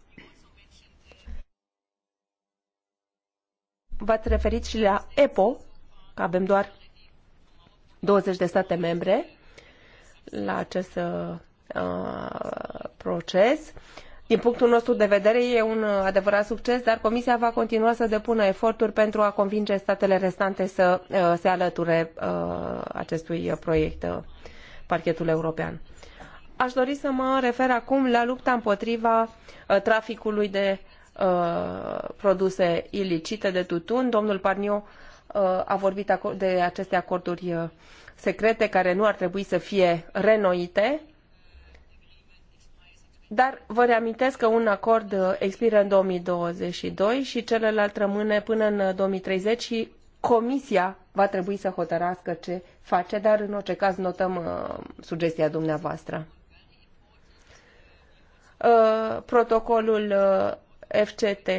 V-ați referit și la EPO, că avem doar 20 de state membre la acest uh, proces. Din punctul nostru de vedere, e un adevărat succes, dar Comisia va continua să depună eforturi pentru a convinge statele restante să uh, se alăture uh, acestui proiect, parchetul european. Aș dori să mă refer acum la lupta împotriva traficului de produse ilicite de tutun. Domnul Parniu Uh, a vorbit de aceste acorduri uh, secrete care nu ar trebui să fie renoite, dar vă reamintesc că un acord uh, expiră în 2022 și celălalt rămâne până în 2030 și Comisia va trebui să hotărască ce face, dar în orice caz notăm uh, sugestia dumneavoastră. Uh, protocolul uh, FCTC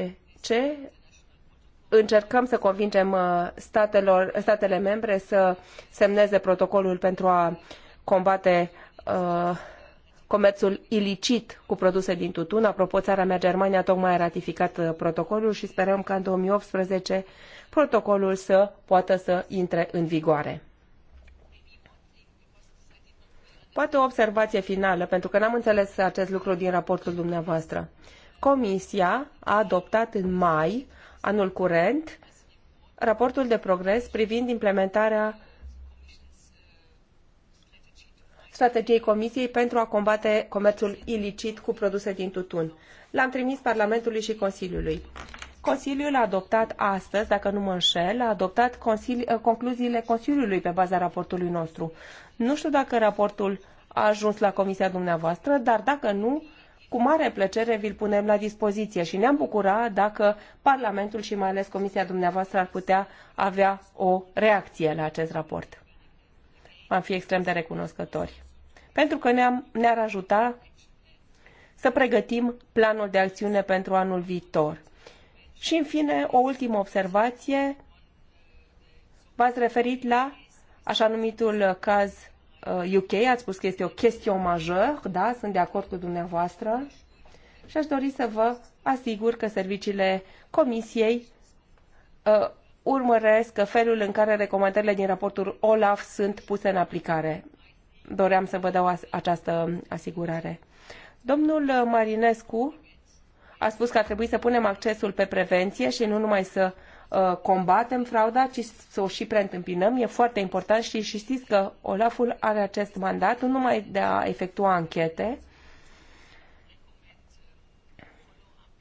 încercăm să convingem uh, statelor, statele membre să semneze protocolul pentru a combate uh, comerțul ilicit cu produse din tutun. Apropo, țara mea, Germania, tocmai a ratificat uh, protocolul și sperăm ca în 2018 protocolul să poată să intre în vigoare. Poate o observație finală, pentru că n-am înțeles acest lucru din raportul dumneavoastră. Comisia a adoptat în mai anul curent raportul de progres privind implementarea strategiei Comisiei pentru a combate comerțul ilicit cu produse din tutun. L-am trimis Parlamentului și Consiliului. Consiliul a adoptat astăzi, dacă nu mă înșel, a adoptat eh, concluziile Consiliului pe baza raportului nostru. Nu știu dacă raportul a ajuns la comisia dumneavoastră, dar dacă nu, cu mare plăcere vi-l punem la dispoziție și ne-am bucura dacă Parlamentul și mai ales Comisia dumneavoastră ar putea avea o reacție la acest raport. Am fi extrem de recunoscători. Pentru că ne-am, ne-ar ajuta să pregătim planul de acțiune pentru anul viitor. Și, în fine, o ultimă observație. V-ați referit la așa numitul caz UK, uh, ați spus că este o chestie major, da, sunt de acord cu dumneavoastră și aș dori să vă asigur că serviciile Comisiei uh, urmăresc felul în care recomandările din raportul OLAF sunt puse în aplicare. Doream să vă dau această asigurare. Domnul Marinescu a spus că ar trebui să punem accesul pe prevenție și nu numai să Uh, combatem frauda, ci să o și preîntâmpinăm. E foarte important și, și știți că Olaful are acest mandat nu numai de a efectua anchete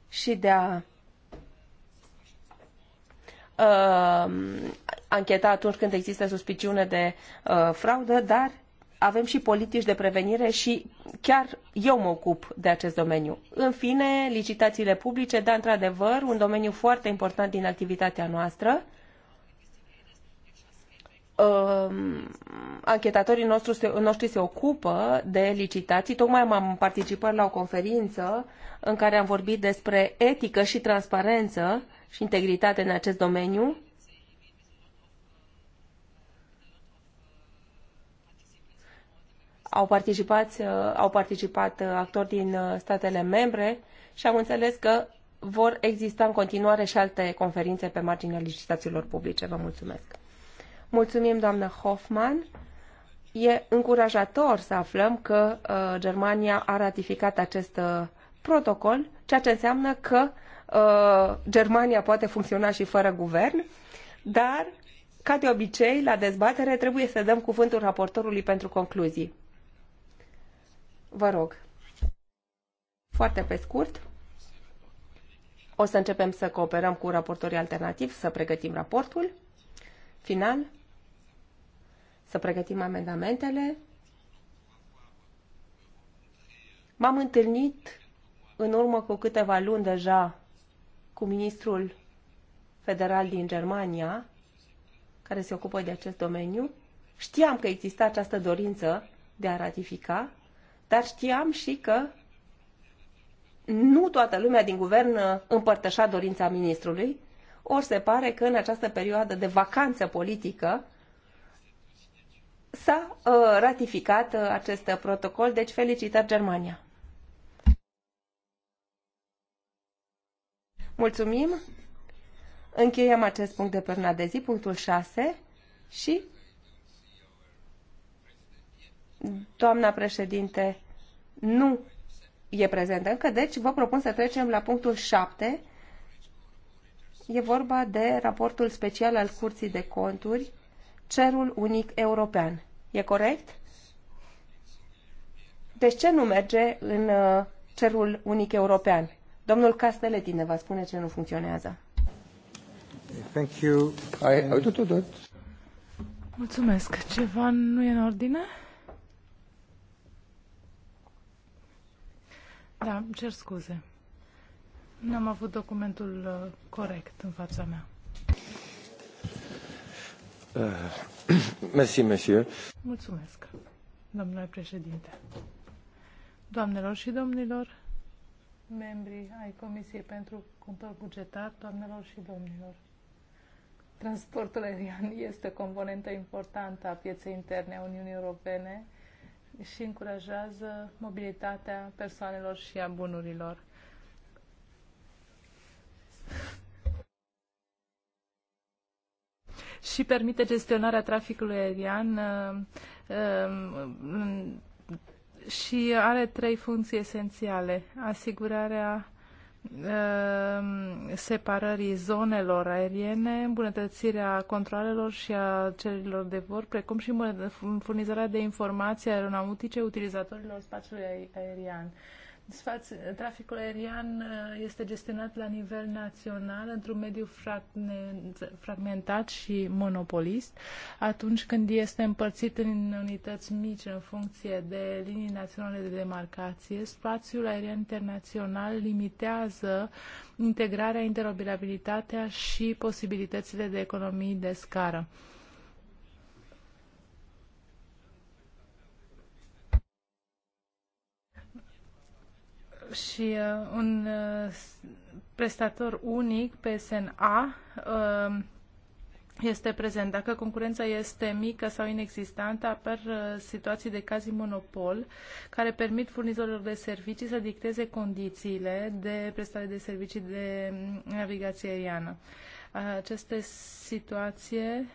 și de a uh, ancheta atunci când există suspiciune de uh, fraudă, dar avem și politici de prevenire și chiar eu mă ocup de acest domeniu. În fine, licitațiile publice, da, într-adevăr, un domeniu foarte important din activitatea noastră. Anchetatorii noștri se, noștri se ocupă de licitații. Tocmai am participat la o conferință în care am vorbit despre etică și transparență și integritate în acest domeniu au participat, uh, au participat uh, actori din uh, statele membre și am înțeles că vor exista în continuare și alte conferințe pe marginea licitațiilor publice. Vă mulțumesc! Mulțumim, doamnă Hoffman! E încurajator să aflăm că uh, Germania a ratificat acest uh, protocol, ceea ce înseamnă că uh, Germania poate funcționa și fără guvern, dar, ca de obicei, la dezbatere trebuie să dăm cuvântul raportorului pentru concluzii. Vă rog. Foarte pe scurt. O să începem să cooperăm cu raportorii alternativi, să pregătim raportul final, să pregătim amendamentele. M-am întâlnit în urmă cu câteva luni deja cu ministrul federal din Germania, care se ocupă de acest domeniu. Știam că exista această dorință de a ratifica dar știam și că nu toată lumea din guvern uh, împărtășa dorința ministrului, ori se pare că în această perioadă de vacanță politică s-a uh, ratificat uh, acest protocol, deci felicitări Germania. Mulțumim! Încheiem acest punct de pe de zi, punctul 6 și Doamna președinte nu e prezentă încă, deci vă propun să trecem la punctul 7. E vorba de raportul special al Curții de Conturi, Cerul Unic European. E corect? Deci ce nu merge în uh, Cerul Unic European? Domnul Casteletti ne va spune ce nu funcționează. Thank you. I... Mulțumesc. Ceva nu e în ordine? Da, cer scuze. N-am avut documentul uh, corect în fața mea. Uh, [clears throat] merci, monsieur. Mulțumesc, domnule președinte. Doamnelor și domnilor, membrii ai Comisiei pentru Control Bugetar, doamnelor și domnilor. Transportul aerian este o componentă importantă a pieței interne a Uniunii Europene și încurajează mobilitatea persoanelor și a bunurilor. Și permite gestionarea traficului aerian um, și are trei funcții esențiale. Asigurarea Ehm, separării zonelor aeriene, îmbunătățirea controlelor și a cererilor de vor, precum și furnizarea de informații aeronautice utilizatorilor spațiului aerian. Traficul aerian uh, este gestionat la nivel național într-un mediu fragmentat și monopolist. Atunci când este împărțit în unități mici în funcție de linii naționale de demarcație, spațiul aerian internațional limitează integrarea, interoperabilitatea și posibilitățile de economii de scară. și uh, un uh, prestator unic, PSNA, uh, este prezent. Dacă concurența este mică sau inexistentă, apar uh, situații de caz monopol care permit furnizorilor de servicii să dicteze condițiile de prestare de servicii de navigație aeriană. Uh, aceste situație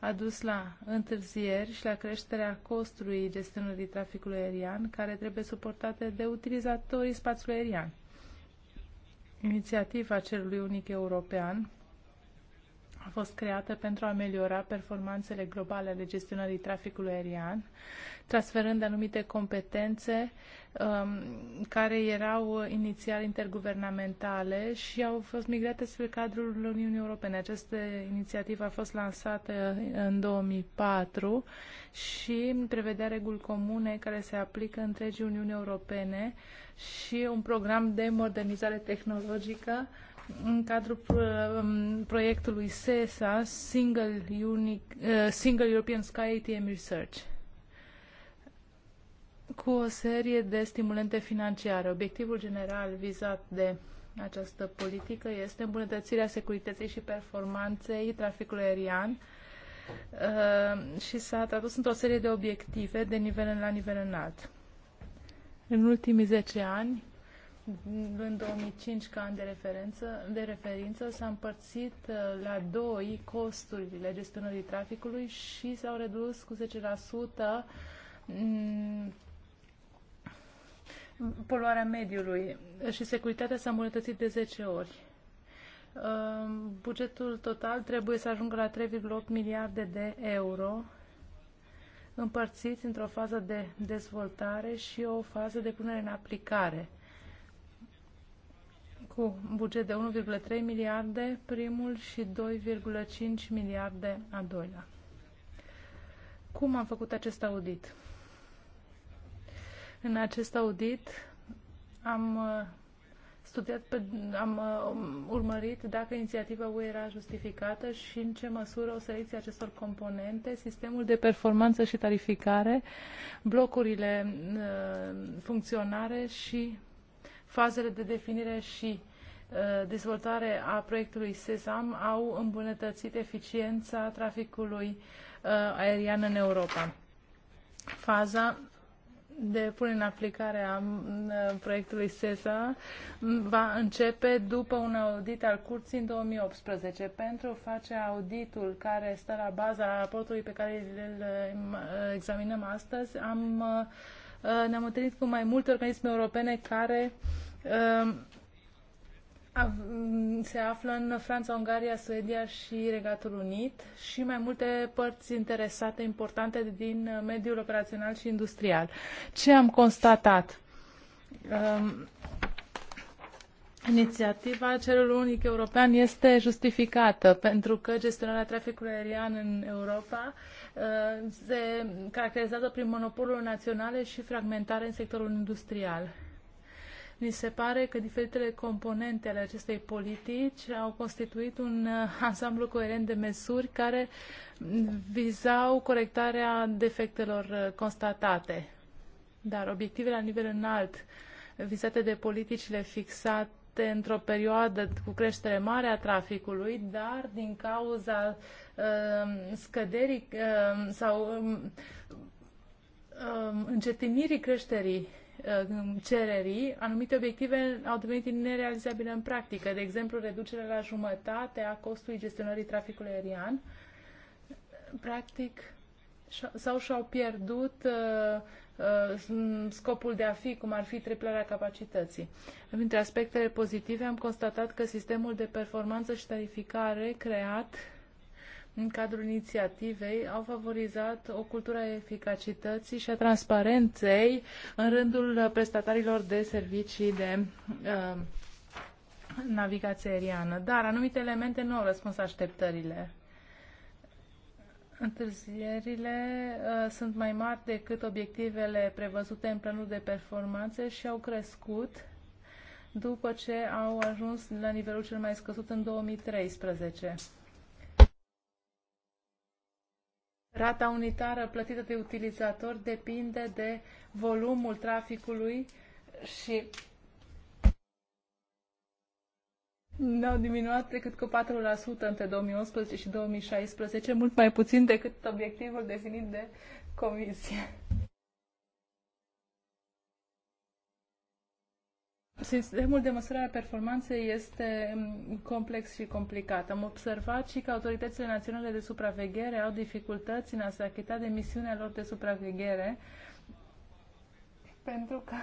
a dus la întârzieri și la creșterea costului gestionării traficului aerian, care trebuie suportate de utilizatorii spațiului aerian. Inițiativa Cerului Unic European a fost creată pentru a ameliora performanțele globale ale gestionării traficului aerian, transferând anumite competențe um, care erau inițial interguvernamentale și au fost migrate spre cadrul Uniunii Europene. Această inițiativă a fost lansată în 2004 și prevedea reguli comune care se aplică întregii Uniunii Europene și un program de modernizare tehnologică în cadrul um, proiectului SESA, Single, Unique, uh, Single European Sky ATM Research, cu o serie de stimulente financiare. Obiectivul general vizat de această politică este îmbunătățirea securității și performanței traficului aerian uh, și s-a tradus într-o serie de obiective de nivel la nivel înalt. În ultimii 10 ani, în 2005 ca an de, referință, de referință, s-a împărțit uh, la doi costurile gestionării traficului și s-au redus cu 10% mm, poluarea mediului și securitatea s-a îmbunătățit de 10 ori. Uh, bugetul total trebuie să ajungă la 3,8 miliarde de euro împărțiți într-o fază de dezvoltare și o fază de punere în aplicare cu un buget de 1,3 miliarde primul și 2,5 miliarde a doilea. Cum am făcut acest audit? În acest audit am uh, studiat, pe, am uh, urmărit dacă inițiativa UE era justificată și în ce măsură o selecție acestor componente, sistemul de performanță și tarificare, blocurile uh, funcționare și fazele de definire și Uh, dezvoltare a proiectului SESAM au îmbunătățit eficiența traficului uh, aerian în Europa. Faza de pune în aplicare a uh, proiectului SESA va începe după un audit al curții în 2018 pentru a face auditul care stă la baza raportului pe care îl examinăm astăzi. Am, ne-am întâlnit cu mai multe organisme europene care Mm, se află în Franța, Ungaria, Suedia și Regatul Unit și mai multe părți interesate importante din mediul operațional și industrial. Ce am constatat? Um, Inițiativa Cerul Unic European este justificată pentru că gestionarea traficului aerian în Europa uh, se caracterizează prin monopolul naționale și fragmentare în sectorul industrial mi se pare că diferitele componente ale acestei politici au constituit un uh, ansamblu coerent de măsuri care vizau corectarea defectelor uh, constatate. Dar obiectivele la nivel înalt vizate de politicile fixate într-o perioadă cu creștere mare a traficului, dar din cauza uh, scăderii uh, sau um, uh, încetinirii creșterii Uh, cererii, anumite obiective au devenit nerealizabile în practică, de exemplu reducerea la jumătate a costului gestionării traficului aerian. Practic, sau și-au pierdut uh, uh, scopul de a fi, cum ar fi triplarea capacității. Printre aspectele pozitive am constatat că sistemul de performanță și tarificare creat în cadrul inițiativei au favorizat o cultură a eficacității și a transparenței în rândul prestatarilor de servicii de uh, navigație aeriană. Dar anumite elemente nu au răspuns așteptările. Întârzierile uh, sunt mai mari decât obiectivele prevăzute în planul de performanțe și au crescut după ce au ajuns la nivelul cel mai scăzut în 2013. Rata unitară plătită de utilizator depinde de volumul traficului și n-au diminuat decât cu 4% între 2011 și 2016, mult mai puțin decât obiectivul definit de comisie. Sistemul de măsurare a performanței este mm, complex și complicat. Am observat și că autoritățile naționale de supraveghere au dificultăți în a se achita de misiunea lor de supraveghere pentru că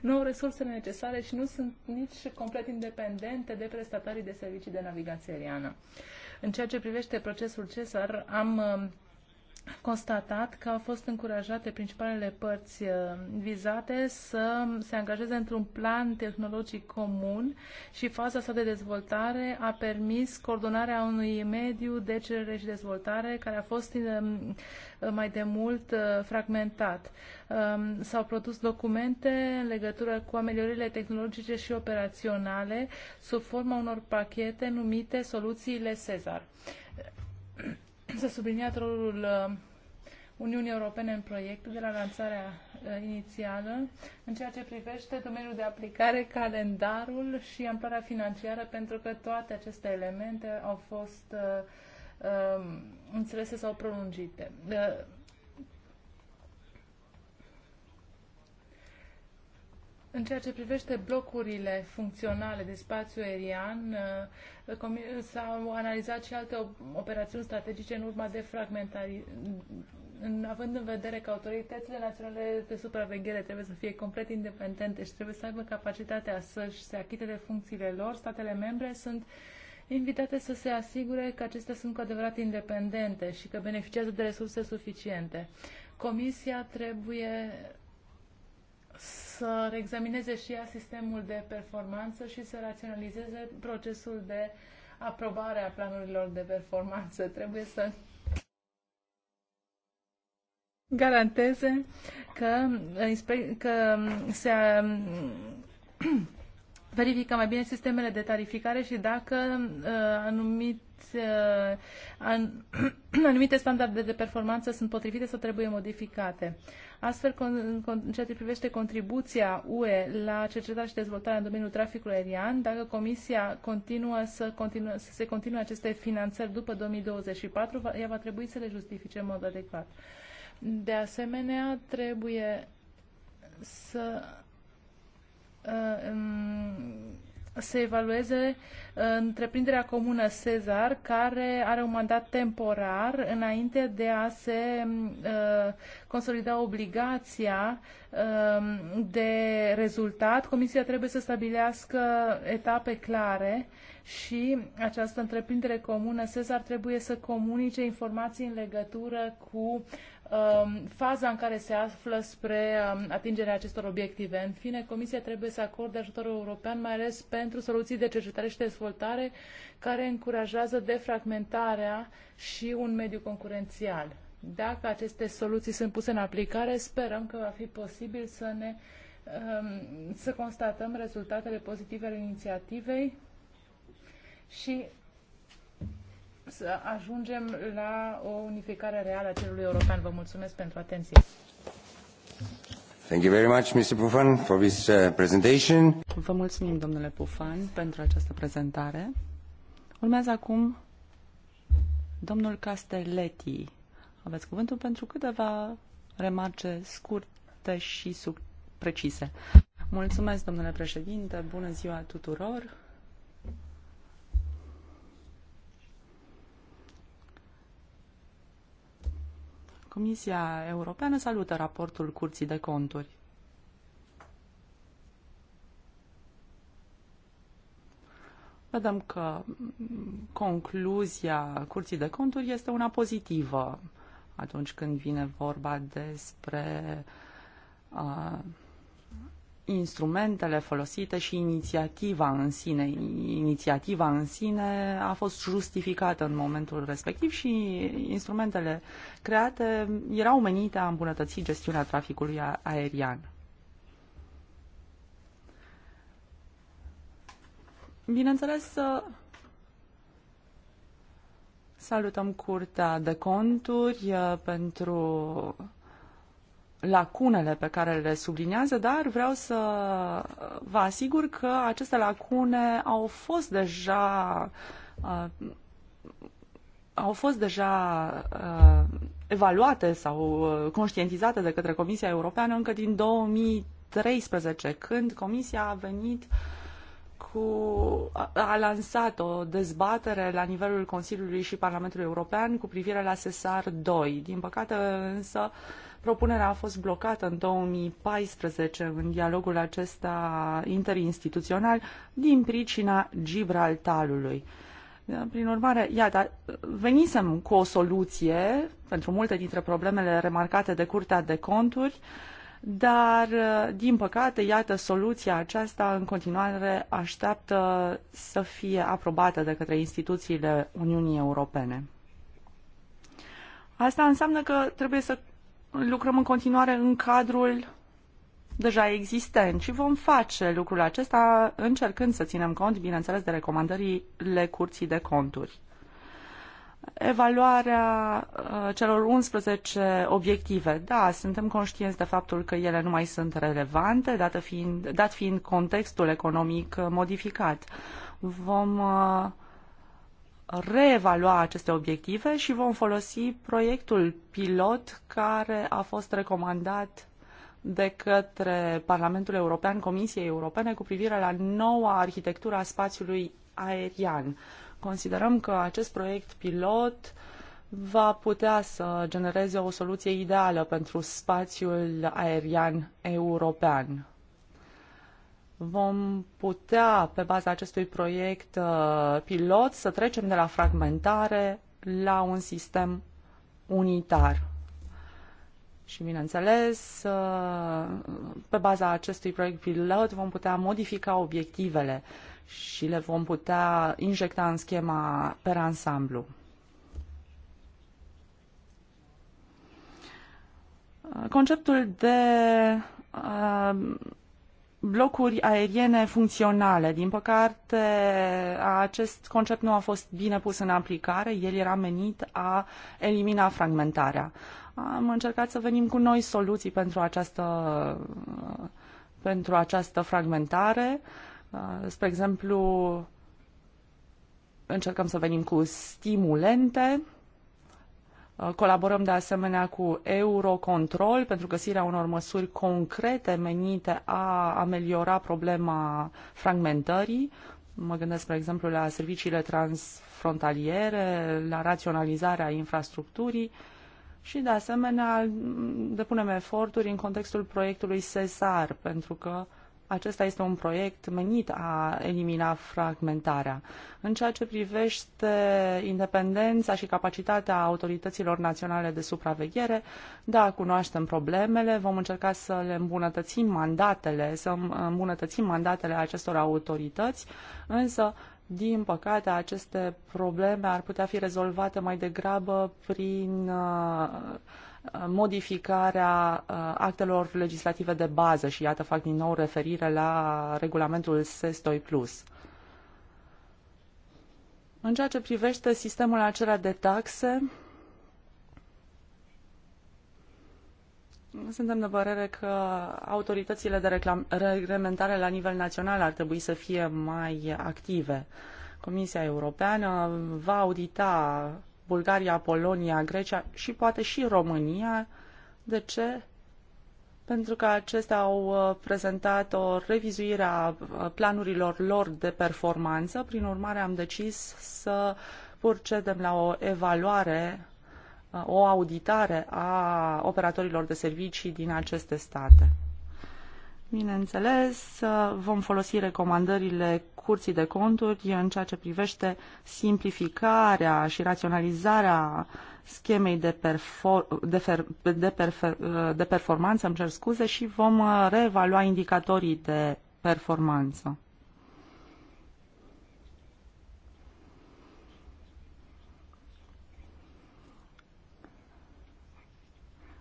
nu au resursele necesare și nu sunt nici complet independente de prestatarii de servicii de navigație aeriană. În ceea ce privește procesul Cesar, am mm, constatat că au fost încurajate principalele părți uh, vizate să se angajeze într-un plan tehnologic comun și faza sa de dezvoltare a permis coordonarea unui mediu de cerere și dezvoltare care a fost uh, mai de mult uh, fragmentat. Um, s-au produs documente în legătură cu ameliorările tehnologice și operaționale sub forma unor pachete numite soluțiile Cezar s-a subliniat rolul uh, Uniunii Europene în proiect de la lansarea uh, inițială în ceea ce privește domeniul de aplicare, calendarul și amploarea financiară, pentru că toate aceste elemente au fost uh, um, înțelese sau prelungite. Uh, În ceea ce privește blocurile funcționale de spațiu aerian, uh, s-au analizat și alte operațiuni strategice în urma de fragmentari, având în vedere că autoritățile naționale de supraveghere trebuie să fie complet independente și trebuie să aibă capacitatea să-și se achite de funcțiile lor, statele membre sunt invitate să se asigure că acestea sunt cu adevărat independente și că beneficiază de resurse suficiente. Comisia trebuie să reexamineze și ea sistemul de performanță și să raționalizeze procesul de aprobare a planurilor de performanță. Trebuie să garanteze că, că se [clears throat] verifică mai bine sistemele de tarificare și dacă anumite uh, anumit, uh, [clears throat] anumite standarde de performanță sunt potrivite sau trebuie modificate. Astfel, în ceea ce privește contribuția UE la cercetarea și dezvoltarea în domeniul traficului aerian, dacă Comisia continuă să, continuă, să se continue aceste finanțări după 2024, ea va trebui să le justifice în mod adecvat. De asemenea, trebuie să uh, se evalueze uh, întreprinderea comună Cezar, care are un mandat temporar înainte de a se uh, consolida obligația um, de rezultat. Comisia trebuie să stabilească etape clare și această întreprindere comună Cezar trebuie să comunice informații în legătură cu Um, faza în care se află spre um, atingerea acestor obiective. În fine, Comisia trebuie să acorde ajutorul european, mai ales pentru soluții de cercetare și dezvoltare care încurajează defragmentarea și un mediu concurențial. Dacă aceste soluții sunt puse în aplicare, sperăm că va fi posibil să ne um, să constatăm rezultatele pozitive ale inițiativei și să ajungem la o unificare reală a cerului european. Vă mulțumesc pentru atenție. Thank you very much, Mr. Pufan, for this uh, presentation. Vă mulțumim, domnule Pufan, pentru această prezentare. Urmează acum domnul Castelletti. Aveți cuvântul pentru câteva remarce scurte și sub precise. Mulțumesc, domnule președinte, bună ziua tuturor. Comisia Europeană salută raportul Curții de Conturi. Vedem că concluzia Curții de Conturi este una pozitivă atunci când vine vorba despre uh, instrumentele folosite și inițiativa în sine. Inițiativa în sine a fost justificată în momentul respectiv și instrumentele create erau menite a îmbunătăți gestiunea traficului aerian. Bineînțeles, salutăm Curtea de Conturi uh, pentru lacunele pe care le sublinează, dar vreau să vă asigur că aceste lacune au fost deja uh, au fost deja uh, evaluate sau uh, conștientizate de către Comisia Europeană încă din 2013, când Comisia a venit cu, a lansat o dezbatere la nivelul Consiliului și Parlamentului European cu privire la SESAR 2. Din păcate însă uh, Propunerea a fost blocată în 2014 în dialogul acesta interinstituțional din pricina Gibraltarului. Prin urmare, iată, venisem cu o soluție pentru multe dintre problemele remarcate de Curtea de Conturi, dar, din păcate, iată, soluția aceasta în continuare așteaptă să fie aprobată de către instituțiile Uniunii Europene. Asta înseamnă că trebuie să lucrăm în continuare în cadrul deja existent și vom face lucrul acesta încercând să ținem cont, bineînțeles, de recomandările Curții de Conturi. Evaluarea uh, celor 11 obiective. Da, suntem conștienți de faptul că ele nu mai sunt relevante, dat fiind, dat fiind contextul economic modificat. Vom uh, reevalua aceste obiective și vom folosi proiectul pilot care a fost recomandat de către Parlamentul European, Comisiei Europene, cu privire la noua arhitectură a spațiului aerian. Considerăm că acest proiect pilot va putea să genereze o soluție ideală pentru spațiul aerian european vom putea, pe baza acestui proiect uh, pilot, să trecem de la fragmentare la un sistem unitar. Și, bineînțeles, uh, pe baza acestui proiect pilot vom putea modifica obiectivele și le vom putea injecta în schema per ansamblu. Uh, conceptul de blocuri aeriene funcționale. Din păcate, acest concept nu a fost bine pus în aplicare. El era menit a elimina fragmentarea. Am încercat să venim cu noi soluții pentru această, pentru această fragmentare. Uh, spre exemplu, încercăm să venim cu stimulente Uh, colaborăm de asemenea cu Eurocontrol pentru găsirea unor măsuri concrete menite a ameliora problema fragmentării. Mă gândesc, spre exemplu, la serviciile transfrontaliere, la raționalizarea infrastructurii și, de asemenea, depunem eforturi în contextul proiectului SESAR, pentru că uh, acesta este un proiect menit a elimina fragmentarea. În ceea ce privește independența și capacitatea autorităților naționale de supraveghere, da, cunoaștem problemele, vom încerca să le îmbunătățim mandatele, să îmbunătățim mandatele acestor autorități, însă din păcate, aceste probleme ar putea fi rezolvate mai degrabă prin uh, modificarea uh, actelor legislative de bază și iată fac din nou referire la regulamentul SES plus. În ceea ce privește sistemul acela de taxe, Suntem de părere că autoritățile de reglementare la nivel național ar trebui să fie mai active. Comisia Europeană va audita Bulgaria, Polonia, Grecia și poate și România. De ce? Pentru că acestea au uh, prezentat o revizuire a uh, planurilor lor de performanță. Prin urmare, am decis să procedem la o evaluare, uh, o auditare a operatorilor de servicii din aceste state. Bineînțeles, vom folosi recomandările Curții de Conturi în ceea ce privește simplificarea și raționalizarea schemei de, perfor- de, fer- de, perfer- de performanță, îmi cer scuze, și vom uh, reevalua indicatorii de performanță.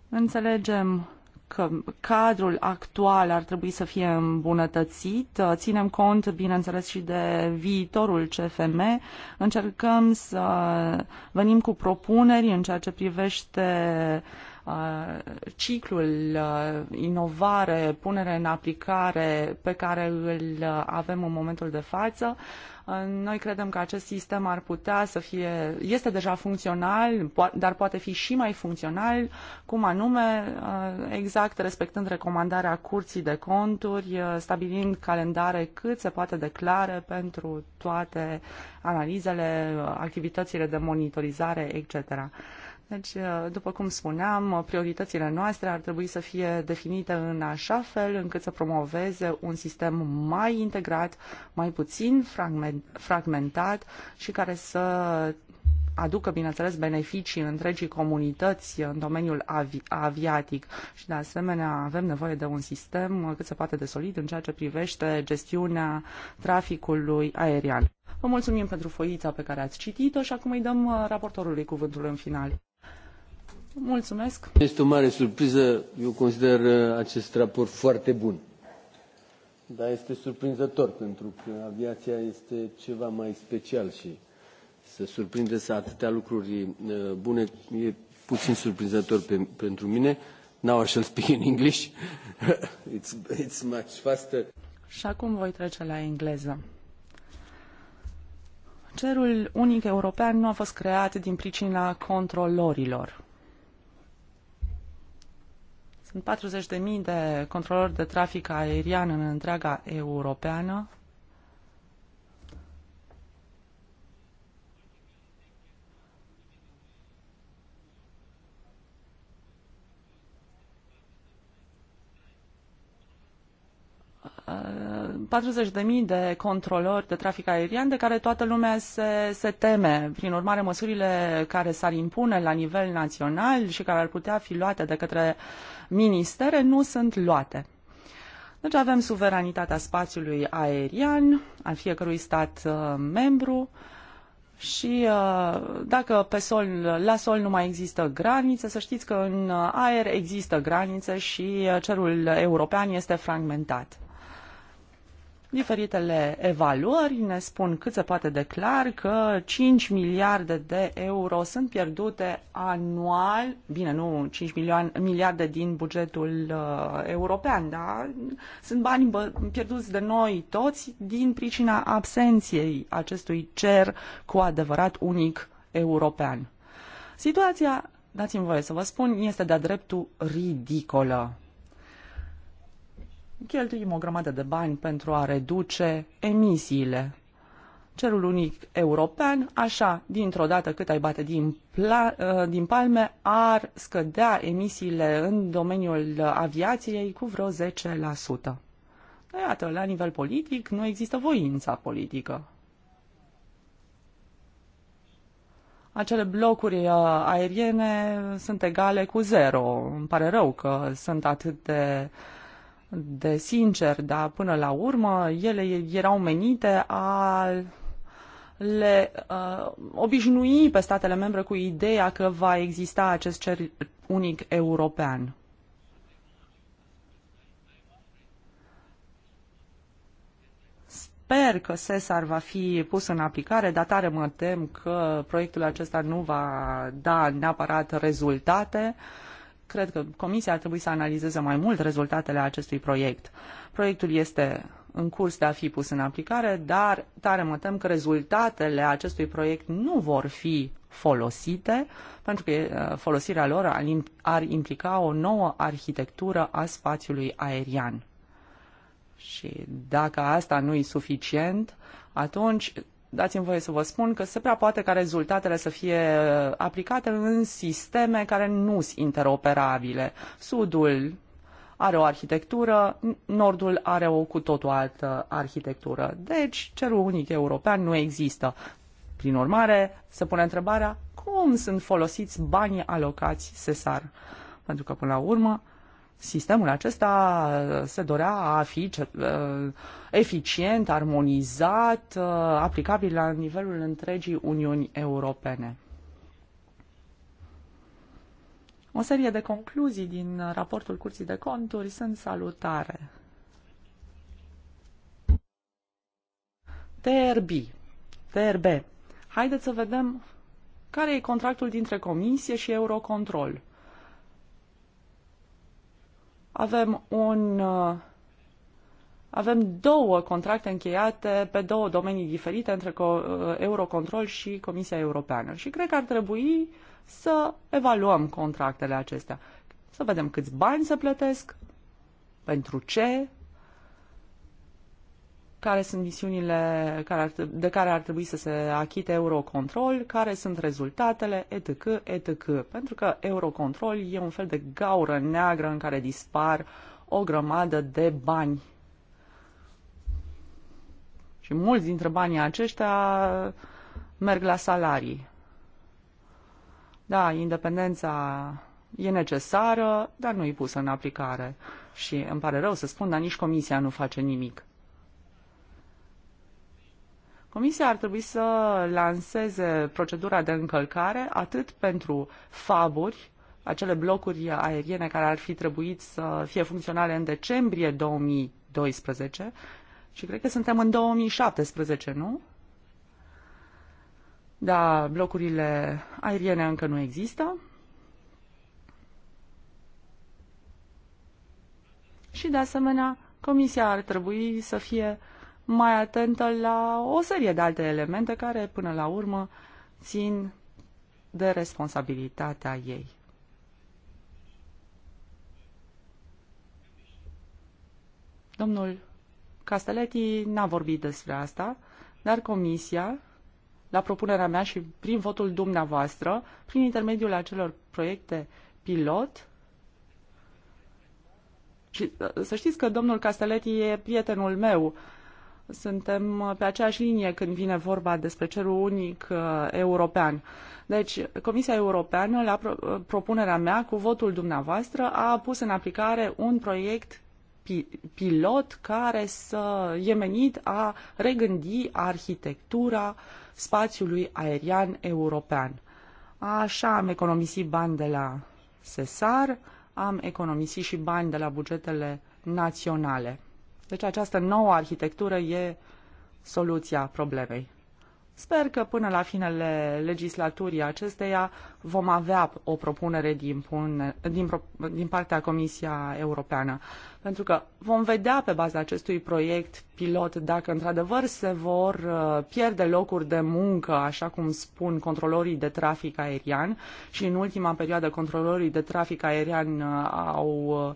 Înțelegem că cadrul actual ar trebui să fie îmbunătățit. Ținem cont, bineînțeles, și de viitorul CFM. Încercăm să venim cu propuneri în ceea ce privește uh, ciclul uh, inovare, punere în aplicare pe care îl avem în momentul de față. Noi credem că acest sistem ar putea să fie, este deja funcțional, dar poate fi și mai funcțional, cum anume, uh, exact respectând recomandarea Curții de Conturi, uh, stabilind calendare cât se poate declare pentru toate analizele, uh, activitățile de monitorizare, etc. Deci, uh, după cum spuneam, uh, prioritățile noastre ar trebui să fie definite în așa fel încât să promoveze un sistem mai integrat, mai puțin fragmentat și care să aducă, bineînțeles, beneficii întregii comunități în domeniul avi- aviatic și, de asemenea, avem nevoie de un sistem cât se poate de solid în ceea ce privește gestiunea traficului aerian. Vă mulțumim pentru foița pe care ați citit-o și acum îi dăm uh, raportorului cuvântul în final. Mulțumesc. Este o mare surpriză. Eu consider uh, acest raport foarte bun. Dar este surprinzător pentru că aviația este ceva mai special și să surprindeți atâtea lucruri bune e puțin surprinzător pe, pentru mine. Now I shall speak in English. [laughs] it's, it's much faster. Și acum voi trece la engleză. Cerul unic european nu a fost creat din pricina controlorilor. Sunt 40.000 de controlori de trafic aerian în întreaga europeană, 40.000 de controlori de trafic aerian de care toată lumea se, se teme. Prin urmare, măsurile care s-ar impune la nivel național și care ar putea fi luate de către ministere nu sunt luate. Deci avem suveranitatea spațiului aerian al fiecărui stat uh, membru și uh, dacă pe sol, la sol nu mai există granițe, să știți că în aer există granițe și uh, cerul european este fragmentat. Diferitele evaluări ne spun cât se poate de clar că 5 miliarde de euro sunt pierdute anual, bine, nu 5 milioane, miliarde din bugetul uh, european, dar sunt bani pierduți de noi toți din pricina absenției acestui cer cu adevărat unic european. Situația, dați-mi voie să vă spun, este de-a dreptul ridicolă cheltuim o grămadă de bani pentru a reduce emisiile. Cerul unic european, așa, dintr-o dată cât ai bate din, uh, din palme, ar scădea emisiile în domeniul aviației cu vreo 10%. Iată, la nivel politic nu există voința politică. acele blocuri uh, aeriene sunt egale cu zero. Îmi pare rău că sunt atât de uh, de sincer, dar până la urmă ele erau menite a le uh, obișnui pe statele membre cu ideea că va exista acest cer unic european. Sper că SESAR va fi pus în aplicare, dar tare mă tem că proiectul acesta nu va da neapărat rezultate. Uh, Cred că Comisia ar trebui să analizeze mai mult rezultatele acestui proiect. Proiectul este în curs de a fi pus în aplicare, dar tare mă tem că rezultatele acestui proiect nu vor fi folosite, pentru că folosirea lor ar implica o nouă arhitectură a spațiului aerian. Și dacă asta nu e suficient, atunci dați-mi voie să vă spun că se prea poate ca rezultatele să fie uh, aplicate în sisteme care nu sunt interoperabile. Sudul are o arhitectură, nordul are o cu totul altă arhitectură. Deci, cerul unic european nu există. Prin urmare, se pune întrebarea cum sunt folosiți banii alocați SESAR. Pentru că, până la urmă, Sistemul acesta se dorea a fi uh, eficient, armonizat, uh, aplicabil la nivelul întregii Uniuni Europene. O serie de concluzii din raportul Curții de Conturi sunt salutare. TRB. TRB. Haideți să vedem care e contractul dintre Comisie și Eurocontrol. Avem un uh, avem două contracte încheiate pe două domenii diferite între uh, Eurocontrol și Comisia Europeană și cred că ar trebui să evaluăm contractele acestea, să vedem câți bani se plătesc, pentru ce care sunt misiunile care ar, de care ar trebui să se achite Eurocontrol, care sunt rezultatele, etc., etc. Pentru că Eurocontrol e un fel de gaură neagră în care dispar o grămadă de bani. Și mulți dintre banii aceștia merg la salarii. Da, independența e necesară, dar nu e pusă în aplicare. Și îmi pare rău să spun, dar nici comisia nu face nimic. Comisia ar trebui să lanseze procedura de încălcare atât pentru faburi, acele blocuri aeriene care ar fi trebuit să fie funcționale în decembrie 2012 și cred că suntem în 2017, nu? Da, blocurile aeriene încă nu există. Și de asemenea, Comisia ar trebui să fie uh, mai atentă la o serie de alte elemente care, până la urmă, țin de responsabilitatea ei. Domnul Castelletti n-a vorbit despre asta, dar Comisia, la propunerea mea și prin votul dumneavoastră, prin intermediul acelor proiecte pilot, și să știți că domnul Castelletti e prietenul meu, uh, suntem pe aceeași linie când vine vorba despre cerul unic uh, european. Deci, Comisia Europeană, la uh, propunerea mea, cu votul dumneavoastră, a pus în aplicare un proiect pilot care să e menit a regândi arhitectura spațiului aerian european. Așa am economisit bani de la SESAR, am economisit și bani de la bugetele naționale. Deci această nouă arhitectură e soluția problemei. Sper că până la finele legislaturii acesteia vom avea o propunere din, pune, din, pro, din partea Comisia Europeană, pentru că vom vedea pe baza acestui proiect pilot dacă într-adevăr se vor uh, pierde locuri de muncă, așa cum spun controlorii de trafic aerian și în ultima perioadă controlorii de trafic aerian uh, au uh,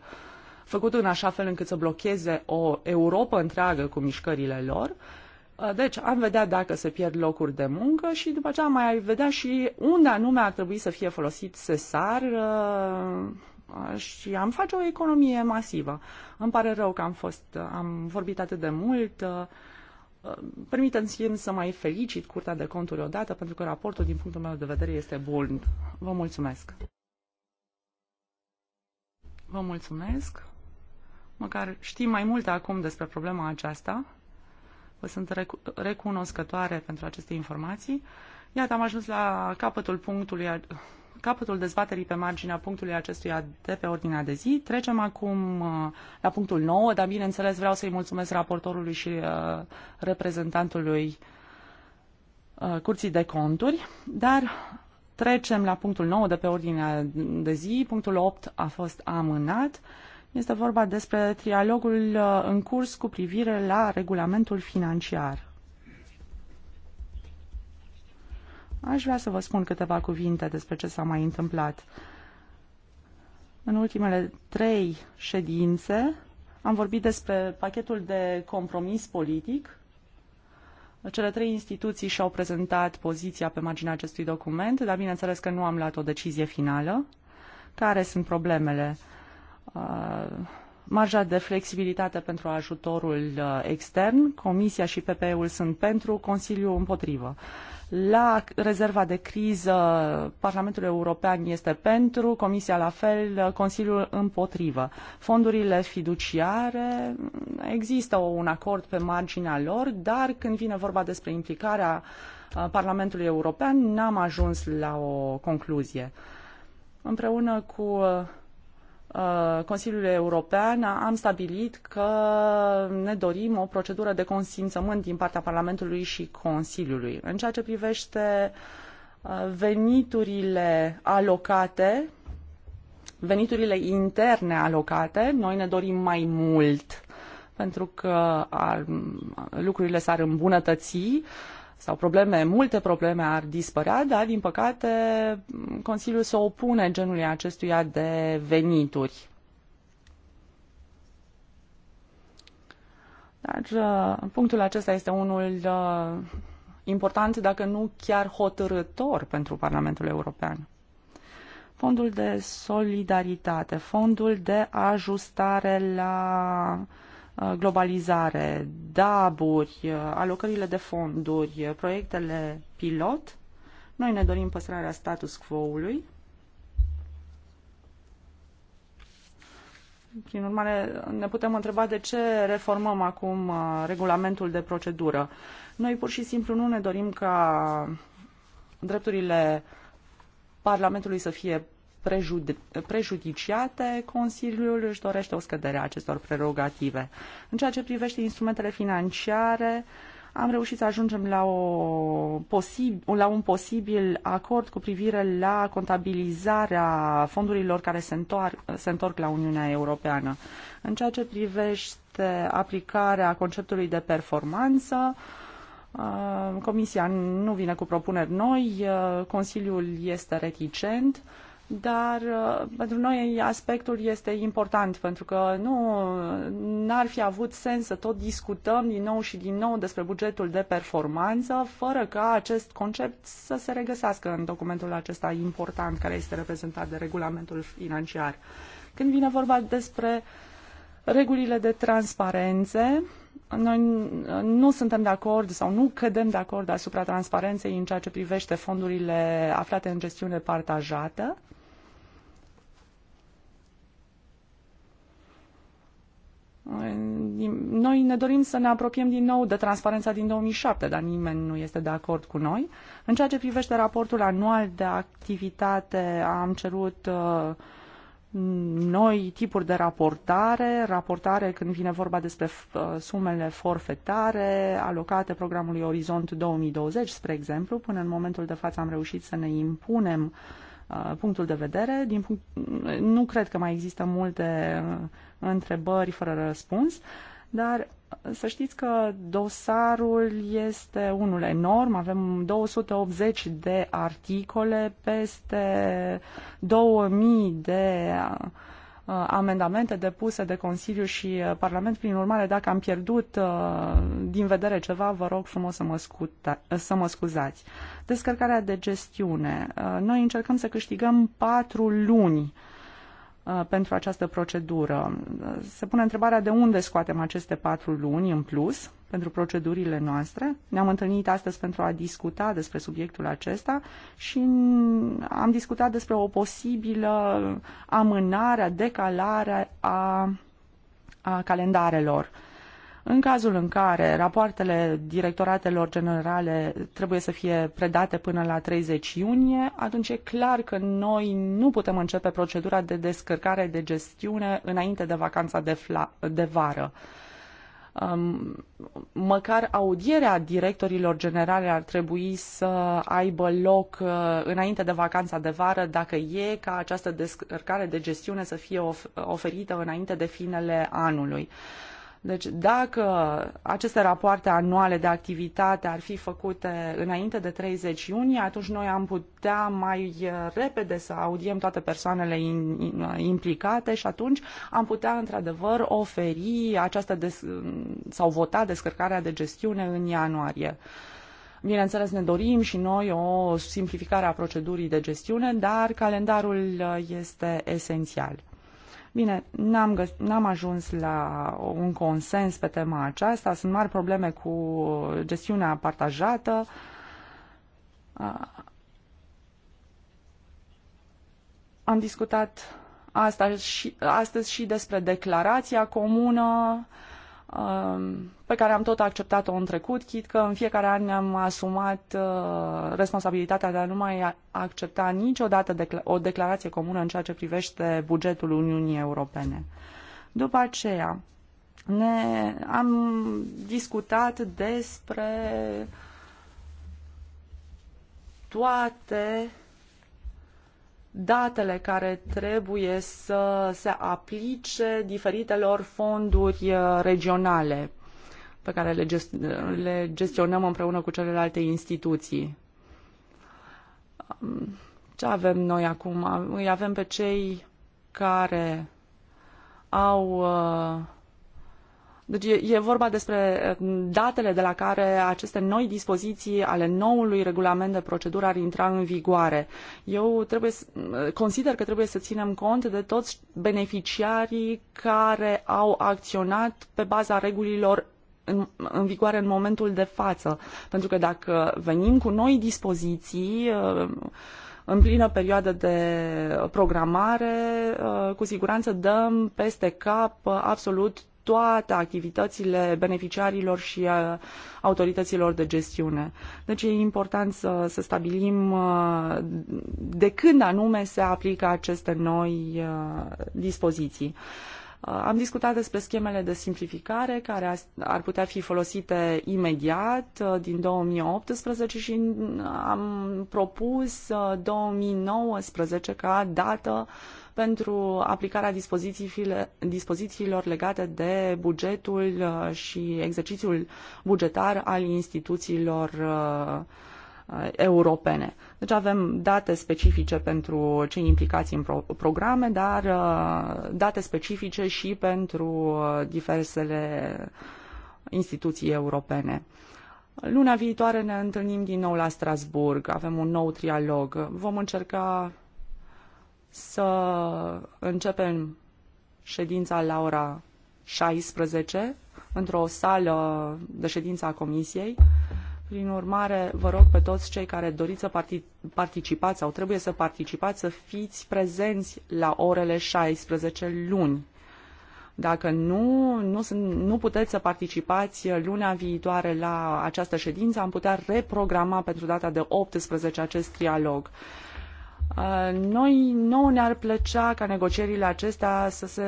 făcut în așa fel încât să blocheze o Europa întreagă cu mișcările lor. Uh, deci am vedea dacă se pierd locuri de muncă și după aceea mai vedea și unde anume ar trebui să fie folosit sesar uh, uh, și am face o economie masivă. Îmi pare rău că am, fost, am vorbit atât de mult. Permiteți-mi să mai felicit Curtea de Conturi odată, pentru că raportul, din punctul meu de vedere, este bun. Vă mulțumesc! Vă mulțumesc! măcar știm mai multe acum despre problema aceasta. Vă sunt recunoscătoare pentru aceste informații. Iată, am ajuns la capătul punctului, capătul dezbaterii pe marginea punctului acestuia de pe ordinea de zi. Trecem acum uh, la punctul 9, dar bineînțeles vreau să-i mulțumesc raportorului și uh, reprezentantului uh, Curții de Conturi, dar trecem la punctul 9 de pe ordinea de zi. Punctul 8 a fost amânat. Este vorba despre trialogul uh, în curs cu privire la regulamentul financiar. Aș vrea să vă spun câteva cuvinte despre ce s-a mai întâmplat. În ultimele trei ședințe am vorbit despre pachetul de compromis politic. Cele trei instituții și-au prezentat poziția pe marginea acestui document, dar bineînțeles că nu am luat o decizie finală. Care sunt problemele? Uh, marja de flexibilitate pentru ajutorul uh, extern. Comisia și PPE-ul sunt pentru, Consiliul împotrivă. La rezerva de criză, Parlamentul European este pentru, Comisia la fel, uh, Consiliul împotrivă. Fondurile fiduciare, mm, există un acord pe marginea lor, dar când vine vorba despre implicarea Parlamentului European, n-am ajuns la o concluzie. Împreună cu Uh, Consiliul European am stabilit că ne dorim o procedură de consimțământ din partea Parlamentului și Consiliului. În ceea ce privește uh, veniturile alocate, veniturile interne alocate, noi ne dorim mai mult pentru că um, lucrurile s-ar îmbunătăți. Uh, sau probleme, multe probleme ar dispărea, dar din păcate Consiliul se opune genului acestuia de venituri. Dar uh, punctul acesta este unul uh, important, dacă nu chiar hotărător pentru Parlamentul European. Fondul de solidaritate, fondul de ajustare la uh, Uh, globalizare, DAB-uri, uh, alocările de fonduri, uh, proiectele pilot, noi ne dorim păstrarea status quo-ului. Prin urmare, ne putem întreba de ce reformăm acum regulamentul de procedură. Noi pur și simplu nu ne dorim ca drepturile Parlamentului să fie prejudiciate, Consiliul își dorește o scădere a acestor prerogative. În ceea ce privește instrumentele financiare, am reușit să ajungem la, o la un posibil acord cu privire la contabilizarea fondurilor care se întorc, se întorc la Uniunea Europeană. În ceea ce privește aplicarea conceptului de performanță, uh, Comisia nu vine cu propuneri noi, uh, Consiliul este reticent dar uh, pentru noi aspectul este important pentru că nu n-ar fi avut sens să tot discutăm din nou și din nou despre bugetul de performanță fără ca acest concept să se regăsească în documentul acesta important care este reprezentat de regulamentul financiar. Când vine vorba despre regulile de transparențe, noi nu suntem de acord sau nu cădem de acord asupra transparenței în ceea ce privește fondurile aflate în gestiune partajată. Noi ne dorim să ne apropiem din nou de transparența din 2007, dar nimeni nu este de acord cu noi. În ceea ce privește raportul anual de activitate, am cerut uh, noi tipuri de raportare, raportare când vine vorba despre uh, sumele forfetare alocate programului Orizont 2020, spre exemplu. Până în momentul de față am reușit să ne impunem uh, Uh, punctul de vedere. Din punct, nu cred că mai există multe uh, întrebări fără răspuns, dar să știți că dosarul este unul enorm, avem 280 de articole, peste 2000 de uh, Uh, amendamente depuse de Consiliu și uh, Parlament. Prin urmare, dacă am pierdut uh, din vedere ceva, vă rog frumos să mă, scuta, să mă scuzați. Descărcarea de gestiune. Noi încercăm să câștigăm patru luni Uh, pentru această procedură. Se pune întrebarea de unde scoatem aceste patru luni în plus pentru procedurile noastre. Ne-am întâlnit astăzi pentru a discuta despre subiectul acesta și am discutat despre o posibilă amânare, decalare a, a calendarelor. În cazul în care rapoartele directoratelor generale trebuie să fie predate până la 30 iunie, atunci e clar că noi nu putem începe procedura de descărcare de gestiune înainte de vacanța de, de vară. Um, măcar audierea directorilor generale ar trebui să aibă loc uh, înainte de vacanța de vară, dacă e ca această descărcare de gestiune să fie of oferită înainte de finele anului. Uh, deci dacă aceste rapoarte anuale de activitate ar fi făcute înainte de 30 iunie, atunci noi am putea mai repede să audiem toate persoanele in, in, implicate și atunci am putea într-adevăr oferi această des- sau vota descărcarea de gestiune în ianuarie. Bineînțeles, ne dorim și noi o simplificare a procedurii de gestiune, dar calendarul este esențial. Bine, n-am, găs- n-am ajuns la un consens pe tema aceasta. Sunt mari probleme cu gestiunea partajată. Am discutat asta și, astăzi și despre declarația comună. Um, pe care am tot acceptat-o în trecut, chit că în fiecare an ne-am asumat uh, responsabilitatea de a nu mai accepta niciodată o declarație comună în ceea ce privește bugetul Uniunii Europene. După aceea, ne, am discutat despre toate datele care trebuie să se aplice diferitelor fonduri uh, regionale pe care le, gest- le gestionăm împreună cu celelalte instituții. Um, ce avem noi acum? Îi avem pe cei care au uh, deci e, vorba despre eh, datele de la care aceste noi dispoziții ale noului regulament de procedură ar intra în vigoare. Eu trebuie, eh, consider că trebuie să ținem cont de toți beneficiarii care au acționat pe baza regulilor în, în vigoare în momentul de față. Pentru că dacă venim cu noi dispoziții eh, în plină perioadă de programare, cu siguranță dăm peste cap absolut toate activitățile beneficiarilor și autorităților de gestiune. Deci e important să, să stabilim uh, de când anume se aplică aceste noi uh, dispoziții. Uh, am discutat despre schemele de simplificare care ar putea fi folosite imediat din 2018 și am propus 2019 ca dată pentru aplicarea dispozițiilor legate de bugetul uh, și exercițiul bugetar al instituțiilor uh, uh, europene. Deci avem date specifice pentru cei implicați în programe, dar date specifice și pentru diversele instituții europene. Luna viitoare ne întâlnim din nou la Strasburg, avem un nou trialog. Vom încerca să începem ședința la ora 16 într-o sală de ședință a Comisiei. Prin urmare, vă rog pe toți cei care doriți să participați sau trebuie să participați să fiți prezenți la orele 16 luni. Dacă nu, nu, sunt, nu puteți să participați luna viitoare la această ședință, am putea reprograma pentru data de 18 acest trialog. Uh, noi, nouă ne-ar plăcea ca negocierile acestea să se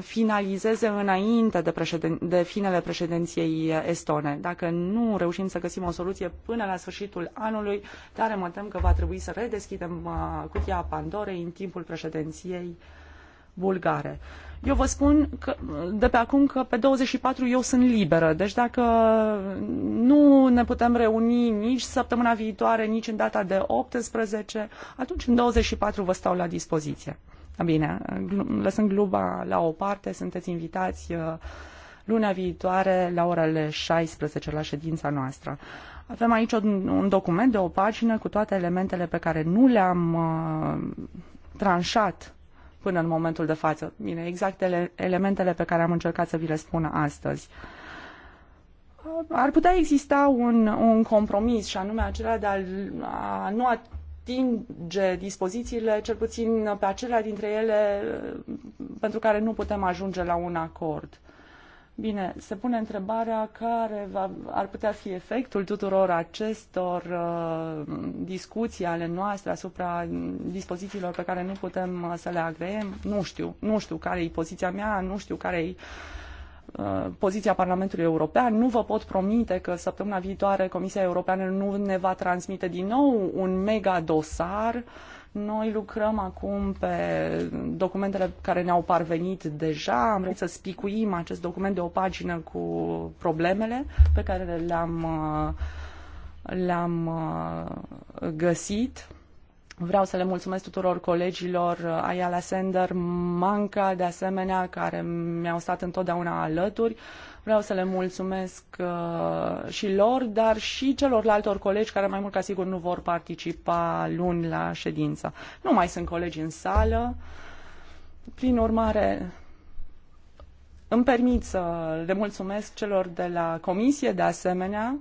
finalizeze înainte de, președin, de finele președinției estone. Dacă nu reușim să găsim o soluție până la sfârșitul anului, tare mă tem că va trebui să redeschidem uh, cutia Pandorei în timpul președinției uh, bulgare. Eu vă spun că, de pe acum că pe 24 eu sunt liberă, deci dacă nu ne putem reuni nici săptămâna viitoare, nici în data de 18, atunci în 24 vă stau la dispoziție. Bine, lăsând gluba la o parte, sunteți invitați uh, luna viitoare la orele 16 la ședința noastră. Avem aici un, document de o pagină cu toate elementele pe care nu le-am uh, tranșat până în momentul de față. Bine, exact ele, elementele pe care am încercat să vi le spun astăzi. Ar putea exista un, un compromis și anume acela de a, a nu atinge dispozițiile, cel puțin pe acelea dintre ele pentru care nu putem ajunge la un acord. Bine, se pune întrebarea care va, ar putea fi efectul tuturor acestor uh, discuții ale noastre asupra dispozițiilor pe care nu putem uh, să le agreem. Nu știu, nu știu care e poziția mea, nu știu care e uh, poziția Parlamentului European. Nu vă pot promite că săptămâna viitoare Comisia Europeană nu ne va transmite din nou un mega dosar uh, noi lucrăm acum pe documentele care ne-au parvenit deja. Am vrut să spicuim acest document de o pagină cu problemele pe care le-am uh, le-am uh, găsit Vreau să le mulțumesc tuturor colegilor uh, Ayala Sender, Manca, de asemenea, care mi-au stat întotdeauna alături. Vreau să le mulțumesc uh, și lor, dar și celorlaltor colegi care mai mult ca sigur nu vor participa luni la ședință. Nu mai sunt colegi în sală. Prin urmare, îmi permit să le mulțumesc celor de la comisie, de asemenea,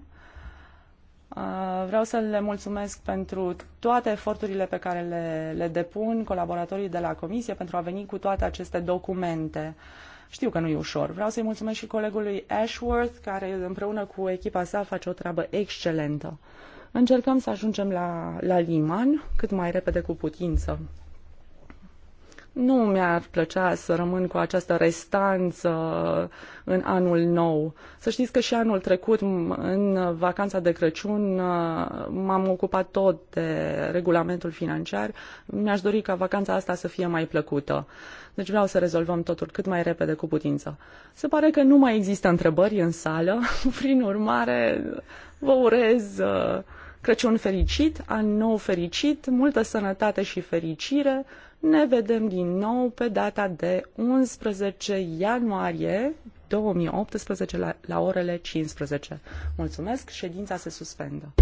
Uh, vreau să le mulțumesc pentru toate eforturile pe care le, le depun colaboratorii de la Comisie pentru a veni cu toate aceste documente. Știu că nu e ușor. Vreau să-i mulțumesc și colegului Ashworth, care împreună cu echipa sa face o treabă excelentă. Încercăm să ajungem la, la Liman cât mai repede cu putință. Nu mi-ar plăcea să rămân cu această restanță în anul nou. Să știți că și anul trecut, în vacanța de Crăciun, uh, m-am ocupat tot de regulamentul financiar. Mi-aș dori ca vacanța asta să fie mai plăcută. Deci vreau să rezolvăm totul cât mai repede cu putință. Se pare că nu mai există întrebări în sală, [laughs] prin urmare vă urez uh, Crăciun fericit, an nou fericit, multă sănătate și fericire ne vedem din nou pe data de 11 ianuarie 2018 la, la orele 15. Mulțumesc, ședința se suspendă.